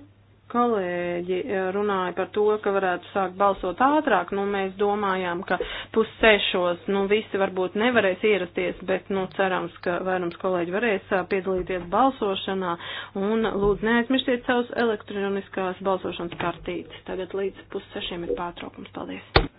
kolēģi eh, runāja par to, ka varētu sākt balsot ātrāk, nu mēs domājām, ka pussešos, nu visi varbūt nevarēs ierasties, bet nu cerams, ka vairums kolēģi varēs eh, piedalīties balsošanā un lūdzu neaizmirstiet savus elektroniskās balsošanas kartītes. Tagad līdz pussešiem ir pārtraukums. Paldies!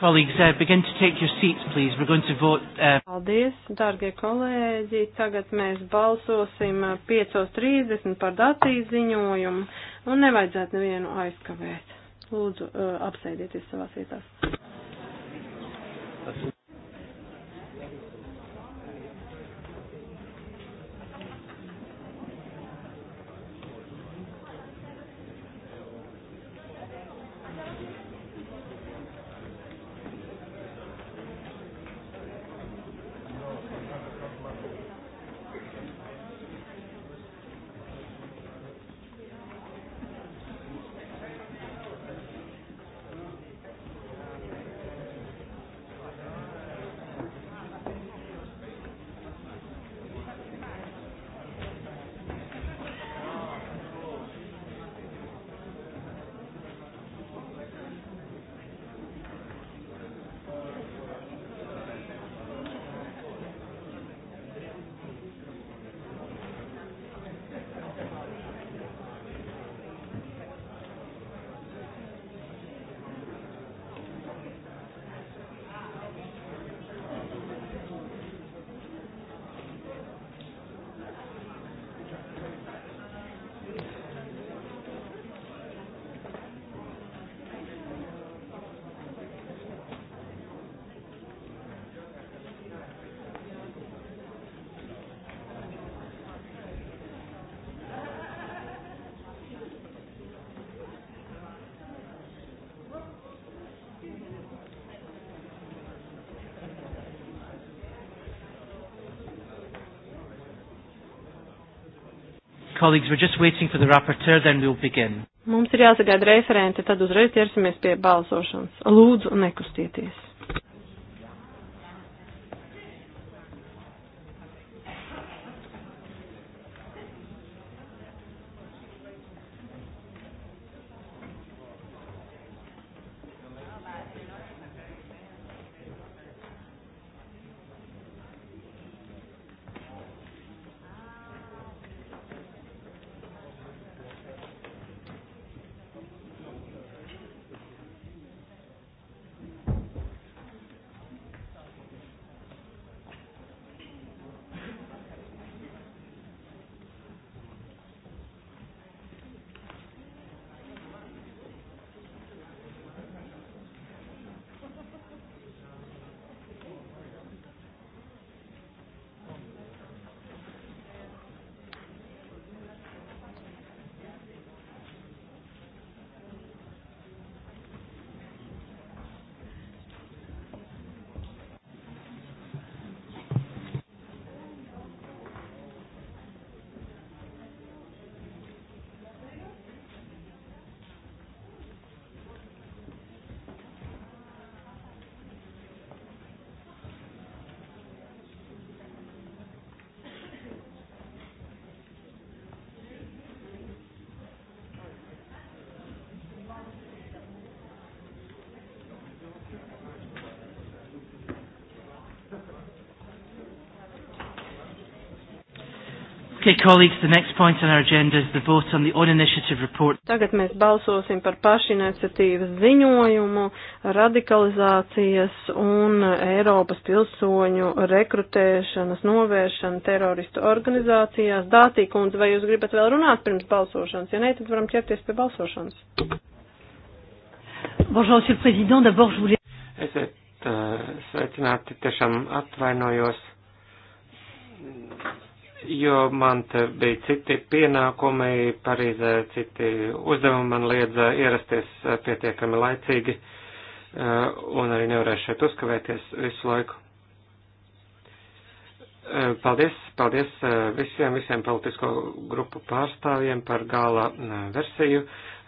Colleagues, uh, begin to take your seats, please. We're going to vote. Uh... Paldies, dārgie kolēģi. Tagad mēs balsosim 5.30 par datīs ziņojumu un nevajadzētu nevienu aizkavēt. Lūdzu, uh, apsēdieties savās vietās. Colleagues, we're just waiting for the rapporteur, then we'll begin. Mums ir jāsagaida referente, tad uzreiz ķersimies pie balsošanas. Lūdzu, nekustieties. colleagues, the next point on our agenda is the vote on the own initiative report. Tagad mēs balsosim par pašiniciatīvas ziņojumu, radikalizācijas un Eiropas pilsoņu rekrutēšanas novēršana teroristu organizācijās. Dātī kundze, vai jūs gribat vēl runāt pirms balsošanas? Ja nē, tad varam ķerties pie balsošanas. Bonjour, monsieur le président. D'abord, je voulais. Esiet uh, eh, sveicināti, tiešām atvainojos jo man te bija citi pienākumi Parīzē, citi uzdevumi man liedza eh, ierasties eh, pietiekami laicīgi eh, un arī nevarēju šeit uzkavēties visu laiku. Paldies, paldies visiem, visiem politisko grupu pārstāvjiem par gala versiju.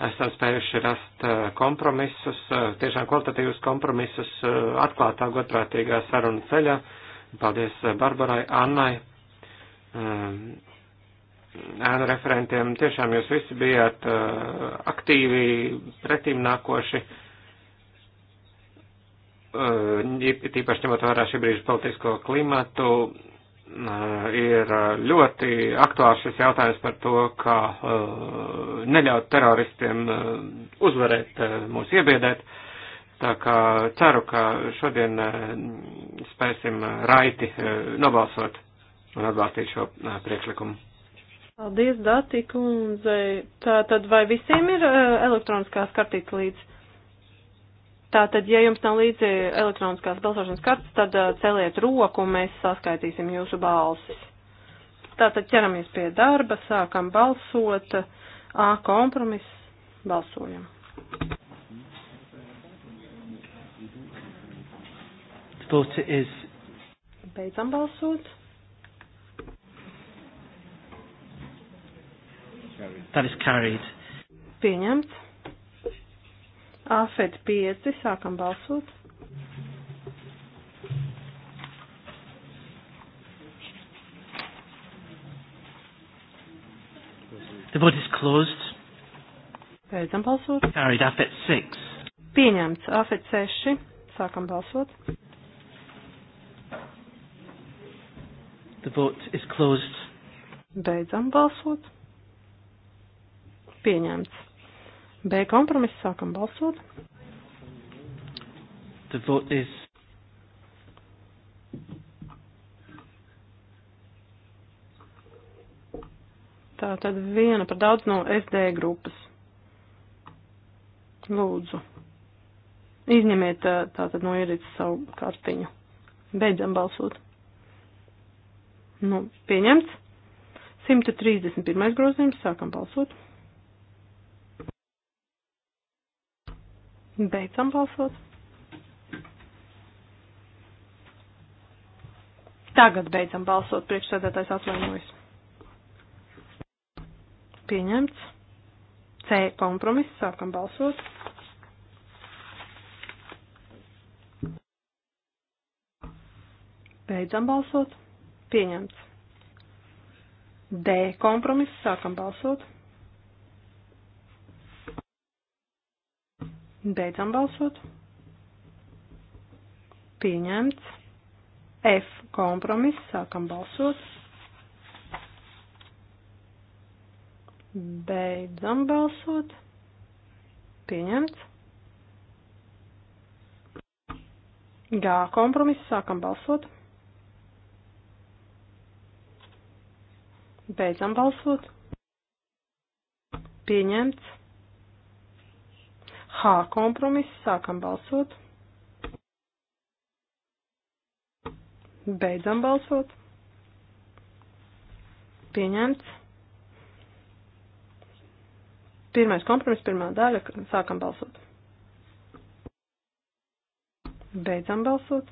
Esam spējuši rast kompromisus, tiešām kvalitatīvus kompromisus atklātā, godprātīgā saruna ceļā. Paldies Barbarai, Annai ēnu referentiem. Tiešām jūs visi bijāt aktīvi, pretīm nākoši, tīpaši ņemot vērā šī brīža politisko klimatu. Ir ļoti aktuāls šis jautājums par to, kā neļaut teroristiem uzvarēt, mūs iebiedēt. Tā kā ceru, ka šodien spēsim raiti nobalsot un atbalstīt šo priekšlikumu. Paldies, Dati kundzei. Tā tad vai visiem ir elektroniskās kartītes līdz? Tā tad, ja jums nav līdzi elektroniskās balsošanas kartes, tad celiet roku un mēs saskaitīsim jūsu balsis. Tātad ķeramies pie darba, sākam balsot. A kompromiss. Balsojam. Vote is. Beidzam balsot. That is carried. Pieņemts. AFED 5. Sākam balsot. The vote is closed. Beidzam balsot. Carried AFED 6. Pieņemts. AFED 6. Sākam balsot. The vote is closed. Beidzam balsot pieņemts. B kompromiss sākam balsot. The vote is Tā tad viena par daudz no SD grupas. Lūdzu. Izņemiet tātad no ierīces savu kartiņu. Beidzam balsot. Nu, pieņemts. 131. grozījums. Sākam balsot. Beidzam balsot. Tagad beidzam balsot, priekšsēdētājs atvainojas. Pieņemts. C kompromiss, sākam balsot. Beidzam balsot. Pieņemts. D kompromiss, sākam balsot. Beidzam balsot. Pieņemts. F kompromiss. Sākam balsot. Beidzam balsot. Pieņemts. G kompromiss. Sākam balsot. Beidzam balsot. Pieņemts. H kompromiss. Sākam balsot. Beidzam balsot. Pieņemts. Pirmais kompromiss, pirmā daļa. Sākam balsot. Beidzam balsot.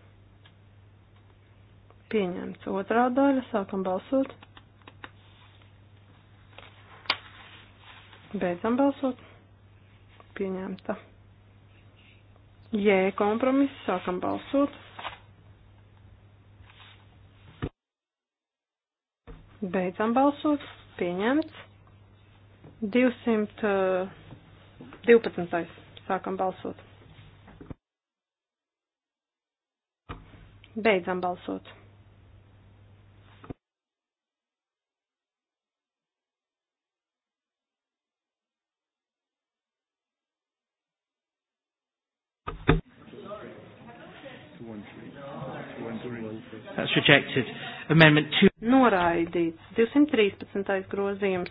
Pieņemts. Otrā daļa. Sākam balsot. Beidzam balsot pieņemta. Jē, kompromiss, sākam balsot. Beidzam balsot, pieņemts. 212. Eh, sākam balsot. Beidzam balsot. That's rejected. Amendment 2. Noraidīts. 213. grozījums.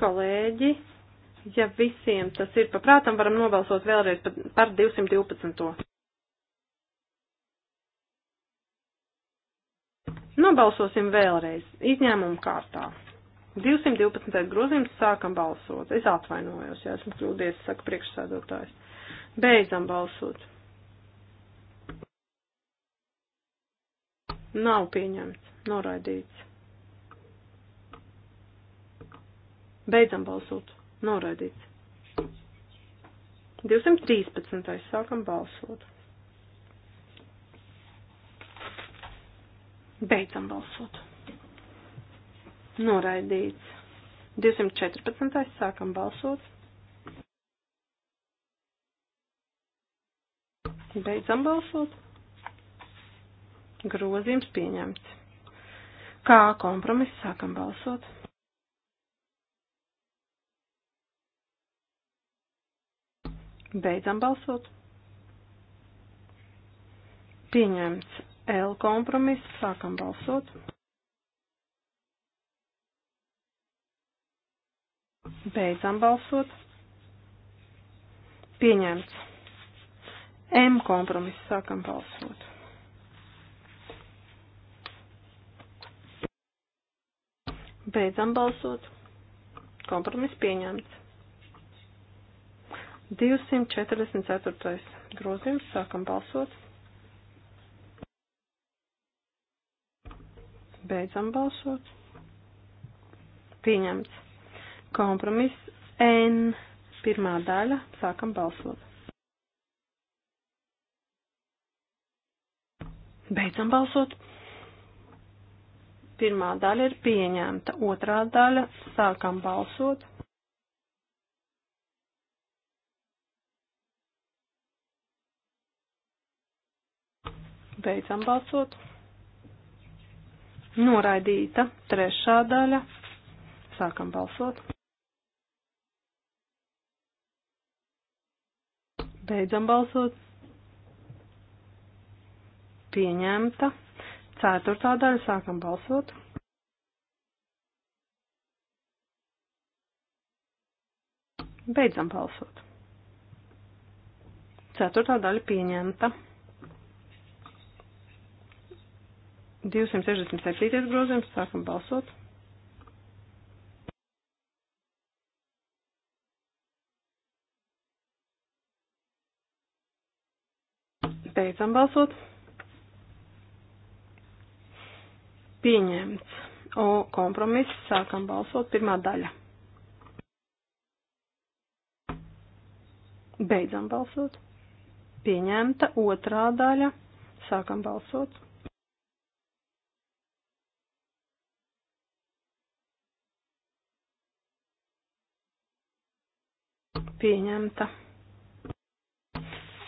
Kolēģi, ja visiem tas ir paprātam, varam nobalsot vēlreiz par 212. Nobalsosim vēlreiz, izņēmumu kārtā. 212. grozījums sākam balsot. Es atvainojos, ja esmu kļūdies, saka priekšsēdotājs. Beidzam balsot. Nav pieņemts, noraidīts. Beidzam balsot, noraidīts. 213. sākam balsot. Beidzam balsot. Noraidīts. 214. sākam balsot. Beidzam balsot. Grozījums pieņemts. Kā kompromiss sākam balsot. Beidzam balsot. Pieņemts L kompromiss. Sākam balsot. Beidzam balsot. Pieņemts. M kompromiss sākam balsot. Beidzam balsot. Kompromiss pieņemts. 244. grozījums. Sākam balsot. Beidzam balsot. Pieņemts. Kompromiss N. Pirmā daļa. Sākam balsot. Beidzam balsot. Pirmā daļa ir pieņemta, otrā daļa sākam balsot. Beidzam balsot. Noraidīta trešā daļa. Sākam balsot. Beidzam balsot. Pieņemta. Ceturtā daļa. Sākam balsot. Beidzam balsot. Ceturtā daļa pieņemta. 267. grozījums. Sākam balsot. Beidzam balsot. Pieņemts. O kompromiss sākam balsot pirmā daļa. Beidzam balsot. Pieņemta otrā daļa. Sākam balsot. Pieņemta.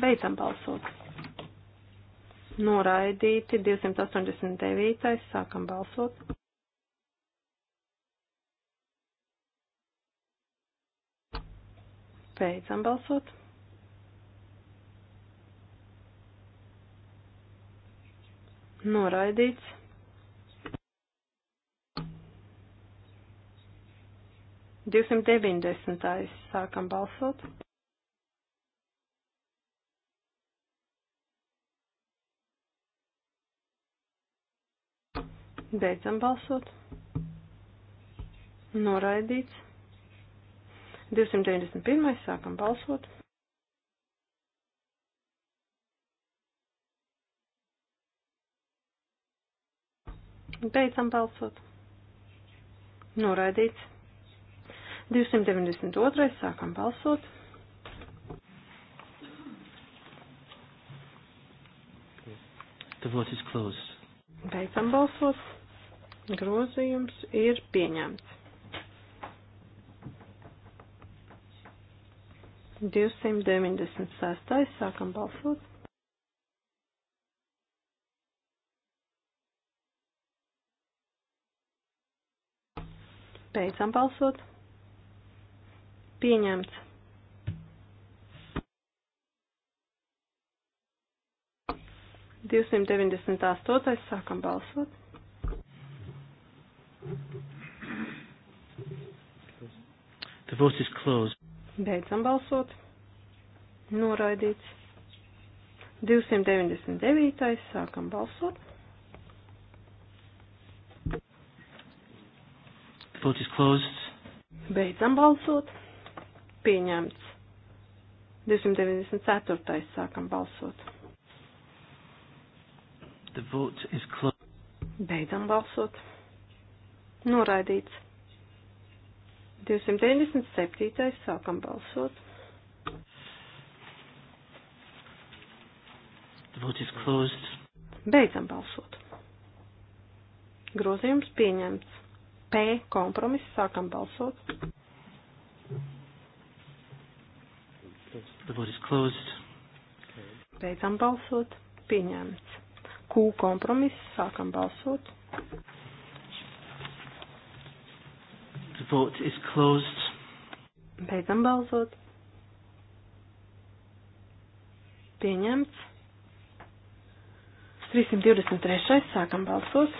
Beidzam balsot. Noraidīti 289. Sākam balsot. Beidzam balsot. Noraidīts. Divsimt deviņdesmitais sākam balsot. Beidzam balsot. Noraidīts. 291. sākam balsot. Beidzam balsot. Noraidīts. 292. sākam balsot. The vote is closed. Beidzam balsot. Grozījums ir pieņemts. 296. Sākam balsot. Beidzam balsot. Pieņemts. Divsimt deviņdesmit astotais sākam balsot. The vote is closed. Beidzam balsot. Noraidīts. 299. Sākam balsot. The vote is closed. Beidzam balsot. Pieņemts. 294. Sākam balsot. The vote is closed. Beidzam balsot. Noraidīts. 297. sākam balsot. The vote is closed. Beidzam balsot. Grozījums pieņemts. P kompromiss sākam balsot. The vote is closed. Beidzam balsot. Pieņemts. Q kompromiss sākam balsot. vote is closed. Beidzam balsot. Pieņemts. 323. Sākam balsot.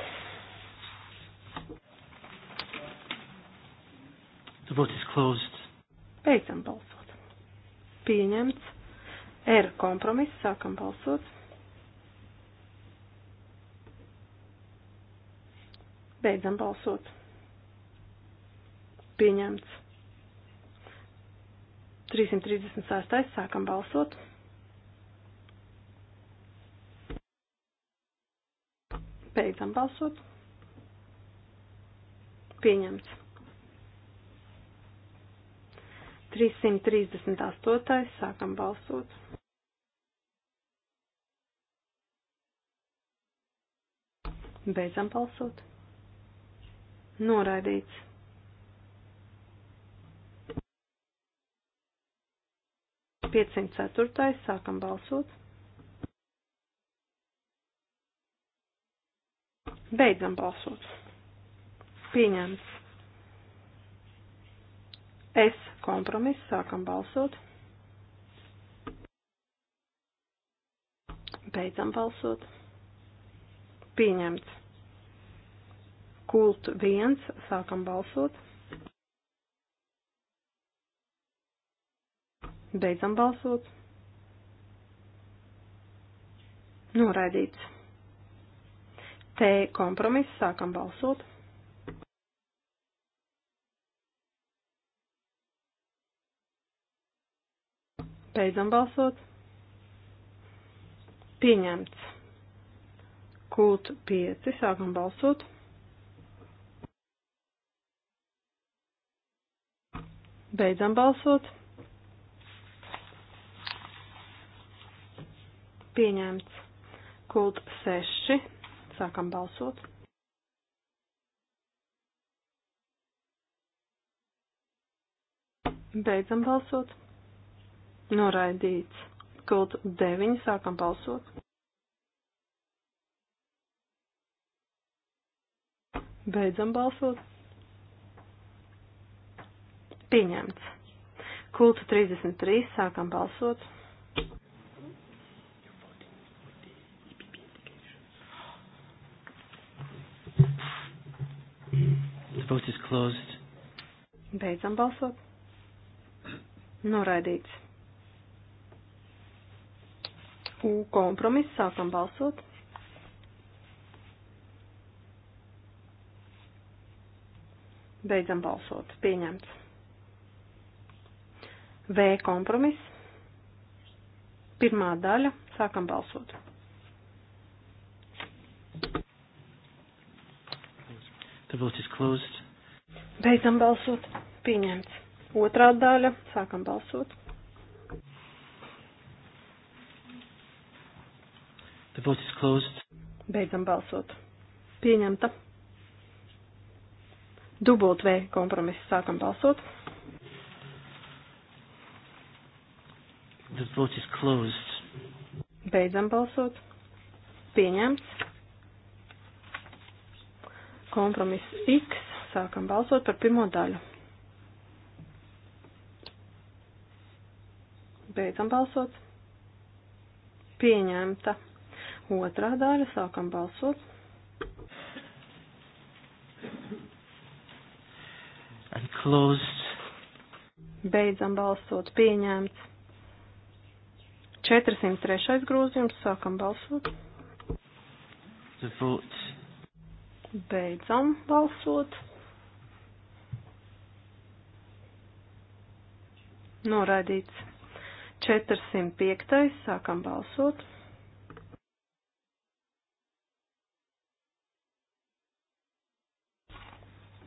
The vote is closed. Beidzam balsot. Pieņemts. R kompromiss. Sākam balsot. Beidzam balsot. Pieņemts. 336. Sākam balsot. Beidzam balsot. Pieņemts. 338. Sākam balsot. Beidzam balsot. Noraidīts. 504. sākam balsot. Beidzam balsot. Pieņemts. Es kompromiss, sākam balsot. Beidzam balsot. Pieņemts. Kult 1, sākam balsot. Beidzam balsot. Noraidīts. T kompromiss. Sākam balsot. Beidzam balsot. Pieņemts. Kult 5. Sākam balsot. Beidzam balsot. Pieņemts. Kult 6. Sākam balsot. Beidzam balsot. Noraidīts. Kult 9. Sākam balsot. Beidzam balsot. Pieņemts. Kultu 33. Sākam balsot. Vote is closed. Beidzam balsot. Noraidīts. U kompromiss sākam balsot. Beidzam balsot. Pieņemts. V kompromiss. Pirmā daļa. Sākam balsot. The vote is closed. Beidzam balsot. Pieņemts. Otrā daļa. Sākam balsot. The vote is closed. Beidzam balsot. Pieņemta. Dubult V kompromiss. Sākam balsot. The vote is closed. Beidzam balsot. Pieņemts. Kompromiss X. Sākam balsot par pirmo daļu. Beidzam balsot. Pieņemta. Otrā daļa. Sākam balsot. And closed. Beidzam balsot. Pieņemts. 403. grozījums. Sākam balsot. The vote. Beidzam balsot. Noraidīts. 405. Sākam balsot.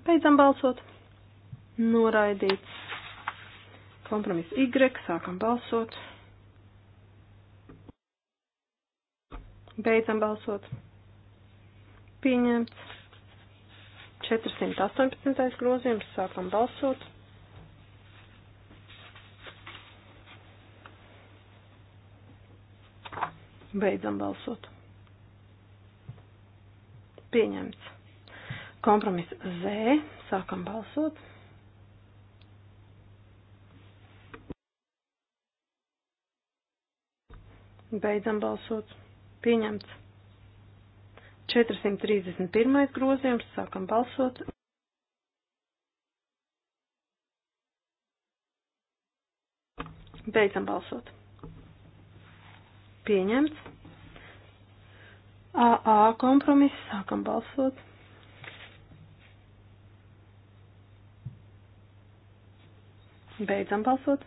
Beidzam balsot. Noraidīts. Kompromiss Y. Sākam balsot. Beidzam balsot. Pieņemts. 418. grozījums. Sākam balsot. Beidzam balsot. Pieņemts. Kompromis Z. Sākam balsot. Beidzam balsot. Pieņemts. 431. grozījums. Sākam balsot. Beidzam balsot pieņemts. AA kompromiss. Sākam balsot. Beidzam balsot.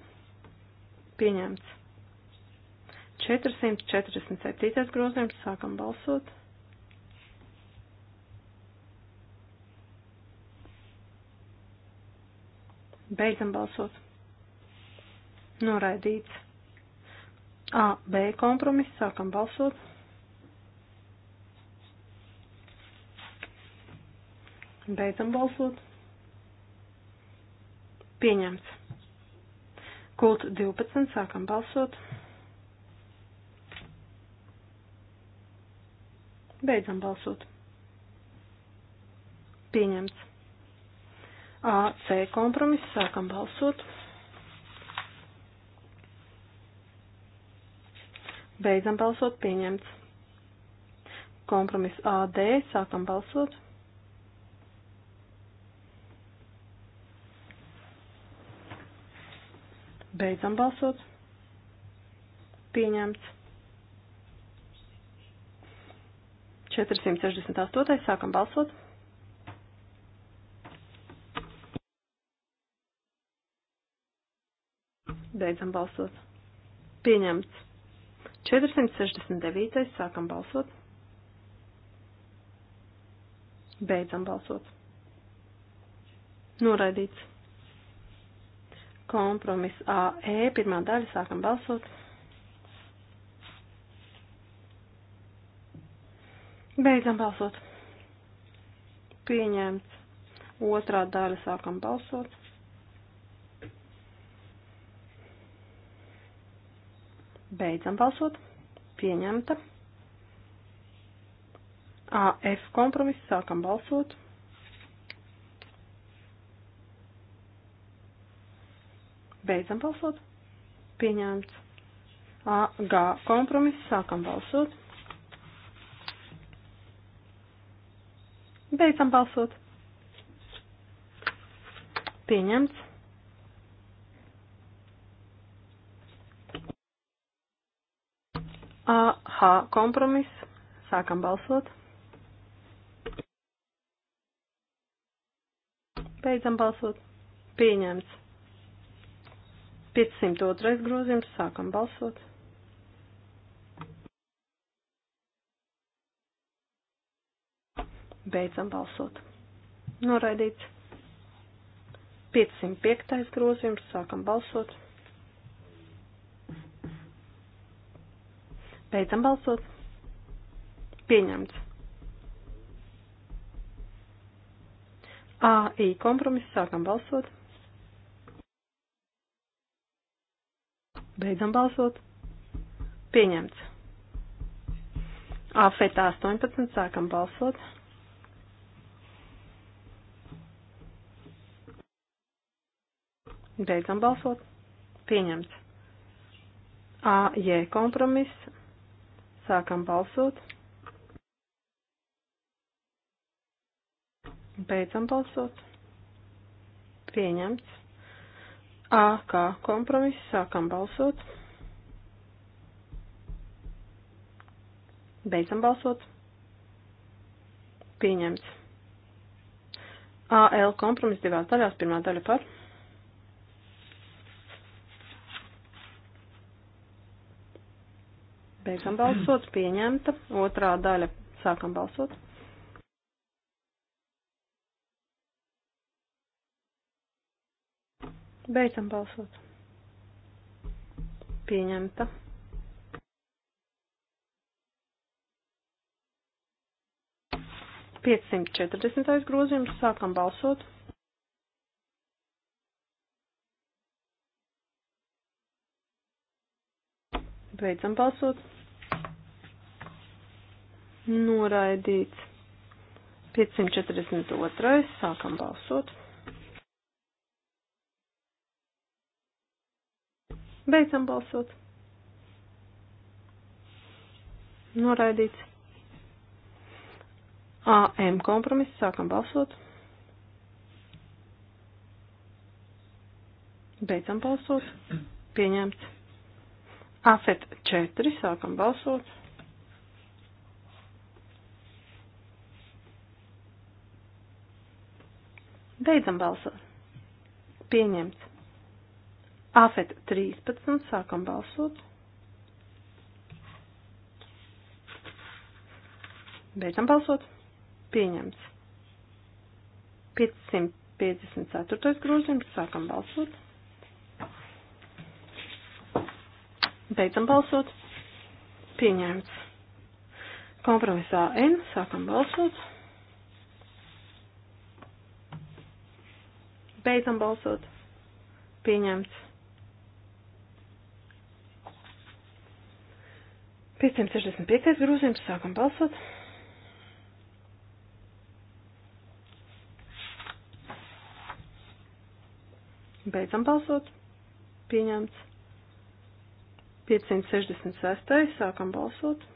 Pieņemts. 447. grozījums. Sākam balsot. Beidzam balsot. Noraidīts. A, B kompromiss, sākam balsot. Beidzam balsot. Pieņemts. Kult 12, sākam balsot. Beidzam balsot. Pieņemts. A, C kompromiss, sākam balsot. Beidzam balsot pieņemts. Kompromis AD. Sākam balsot. Beidzam balsot. Pieņemts. 468. Sākam balsot. Beidzam balsot. Pieņemts. 469. sākam balsot. Beidzam balsot. Noraidīts. Kompromis AE, pirmā daļa, sākam balsot. Beidzam balsot. Pieņemts. Otrā daļa, sākam balsot. Beidzam balsot. Pieņemta. AF kompromiss. Sākam balsot. Beidzam balsot. Pieņemts. AG kompromiss. Sākam balsot. Beidzam balsot. Pieņemts. AH kompromiss. Sākam balsot. Beidzam balsot. Pieņemts. 502. grozījums. Sākam balsot. Beidzam balsot. Noraidīts. 505. grozījums. Sākam balsot. Beidzam balsot. Pieņemts. AI kompromiss. Sākam balsot. Beidzam balsot. Pieņemts. AFET 18. Sākam balsot. Beidzam balsot. Pieņemts. AJ kompromiss. Sākam balsot. Beidzam balsot. Pieņemts. A kā kompromiss. Sākam balsot. Beidzam balsot. Pieņemts. AL kompromiss divās daļās. Pirmā daļa par. Beidzam balsot, pieņemta. Otrā daļa. Sākam balsot. Beidzam balsot. Pieņemta. Piecsimt četrdesmitais grozījums. Sākam balsot. Beidzam balsot noraidīts. 542. Sākam balsot. Beidzam balsot. Noraidīts. AM kompromiss. Sākam balsot. Beidzam balsot. Pieņemts. AFET 4. Sākam balsot. Beidzam balsot. Pieņemts. Afet 13. Sākam balsot. Beidzam balsot. Pieņemts. 554. grozījums. Sākam balsot. Beidzam balsot. Pieņemts. Kompromisā N. Sākam balsot. Beidzam balsot. Pieņemts. 565. grūzījums. Sākam balsot. Beidzam balsot. Pieņemts. 566. Sākam balsot.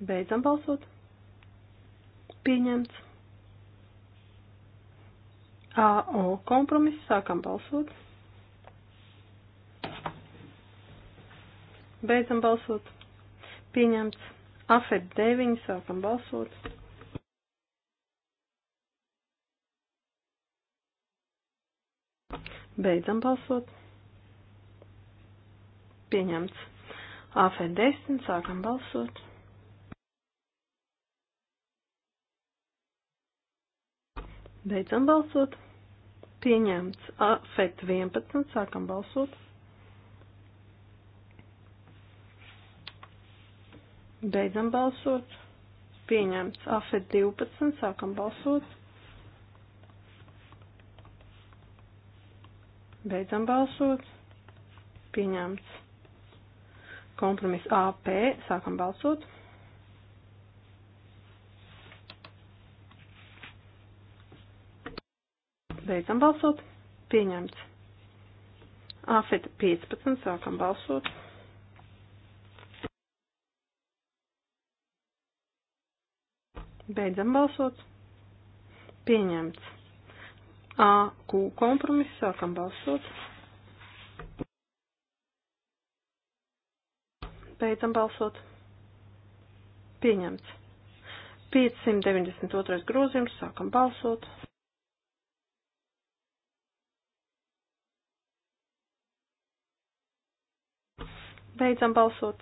Beidzam balsot. Pieņemts. AO kompromiss. Sākam balsot. Beidzam balsot. Pieņemts. AFED 9. Sākam balsot. Beidzam balsot. Pieņemts. AFED 10. Sākam balsot. Beidzam balsot. Pieņemts. Afet 11. Sākam balsot. Beidzam balsot. Pieņemts. Afet 12. Sākam balsot. Beidzam balsot. Pieņemts. Kompromiss AP. Sākam balsot. Beidzam balsot. Pieņemts. Afet 15. Sākam balsot. Beidzam balsot. Pieņemts. AQ kompromiss. Sākam balsot. Beidzam balsot. Pieņemts. 592. grozījums. Sākam balsot. Beidzam balsot.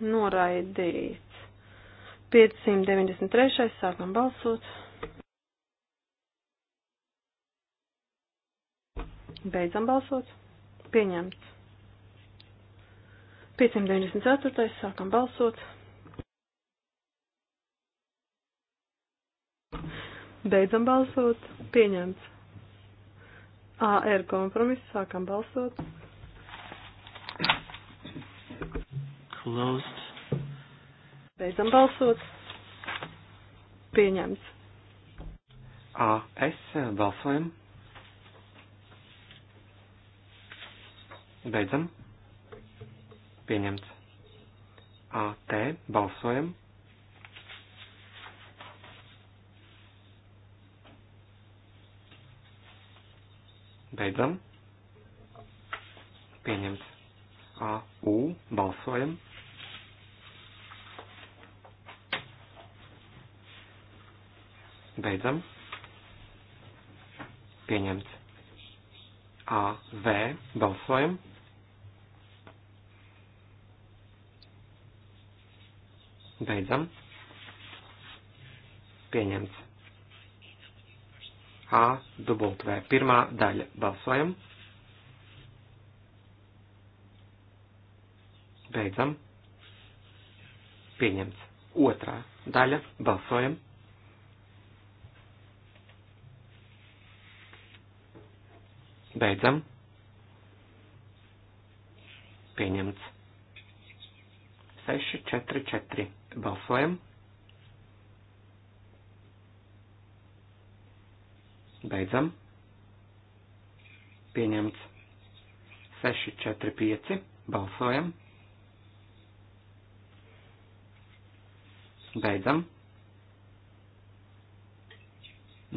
Noraidīts. 593. Sākam balsot. Beidzam balsot. Pieņemts. 594. Sākam balsot. Beidzam balsot. Pieņemts. AR kompromiss. Sākam balsot. Closed. Beidzam balsot. Pieņemts. AS eh, balsojam. Beidzam. Pieņemts. AT balsojam. Beidzam. Pieņemts. AU balsojam. Beidzam. Pieņemts. AV balsojam. Beidzam. Pieņemts. A, dubultvē, pirmā daļa balsojam. Beidzam. Pieņemts. Otrā daļa balsojam. Beidzam. Pieņemts. 6, 4, 4. Balsojam. Beidzam. Pieņemts. 6, 4, 5. Balsojam. Beidzam.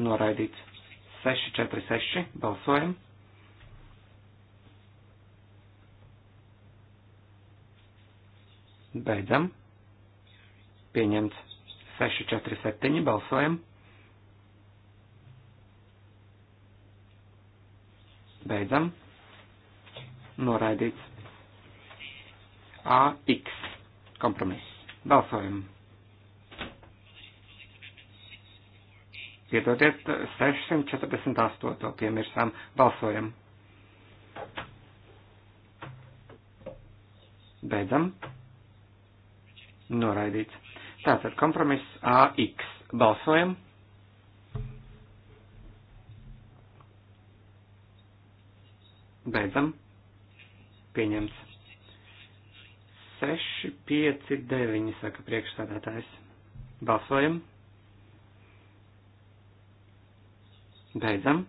Noraidīts. 6, 4, 6. Balsojam. Beidzam. Pieņemts. 6, 4, 7. Balsojam. Beidzam. Noraidīts. AX. Kompromiss. Balsojam. Piedodiet, 648. piemirsām. Balsojam. Beidzam. Noraidīts. Tātad kompromiss AX. Balsojam. Beidzam. Pieņemts. 6, 5, 9, saka priekšstādātājs. Balsojam. Beidzam.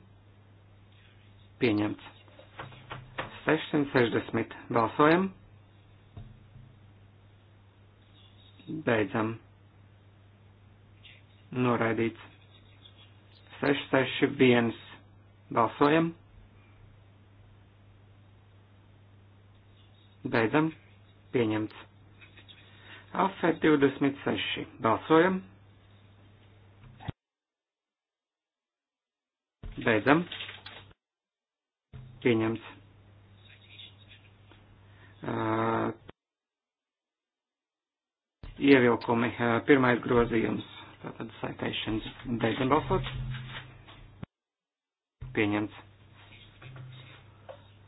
Pieņemts. 660. Balsojam. Beidzam. Noraidīts. 661. Balsojam. Beidzam. Pieņemts. Afe 26. Balsojam. Beidzam. Pieņemts. Uh, ievilkumi. Eh, Pirmais grozījums, tātad citations, beidzam balsot. Pieņemts.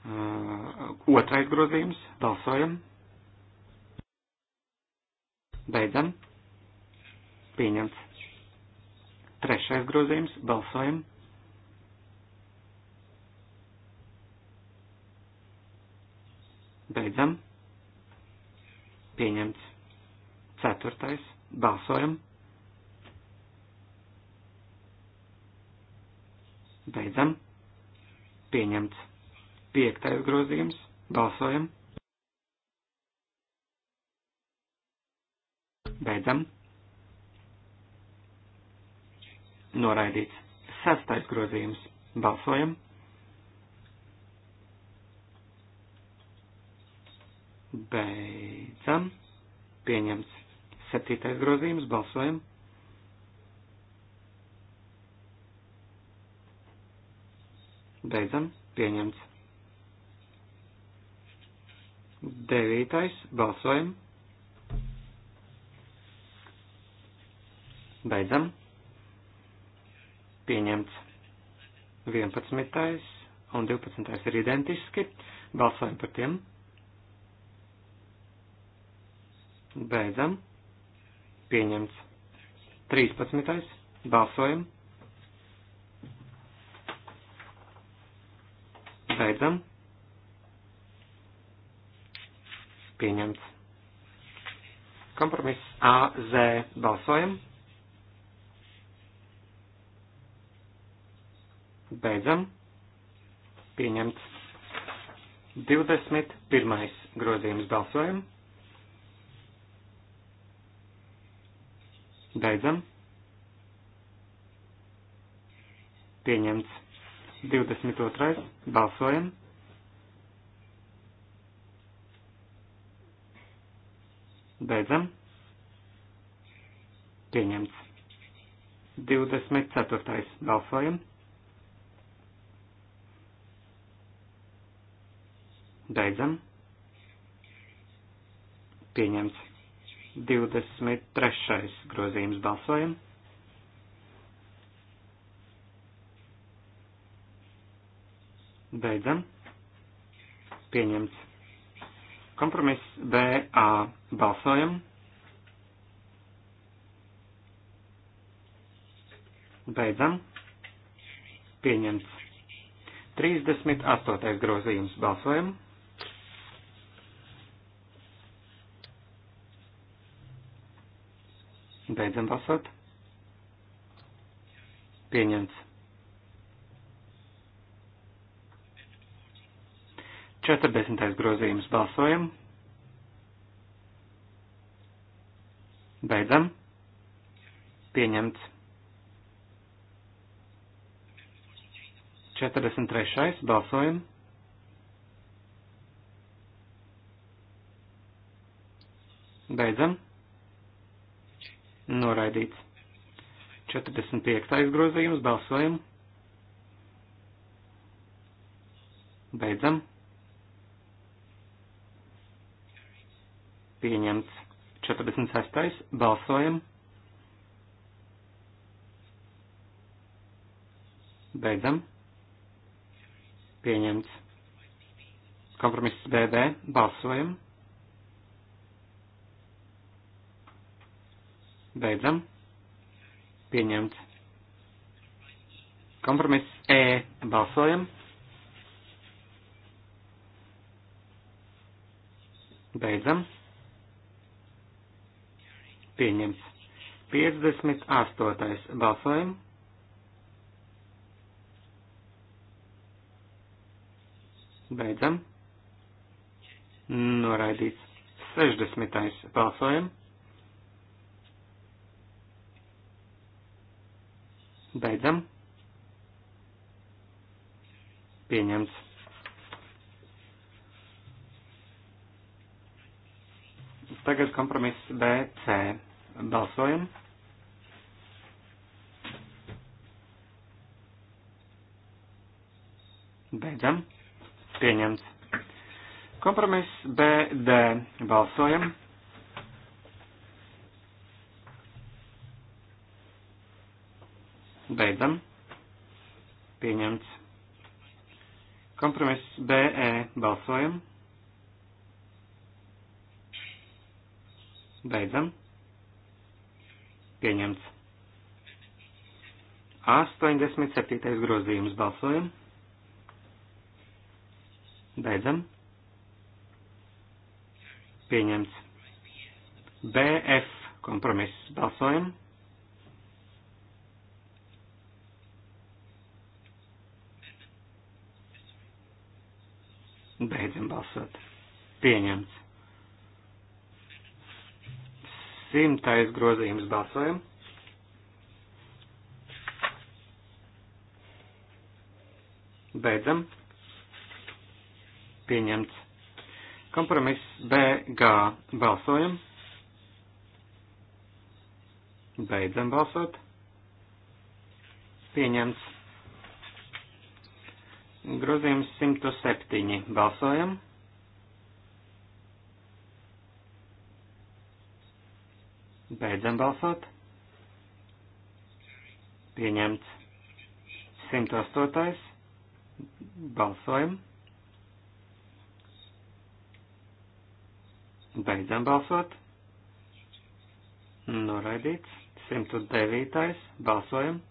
Eh, otrais grozījums, balsojam. Beidzam. Pieņemts. Trešais grozījums, balsojam. Beidzam. Pieņemts. Ceturtais. Balsojam. Beidzam. Pieņemts. Piektais grozījums. Balsojam. Beidzam. Noraidīts. Sastais grozījums. Balsojam. Beidzam. Pieņemts. Septītais grozījums. Balsojam. Beidzam. Pieņemts. Devītais. Balsojam. Beidzam. Pieņemts. Vienpadsmitais un 12. ir identiski. Balsojam par tiem. Beidzam. Pieņemts. 13. Balsojam. Beidzam. Pieņemts. Kompromiss AZ. Balsojam. Beidzam. Pieņemts. 21. grozījums balsojumu. Beidzam. Pieņemts. 22. Balsojam. Beidzam. Pieņemts. 24. Balsojam. Beidzam. Pieņemts. 23. grozījums balsojam. Beidzam. Pieņemts. Kompromiss BA balsojam. Beidzam. Pieņemts. 38. grozījums balsojam. Beidzam balsot. Pieņemts. 40. grozījums balsojam. Beidzam. Pieņemts. 43. balsojam. Beidzam. Noraidīts. 45. grozījums. Balsojam. Beidzam. Pieņemts. 46. Balsojam. Beidzam. Pieņemts. Kompromiss BB. Balsojam. Beidzam. Pieņemts. Kompromiss E. Balsojam. Beidzam. Pieņemts. 58. Balsojam. Beidzam. Noraidīts. 60. Balsojam. Beidzam. Pieņemts. Tagad kompromiss BC. Balsojam. Beidzam. Pieņemts. Kompromiss BD. Balsojam. Beidzam. Pieņemts. Kompromiss BE. Balsojam. Beidzam. Pieņemts. 87. grozījums balsojam. Beidzam. Pieņemts. BF kompromiss balsojam. Beidzam balsot. Pieņemts. Simtais grozījums balsojam. Beidzam. Pieņemts. Kompromiss BG balsojam. Beidzam balsot. Pieņemts. Grozījums 107. Balsojam. Beidzam balsot. Pieņemts. 108. Balsojam. Beidzam balsot. Noraidīts. 109. Balsojam.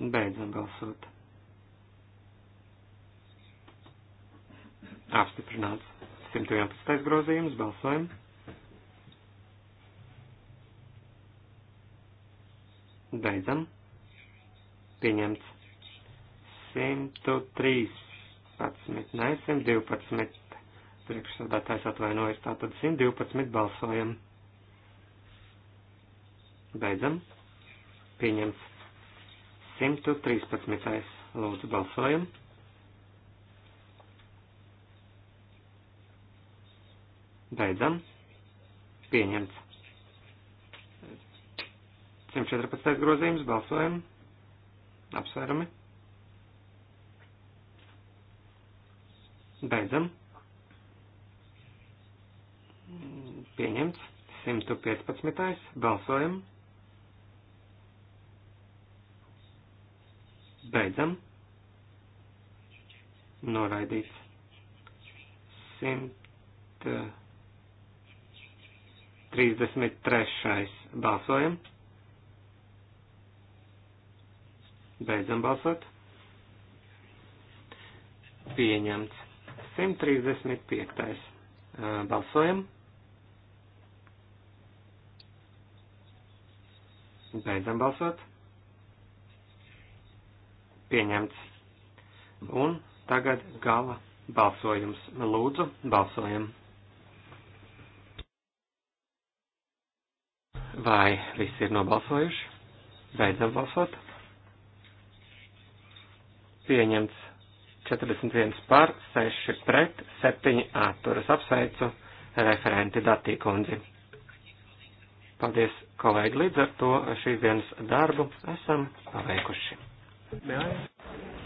Beidzam balsot. Apstiprināts. 111. grozījums. Balsojam. Beidzam. Pieņemts. 113, ne 112. Priekšsādātājs atvainojas, tātad 112 balsojam. Beidzam. Pieņemts. 113. Lūdzu, balsojam. Beidzam. Pieņemts. 114. grozījums, balsojam, apsvērami. Beidzam. Pieņemts. 115. balsojam. Beidzam. Noraidīts. 133. Eh, balsojam. Beidzam balsot. Pieņemts. 135. Eh, balsojam. Beidzam balsot pieņemts. Un tagad gala balsojums. Lūdzu, balsojam. Vai visi ir nobalsojuši? Beidzam balsot. Pieņemts 41 par, 6 pret, 7 atturas. Apsveicu referenti Datī kundzi. Paldies, kolēģi, līdz ar to šīs dienas darbu esam paveikuši. May I?